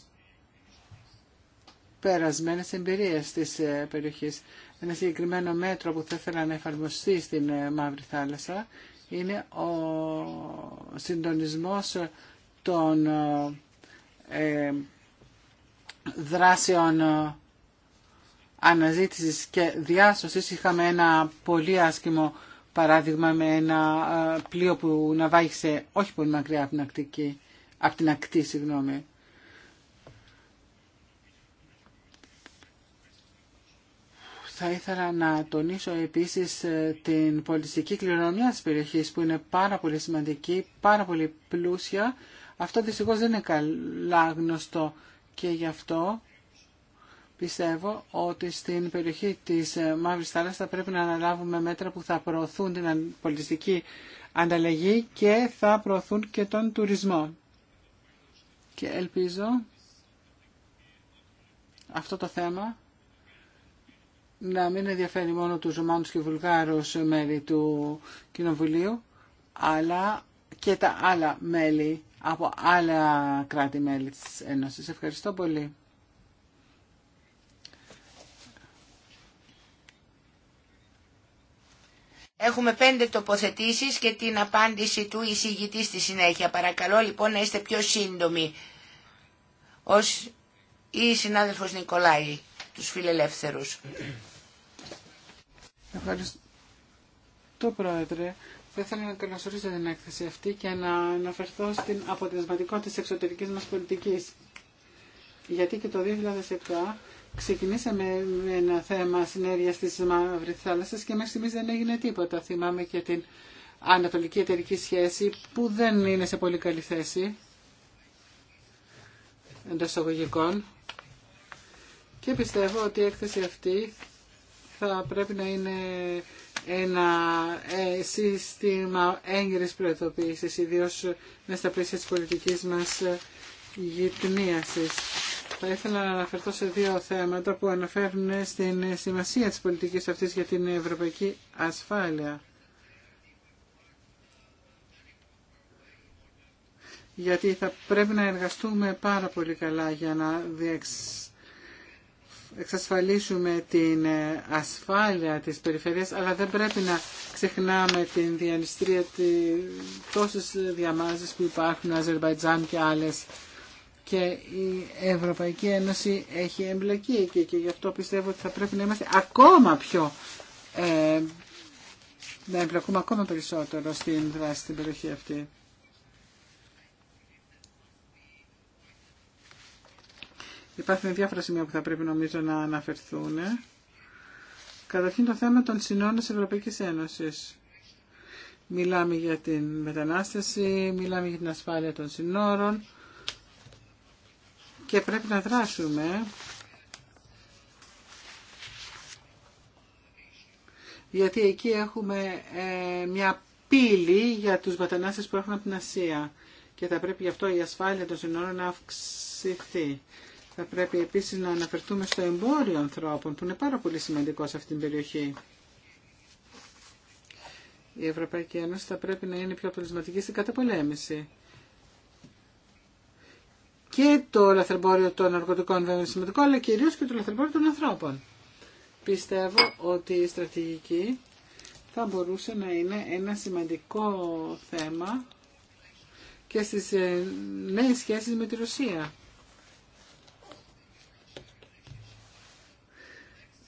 Speaker 3: περασμένες εμπειρίες της ε, περιοχής. Ένα συγκεκριμένο μέτρο που θα ήθελα να εφαρμοστεί στην ε, Μαύρη Θάλασσα είναι ο συντονισμός των ε, δράσεων αναζήτησης και διάσωσης. Είχαμε ένα πολύ άσχημο παράδειγμα με ένα ε, πλοίο που να ναυάγησε όχι πολύ μακριά από την, ακτική, από την ακτή. Συγγνώμη. Θα ήθελα να τονίσω επίσης ε, την πολιτιστική κληρονομιά της περιοχής που είναι πάρα πολύ σημαντική, πάρα πολύ πλούσια. Αυτό δυστυχώς δεν είναι καλά γνωστό και γι' αυτό Πιστεύω ότι στην περιοχή της ε, Μαύρης Θάλασσας θα πρέπει να αναλάβουμε μέτρα που θα προωθούν την πολιτιστική ανταλλαγή και θα προωθούν και τον τουρισμό. Και ελπίζω αυτό το θέμα να μην ενδιαφέρει μόνο τους Ρωμάνους και Βουλγάρους μέλη του Κοινοβουλίου, αλλά και τα άλλα μέλη από άλλα κράτη-μέλη της Ένωσης. Ευχαριστώ πολύ.
Speaker 2: Έχουμε πέντε τοποθετήσεις και την απάντηση του εισηγητή στη συνέχεια. Παρακαλώ λοιπόν να είστε πιο σύντομοι ως η συνάδελφος Νικολάη, τους φιλελεύθερους. Ευχαριστώ πρόεδρε.
Speaker 3: Θα ήθελα να καλωσορίσω την έκθεση αυτή και να αναφερθώ στην αποτελεσματικότητα της εξωτερικής μας πολιτικής. Γιατί και το 2007 Ξεκινήσαμε με ένα θέμα συνέργεια τη Μαύρη Θάλασσα και μέχρι στιγμή δεν έγινε τίποτα. Θυμάμαι και την ανατολική εταιρική σχέση που δεν είναι σε πολύ καλή θέση εντό Και πιστεύω ότι η έκθεση αυτή θα πρέπει να είναι ένα ε, σύστημα έγκυρης προειδοποίησης, ιδίως μέσα στα πλαίσια της πολιτικής μας γυτνίασης. Θα ήθελα να αναφερθώ σε δύο θέματα που αναφέρουν στην σημασία της πολιτικής αυτής για την ευρωπαϊκή ασφάλεια. Γιατί θα πρέπει να εργαστούμε πάρα πολύ καλά για να εξασφαλίσουμε την ασφάλεια της περιφερειάς, αλλά δεν πρέπει να ξεχνάμε την διανυστρία τόσες διαμάζες που υπάρχουν Αζερβαϊτζάν και άλλες και η Ευρωπαϊκή Ένωση έχει εμπλακεί και, και γι' αυτό πιστεύω ότι θα πρέπει να είμαστε ακόμα πιο ε, να εμπλακούμε ακόμα περισσότερο στην δράση στην περιοχή αυτή. Υπάρχουν διάφορα σημεία που θα πρέπει νομίζω να αναφερθούν. Ε. Καταρχήν το θέμα των συνόρων της Ευρωπαϊκής Ένωσης. Μιλάμε για την μετανάστευση, μιλάμε για την ασφάλεια των συνόρων, και πρέπει να δράσουμε γιατί εκεί έχουμε ε, μια πύλη για τους μετανάστες που έχουν από την Ασία και θα πρέπει γι' αυτό η ασφάλεια των συνόρων να αυξηθεί. Θα πρέπει επίσης να αναφερθούμε στο εμπόριο ανθρώπων που είναι πάρα πολύ σημαντικό σε αυτήν την περιοχή. Η Ευρωπαϊκή Ένωση θα πρέπει να είναι πιο αποτελεσματική στην καταπολέμηση και το λαθρεμπόριο των ναρκωτικών βέβαια σημαντικό, αλλά κυρίως και το λαθρεμπόριο των ανθρώπων. Πιστεύω ότι η στρατηγική θα μπορούσε να είναι ένα σημαντικό θέμα και στις ε, νέες σχέσεις με τη Ρωσία.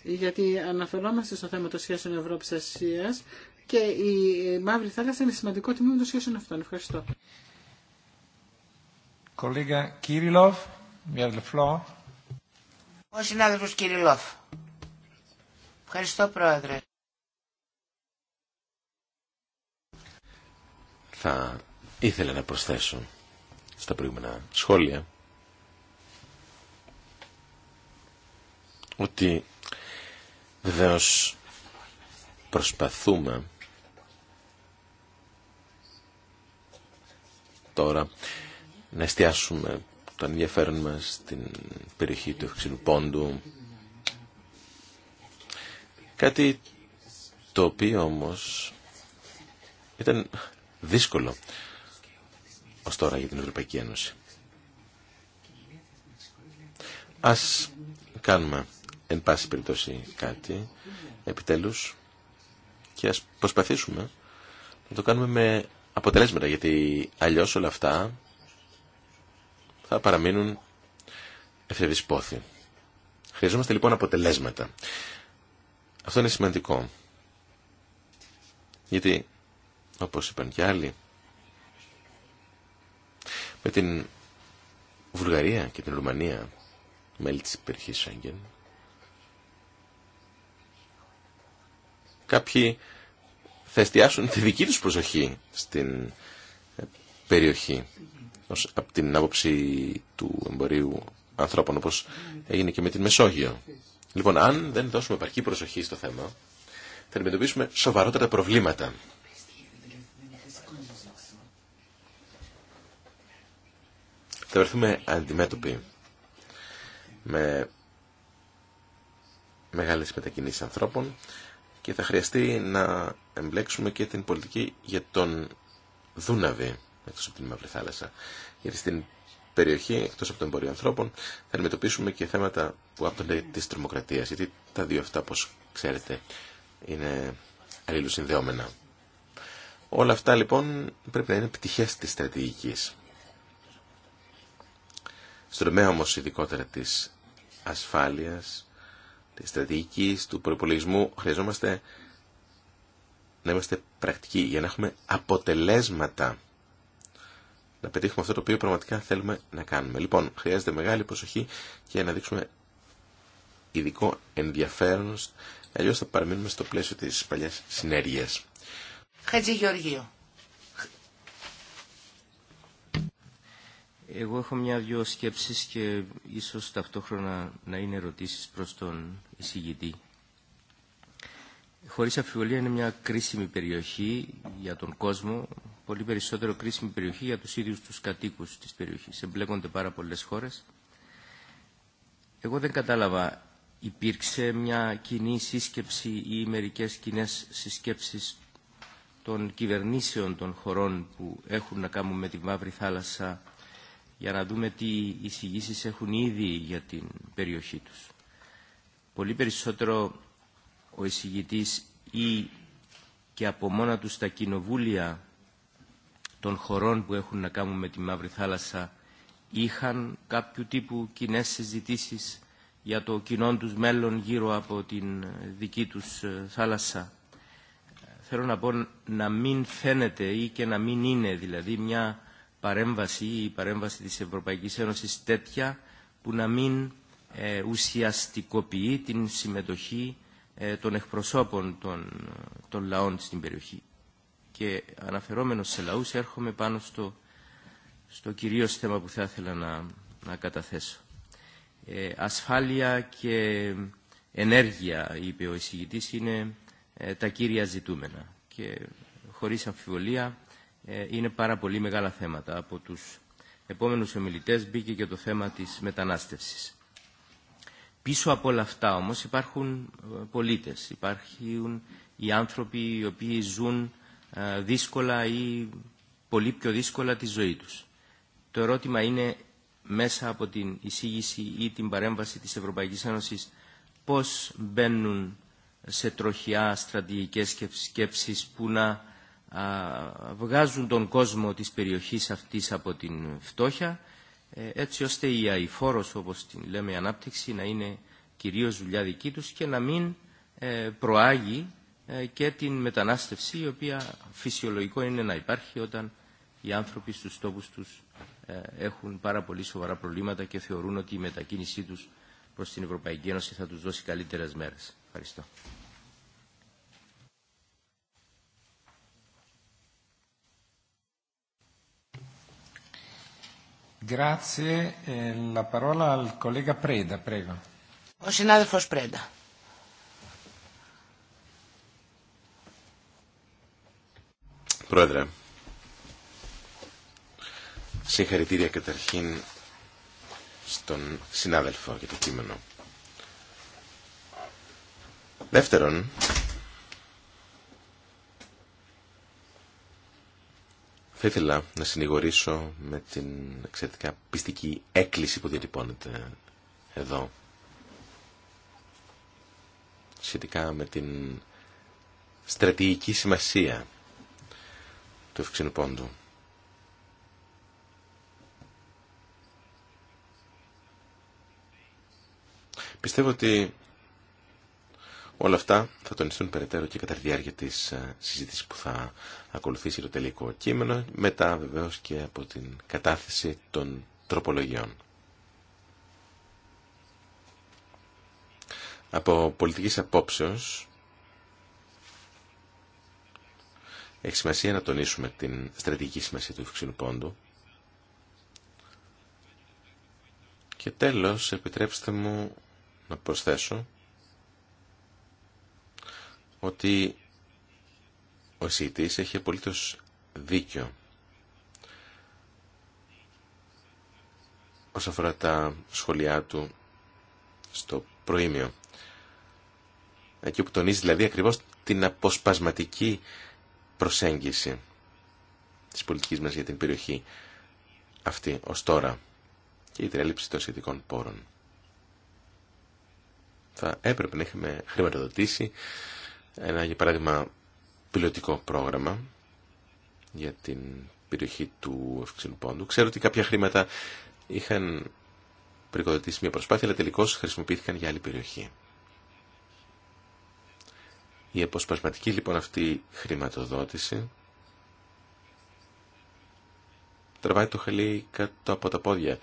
Speaker 3: Γιατί αναφερόμαστε στο θέμα των σχέσεων Ευρώπης-Ασίας και η ε, Μαύρη Θάλασσα είναι σημαντικό τμήμα των σχέσεων αυτών. Ευχαριστώ.
Speaker 1: Κολίγα Κύριλοφ you have the floor.
Speaker 2: Ο συνάδελφος Κυριλόφ. Ευχαριστώ πρόεδρε.
Speaker 4: Θα ήθελα να προσθέσω στα προηγούμενα σχόλια ότι βεβαίω προσπαθούμε τώρα να εστιάσουμε το ενδιαφέρον μας στην περιοχή του Ευξηνού Κάτι το οποίο όμως ήταν δύσκολο ως τώρα για την Ευρωπαϊκή Ένωση. Ας κάνουμε εν πάση περιπτώσει κάτι επιτέλους και ας προσπαθήσουμε να το κάνουμε με αποτελέσματα γιατί αλλιώς όλα αυτά θα παραμείνουν ευθεβείς πόθη. Χρειαζόμαστε λοιπόν αποτελέσματα. Αυτό είναι σημαντικό. Γιατί, όπως είπαν και άλλοι, με την Βουλγαρία και την Ρουμανία, μέλη της υπερχής Σέγγεν, κάποιοι θα εστιάσουν τη δική τους προσοχή στην περιοχή από την άποψη του εμπορίου ανθρώπων όπως έγινε και με την Μεσόγειο. Λοιπόν, αν δεν δώσουμε επαρκή προσοχή στο θέμα, θα αντιμετωπίσουμε σοβαρότερα προβλήματα. Θα βρεθούμε αντιμέτωποι με μεγάλες μετακινήσεις ανθρώπων και θα χρειαστεί να εμπλέξουμε και την πολιτική για τον Δούναβη εκτό από την Μαύρη Θάλασσα. Γιατί στην περιοχή, εκτό από τον εμπόριο ανθρώπων, θα αντιμετωπίσουμε και θέματα που άπτονται τη τρομοκρατία. Γιατί τα δύο αυτά, όπω ξέρετε, είναι αλληλοσυνδεόμενα. Όλα αυτά λοιπόν πρέπει να είναι πτυχέ τη στρατηγική. Στον τομέα όμω ειδικότερα τη ασφάλεια, τη στρατηγική, του προπολογισμού, χρειαζόμαστε να είμαστε πρακτικοί για να έχουμε αποτελέσματα να πετύχουμε αυτό το οποίο πραγματικά θέλουμε να κάνουμε. Λοιπόν, χρειάζεται μεγάλη προσοχή και να δείξουμε ειδικό ενδιαφέρον, αλλιώς θα παραμείνουμε στο πλαίσιο της παλιάς συνεργεια
Speaker 2: Χατζη εγω
Speaker 5: Εγώ έχω μια-δυο σκέψεις και ίσως ταυτόχρονα να είναι ερωτήσεις προς τον εισηγητή. Χωρίς αφιβολία είναι μια κρίσιμη περιοχή για τον κόσμο, πολύ περισσότερο κρίσιμη περιοχή για τους ίδιους τους κατοίκους της περιοχής. Εμπλέκονται πάρα πολλές χώρες. Εγώ δεν κατάλαβα, υπήρξε μια κοινή σύσκεψη ή μερικές κοινέ συσκέψεις των κυβερνήσεων των χωρών που έχουν να κάνουν με τη Μαύρη Θάλασσα για να δούμε τι εισηγήσει έχουν ήδη για την περιοχή τους. Πολύ περισσότερο ο εισηγητής ή και από μόνα τους τα κοινοβούλια των χωρών που έχουν να κάνουν με τη Μαύρη Θάλασσα είχαν κάποιου τύπου κοινέ συζητήσει για το κοινό τους μέλλον γύρω από την ε, δική τους ε, θάλασσα. Ε, θέλω να πω να μην φαίνεται ή και να μην είναι δηλαδή μια παρέμβαση ή η παρεμβαση της Ευρωπαϊκής Ένωσης τέτοια που να μην ουσιαστικοποιεί την συμμετοχή των εκπροσώπων των, των λαών στην περιοχή και αναφερόμενος σε λαούς έρχομαι πάνω στο, στο κυρίως θέμα που θα ήθελα να, καταθέσω. Ε, ασφάλεια και ενέργεια, είπε ο εισηγητής, είναι ε, τα κύρια ζητούμενα και χωρίς αμφιβολία ε, είναι πάρα πολύ μεγάλα θέματα. Από τους επόμενους ομιλητές μπήκε και το θέμα της μετανάστευσης. Πίσω από όλα αυτά όμως υπάρχουν ε, πολίτες, υπάρχουν οι άνθρωποι οι οποίοι ζουν ε, δύσκολα ή πολύ πιο δύσκολα τη ζωή τους. Το ερώτημα είναι μέσα από την εισήγηση ή την παρέμβαση της Ευρωπαϊκής Ένωσης πώς μπαίνουν σε τροχιά στρατηγικές σκέψεις που να βγάζουν τον κόσμο της περιοχής αυτής από την φτώχεια ε, έτσι ώστε η αηφόρος όπως την λέμε η ανάπτυξη να είναι κυρίως δουλειά δική τους και να μην ε, προάγει ε, και την μετανάστευση η οποία φυσιολογικό είναι να υπάρχει όταν οι άνθρωποι στους τόπους τους ε, έχουν πάρα πολύ σοβαρά προβλήματα και θεωρούν ότι η μετακίνησή τους προς την Ευρωπαϊκή Ένωση θα τους δώσει καλύτερες
Speaker 1: μέρες. Ευχαριστώ. Grazie. Ε, la parola al collega Preda, prego. Ο συνάδελφος Πρέντα.
Speaker 4: Πρόεδρε, συγχαρητήρια καταρχήν στον συνάδελφο για το κείμενο. Δεύτερον, θα ήθελα να συνηγορήσω με την εξαιρετικά πιστική έκκληση που διατυπώνεται εδώ σχετικά με την στρατηγική σημασία του ευξήνου πόντου. Πιστεύω ότι όλα αυτά θα τονιστούν περαιτέρω και κατά τη διάρκεια της ε, συζήτησης που θα ακολουθήσει το τελικό κείμενο, μετά βεβαίως και από την κατάθεση των τροπολογιών. Από πολιτικής απόψεως, Έχει σημασία να τονίσουμε την στρατηγική σημασία του ευξήνου πόντου. Και τέλος, επιτρέψτε μου να προσθέσω ότι ο εισηγητής έχει απολύτως δίκιο όσον αφορά τα σχολιά του στο προήμιο. Εκεί που τονίζει δηλαδή ακριβώς την αποσπασματική προσέγγιση της πολιτικής μας για την περιοχή αυτή ως τώρα και η τρέληψη των σχετικών πόρων. Θα έπρεπε να είχαμε χρηματοδοτήσει ένα, για παράδειγμα, πιλωτικό πρόγραμμα για την περιοχή του Ευξήνου Πόντου. Ξέρω ότι κάποια χρήματα είχαν πρικοδοτήσει μια προσπάθεια, αλλά τελικώς χρησιμοποιήθηκαν για άλλη περιοχή. Η αποσπασματική λοιπόν αυτή χρηματοδότηση τραβάει το χαλί κάτω από τα πόδια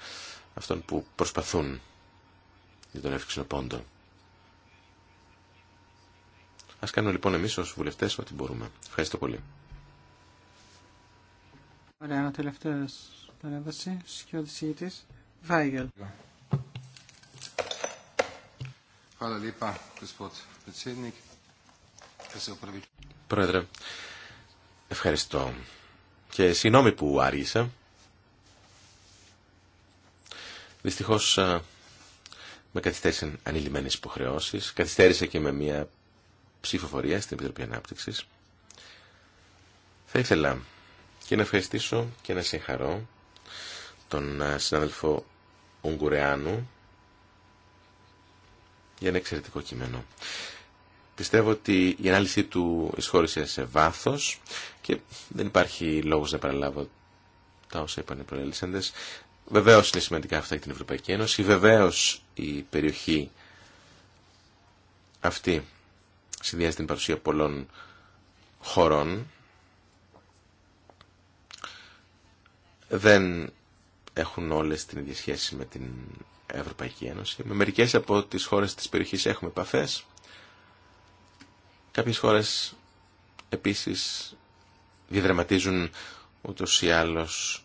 Speaker 4: αυτών που προσπαθούν για τον εύξηνο πόντο. Ας κάνουμε λοιπόν εμείς ως βουλευτές ό,τι μπορούμε. Ευχαριστώ πολύ.
Speaker 3: Ωραία, ο παρέμβαση,
Speaker 4: Πρόεδρε, ευχαριστώ. Και συγγνώμη που άργησα. Δυστυχώς με καθυστέρησαν ανηλυμένες υποχρεώσεις. Καθυστέρησα και με μια ψηφοφορία στην Επιτροπή Ανάπτυξης. Θα ήθελα και να ευχαριστήσω και να συγχαρώ τον συνάδελφο Ουγγουρεάνου για ένα εξαιρετικό κείμενο. Πιστεύω ότι η ανάλυση του εισχώρησε σε βάθος και δεν υπάρχει λόγος να παραλάβω τα όσα είπαν οι προελίσσαντες. Βεβαίως είναι σημαντικά αυτά για την Ευρωπαϊκή Ένωση. Βεβαίως η περιοχή αυτή συνδυάζει την παρουσία πολλών χωρών. Δεν έχουν όλες την ίδια σχέση με την Ευρωπαϊκή Ένωση. Με μερικές από τις χώρες της περιοχής έχουμε επαφές. Κάποιες χώρες επίσης διαδραματίζουν ούτως ή άλλως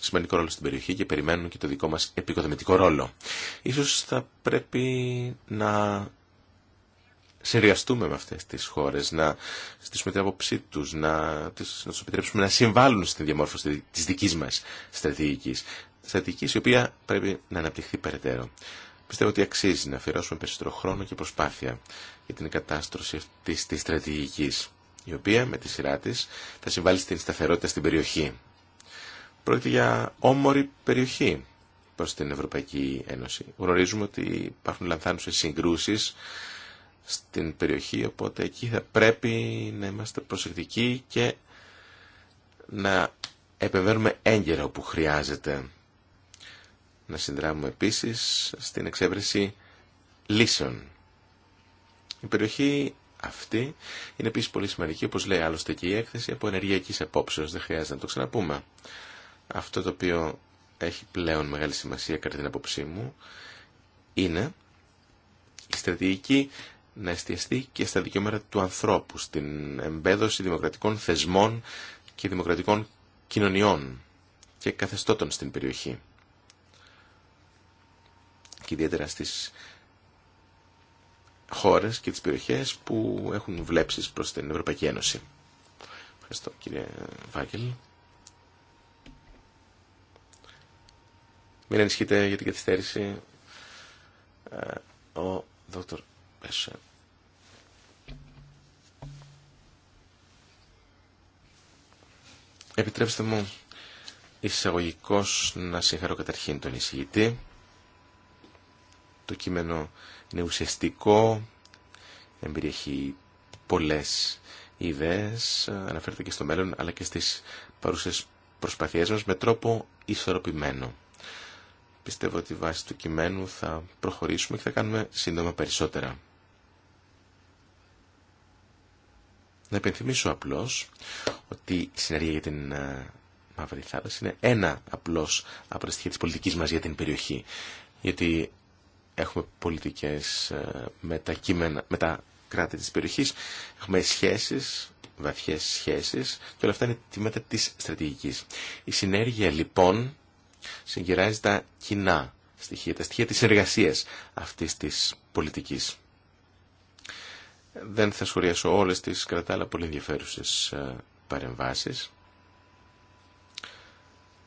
Speaker 4: σημαντικό ρόλο στην περιοχή και περιμένουν και το δικό μας επικοδομητικό ρόλο. Ίσως θα πρέπει να συνεργαστούμε με αυτές τις χώρες, να στήσουμε την άποψή τους, να, τις, να τους επιτρέψουμε να συμβάλλουν στη διαμόρφωση της δικής μας στρατηγικής. Στρατηγικής η οποία πρέπει να αναπτυχθεί περαιτέρω. Πιστεύω ότι αξίζει να αφιερώσουμε περισσότερο χρόνο και προσπάθεια για την κατάστρωση αυτή τη στρατηγική, η οποία με τη σειρά τη θα συμβάλλει στην σταθερότητα στην περιοχή. Πρόκειται για όμορη περιοχή προ την Ευρωπαϊκή Ένωση. Γνωρίζουμε ότι υπάρχουν λανθάνουσε συγκρούσει στην περιοχή, οπότε εκεί θα πρέπει να είμαστε προσεκτικοί και να επεμβαίνουμε έγκαιρα όπου χρειάζεται να συνδράμουμε επίσης στην εξέβρεση λύσεων. Η περιοχή αυτή είναι επίσης πολύ σημαντική, όπως λέει άλλωστε και η έκθεση, από ενεργειακής απόψεως, δεν χρειάζεται να το ξαναπούμε. Αυτό το οποίο έχει πλέον μεγάλη σημασία κατά την απόψή μου είναι η στρατηγική να εστιαστεί και στα δικαιώματα του ανθρώπου, στην εμπέδωση δημοκρατικών θεσμών και δημοκρατικών κοινωνιών και καθεστώτων στην περιοχή και ιδιαίτερα στις χώρες και τις περιοχές που έχουν βλέψεις προς την Ευρωπαϊκή Ένωση. Ευχαριστώ κύριε Βάγκελ. Μην ανησυχείτε για την καθυστέρηση. Ε, ο Δόκτωρ Πέσσε. Επιτρέψτε μου εισαγωγικώς να συγχαρώ καταρχήν τον εισηγητή το κείμενο είναι ουσιαστικό, εμπεριέχει πολλές ιδέες, αναφέρεται και στο μέλλον αλλά και στις παρούσες προσπαθίες μας με τρόπο ισορροπημένο. Πιστεύω ότι βάσει του κειμένου θα προχωρήσουμε και θα κάνουμε σύντομα περισσότερα. Να υπενθυμίσω απλώς ότι η συνεργία για την ε, Μαύρη Θάλασσα είναι ένα απλώς από τα στοιχεία της πολιτικής μας για την περιοχή. Γιατί έχουμε πολιτικές ε, με τα, κείμενα, κράτη της περιοχής, έχουμε σχέσεις, βαθιές σχέσεις και όλα αυτά είναι τίματα της στρατηγικής. Η συνέργεια λοιπόν συγκυράζει τα κοινά στοιχεία, τα στοιχεία της εργασίας αυτής της πολιτικής. Δεν θα σχολιάσω όλες τις κρατάλα αλλά πολύ ενδιαφέρουσες ε, παρεμβάσεις.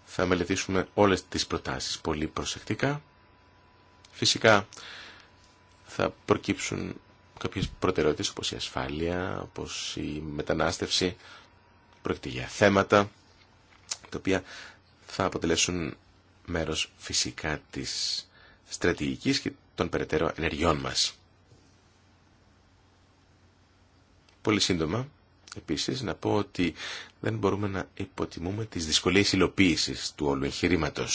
Speaker 4: Θα μελετήσουμε όλες τις προτάσεις πολύ προσεκτικά. Φυσικά θα προκύψουν κάποιες προτεραιότητες όπως η ασφάλεια, όπως η μετανάστευση. Πρόκειται για θέματα τα οποία θα αποτελέσουν μέρος φυσικά της στρατηγικής και των περαιτέρω ενεργειών μας. Πολύ σύντομα, επίσης, να πω ότι δεν μπορούμε να υποτιμούμε τις δυσκολίες υλοποίησης του όλου εγχειρήματο.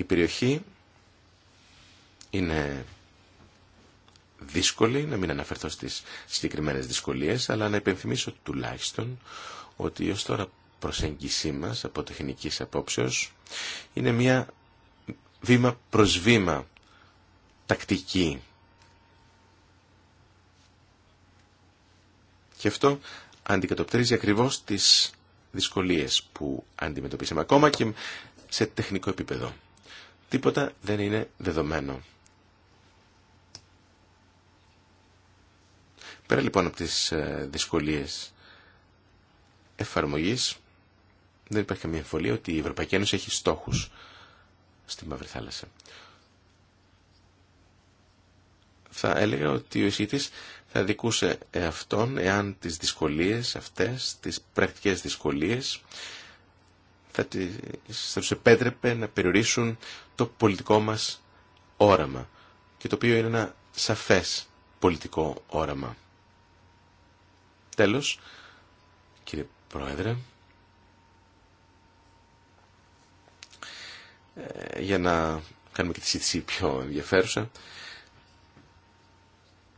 Speaker 4: Η περιοχή είναι δύσκολη, να μην αναφερθώ στις συγκεκριμένες δυσκολίες, αλλά να υπενθυμίσω τουλάχιστον ότι ως τώρα προσέγγισή μας από τεχνικής απόψεως είναι μια βήμα προς βήμα τακτική. Και αυτό αντικατοπτρίζει ακριβώς τις δυσκολίες που αντιμετωπίσαμε ακόμα και σε τεχνικό επίπεδο. Τίποτα δεν είναι δεδομένο. Πέρα λοιπόν από τις ε, δυσκολίες εφαρμογής, δεν υπάρχει καμία εμφολία ότι η Ευρωπαϊκή Ένωση έχει στόχους στη Μαύρη Θάλασσα. Θα έλεγα ότι ο ισχύτης θα δικούσε αυτόν εάν τις δυσκολίες αυτές, τις πρακτικές δυσκολίες, θα, θα τους επέτρεπε να περιορίσουν το πολιτικό μας όραμα και το οποίο είναι ένα σαφές πολιτικό όραμα. Τέλος, κύριε Πρόεδρε, ε, για να κάνουμε και τη συζήτηση πιο ενδιαφέρουσα,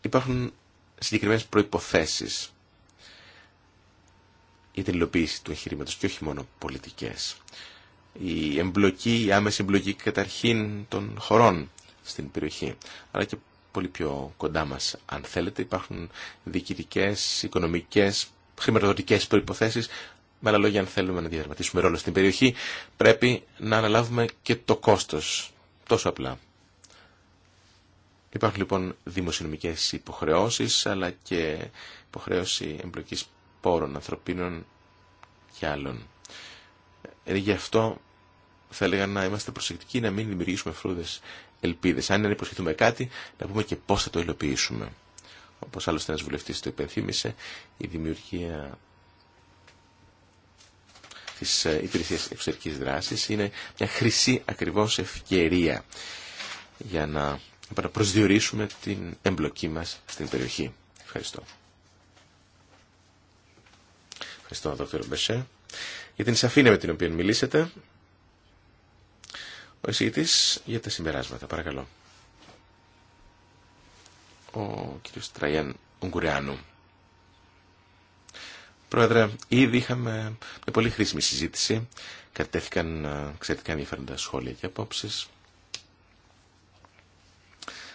Speaker 4: υπάρχουν συγκεκριμένες προϋποθέσεις η την υλοποίηση του εγχειρήματο και όχι μόνο πολιτικέ. Η εμπλοκή, η άμεση εμπλοκή καταρχήν των χωρών στην περιοχή, αλλά και πολύ πιο κοντά μα αν θέλετε. Υπάρχουν διοικητικέ, οικονομικέ, χρηματοδοτικές προποθέσει, Με άλλα λόγια, αν θέλουμε να διαδραματίσουμε ρόλο στην περιοχή, πρέπει να αναλάβουμε και το κόστο. Τόσο απλά. Υπάρχουν λοιπόν δημοσιονομικές υποχρεώσεις, αλλά και υποχρέωση εμπλοκής πόρων, ανθρωπίνων και άλλων. Ε, γι' αυτό θα έλεγα να είμαστε προσεκτικοί να μην δημιουργήσουμε φρούδες ελπίδες. Αν υποσχεθούμε κάτι, να πούμε και πώς θα το υλοποιήσουμε. Όπως άλλωστε ένας βουλευτής το υπενθύμησε, η δημιουργία της ε, υπηρεσίας εξωτερικής δράσης είναι μια χρυσή ακριβώς ευκαιρία για να προσδιορίσουμε την εμπλοκή μας στην περιοχή. Ευχαριστώ. Ευχαριστώ, Δ. Μπεσέ, για την σαφήνεια με την οποία μιλήσετε Ο εισηγητή για τα συμπεράσματα, παρακαλώ. Ο κ. Τραγιάν Ουγγουριανού Πρόεδρε, ήδη είχαμε μια πολύ χρήσιμη συζήτηση. Κατέθηκαν εξαιρετικά ενδιαφέροντα σχόλια και απόψει.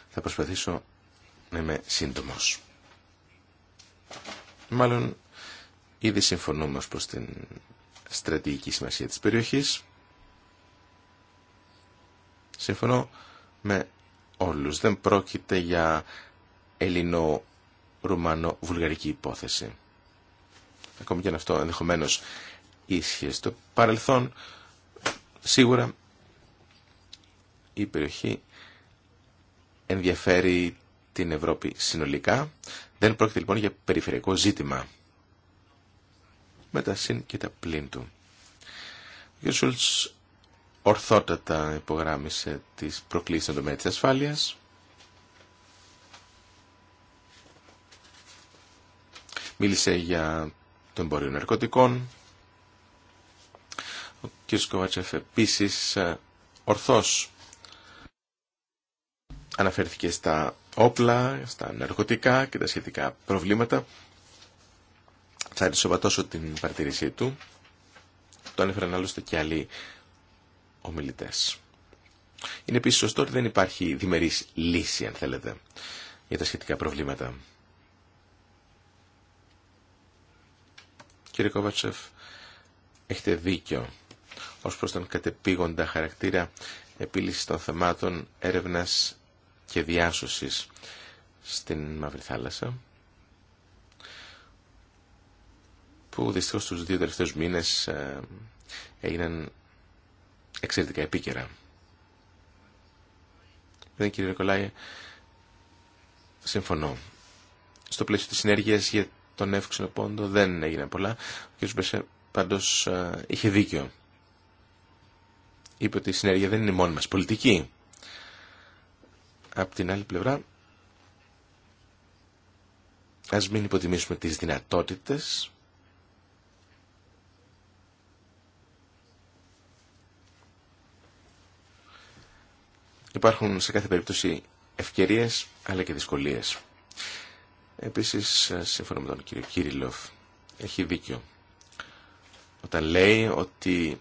Speaker 4: Θα προσπαθήσω να είμαι σύντομος. Μάλλον Ήδη συμφωνούμε ως προς την στρατηγική σημασία της περιοχής. Συμφωνώ με όλους. Δεν πρόκειται για ελληνο-ρουμανο-βουλγαρική υπόθεση. Ακόμη και αν αυτό ενδεχομένως ίσχυε στο παρελθόν, σίγουρα η περιοχή ενδιαφέρει την Ευρώπη συνολικά. Δεν πρόκειται λοιπόν για περιφερειακό ζήτημα με τα συν και τα πλήν του. Ο κ. Σούλτς ορθότατα υπογράμμισε τις προκλήσεις στον τομέα της ασφάλειας. Μίλησε για το εμπόριο ναρκωτικών. Ο κ. Σκοβάτσεφ επίσης ε, ορθώς αναφέρθηκε στα όπλα, στα ναρκωτικά και τα σχετικά προβλήματα θα ενσωματώσω την παρατηρήσή του. Το ανέφεραν άλλωστε και άλλοι ομιλητές. Είναι επίση σωστό ότι δεν υπάρχει διμερή λύση, αν θέλετε, για τα σχετικά προβλήματα. Κύριε Κόβατσεφ, έχετε δίκιο ω προ τον κατεπήγοντα χαρακτήρα επίλυση των θεμάτων έρευνα και διάσωση στην Μαύρη Θάλασσα. που δυστυχώς τους δύο τελευταίους μήνες ε, έγιναν εξαιρετικά επίκαιρα. Δεν κύριε Ρεκολάη, συμφωνώ. Στο πλαίσιο της συνέργειας για τον εύξηνο πόντο δεν έγιναν πολλά. Ο κ. Μπεσέ πάντως ε, είχε δίκιο. Είπε ότι η συνέργεια δεν είναι μόνη μας πολιτική. Απ' την άλλη πλευρά, ας μην υποτιμήσουμε τις δυνατότητες Υπάρχουν σε κάθε περίπτωση ευκαιρίες αλλά και δυσκολίες. Επίσης, ε, σύμφωνα με τον κύριο Κύριλοφ, έχει δίκιο όταν λέει ότι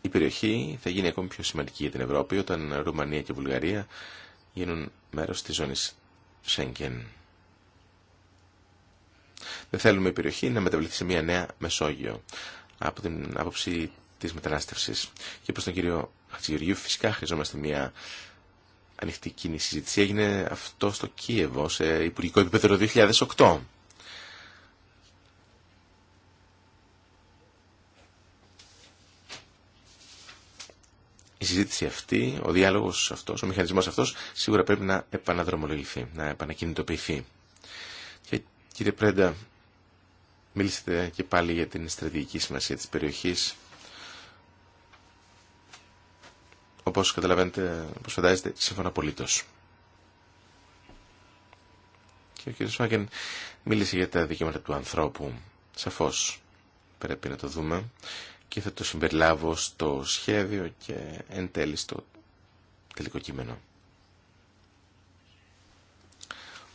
Speaker 4: η περιοχή θα γίνει ακόμη πιο σημαντική για την Ευρώπη όταν Ρουμανία και Βουλγαρία γίνουν μέρος της ζώνης Σέγγεν. Δεν θέλουμε η περιοχή να μεταβληθεί σε μια νέα Μεσόγειο. Από την άποψη της μετανάστευση. Και προς τον κύριο Χατζηγεωργίου φυσικά χρειαζόμαστε μια ανοιχτή κοινή συζήτηση. Έγινε αυτό στο Κίεβο σε υπουργικό επίπεδο το 2008. η συζήτηση αυτή, ο διάλογος αυτός, ο μηχανισμό αυτός σίγουρα πρέπει να επαναδρομολογηθεί, να επανακινητοποιηθεί. Και κύριε Πρέντα, μίλησατε και πάλι για την στρατηγική σημασία τη περιοχή. Όπως καταλαβαίνετε, όπως φαντάζεστε, σύμφωνα απολύτως. Και ο κ. Σμάκεν μίλησε για τα δικαιώματα του ανθρώπου. Σαφώς πρέπει να το δούμε και θα το συμπεριλάβω στο σχέδιο και εν τέλει στο τελικό κείμενο.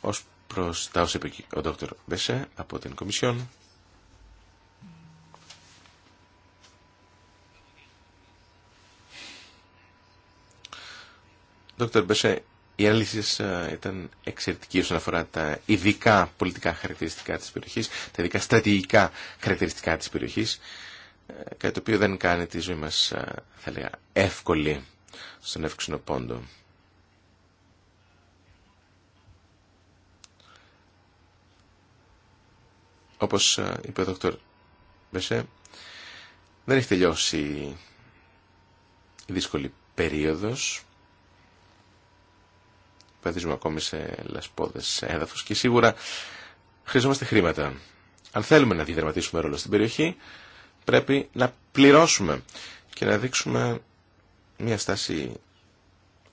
Speaker 4: Ως προς τα όσα είπε ο Δ. Μπεσέ από την Κομισιόν, Δόκτωρ Μπέσε, η ανάλυση ε, ήταν εξαιρετική όσον αφορά τα ειδικά πολιτικά χαρακτηριστικά της περιοχή, τα ειδικά στρατηγικά χαρακτηριστικά τη περιοχή, ε, κάτι το οποίο δεν κάνει τη ζωή μα, ε, θα λέγα, εύκολη στον εύξηνο πόντο. Όπως είπε ο δόκτωρ Μπεσέ, δεν έχει τελειώσει η δύσκολη περίοδος Παιδίζουμε ακόμη σε λασπόδες έδαφο. και σίγουρα χρειαζόμαστε χρήματα. Αν θέλουμε να διδραματίσουμε ρόλο στην περιοχή, πρέπει να πληρώσουμε και να δείξουμε μια στάση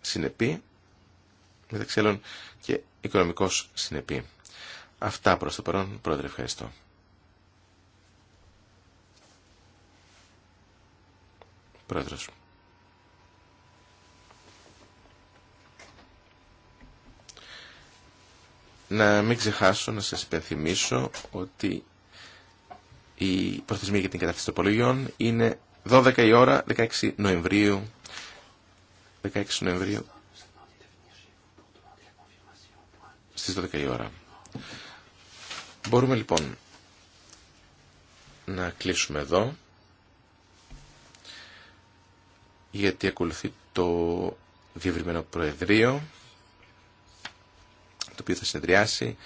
Speaker 4: συνεπή, μεταξύ άλλων και οικονομικός συνεπή. Αυτά προς το παρόν. Πρόεδρε, ευχαριστώ. Πρόεδρος. Να μην ξεχάσω να σας υπενθυμίσω ότι η προθεσμία για την κατάθεση των είναι 12 η ώρα 16 Νοεμβρίου 16 Νοεμβρίου στις 12 η ώρα. Μπορούμε λοιπόν να κλείσουμε εδώ γιατί ακολουθεί το διευρυμένο Προεδρείο το οποίο θα συνεδριάσει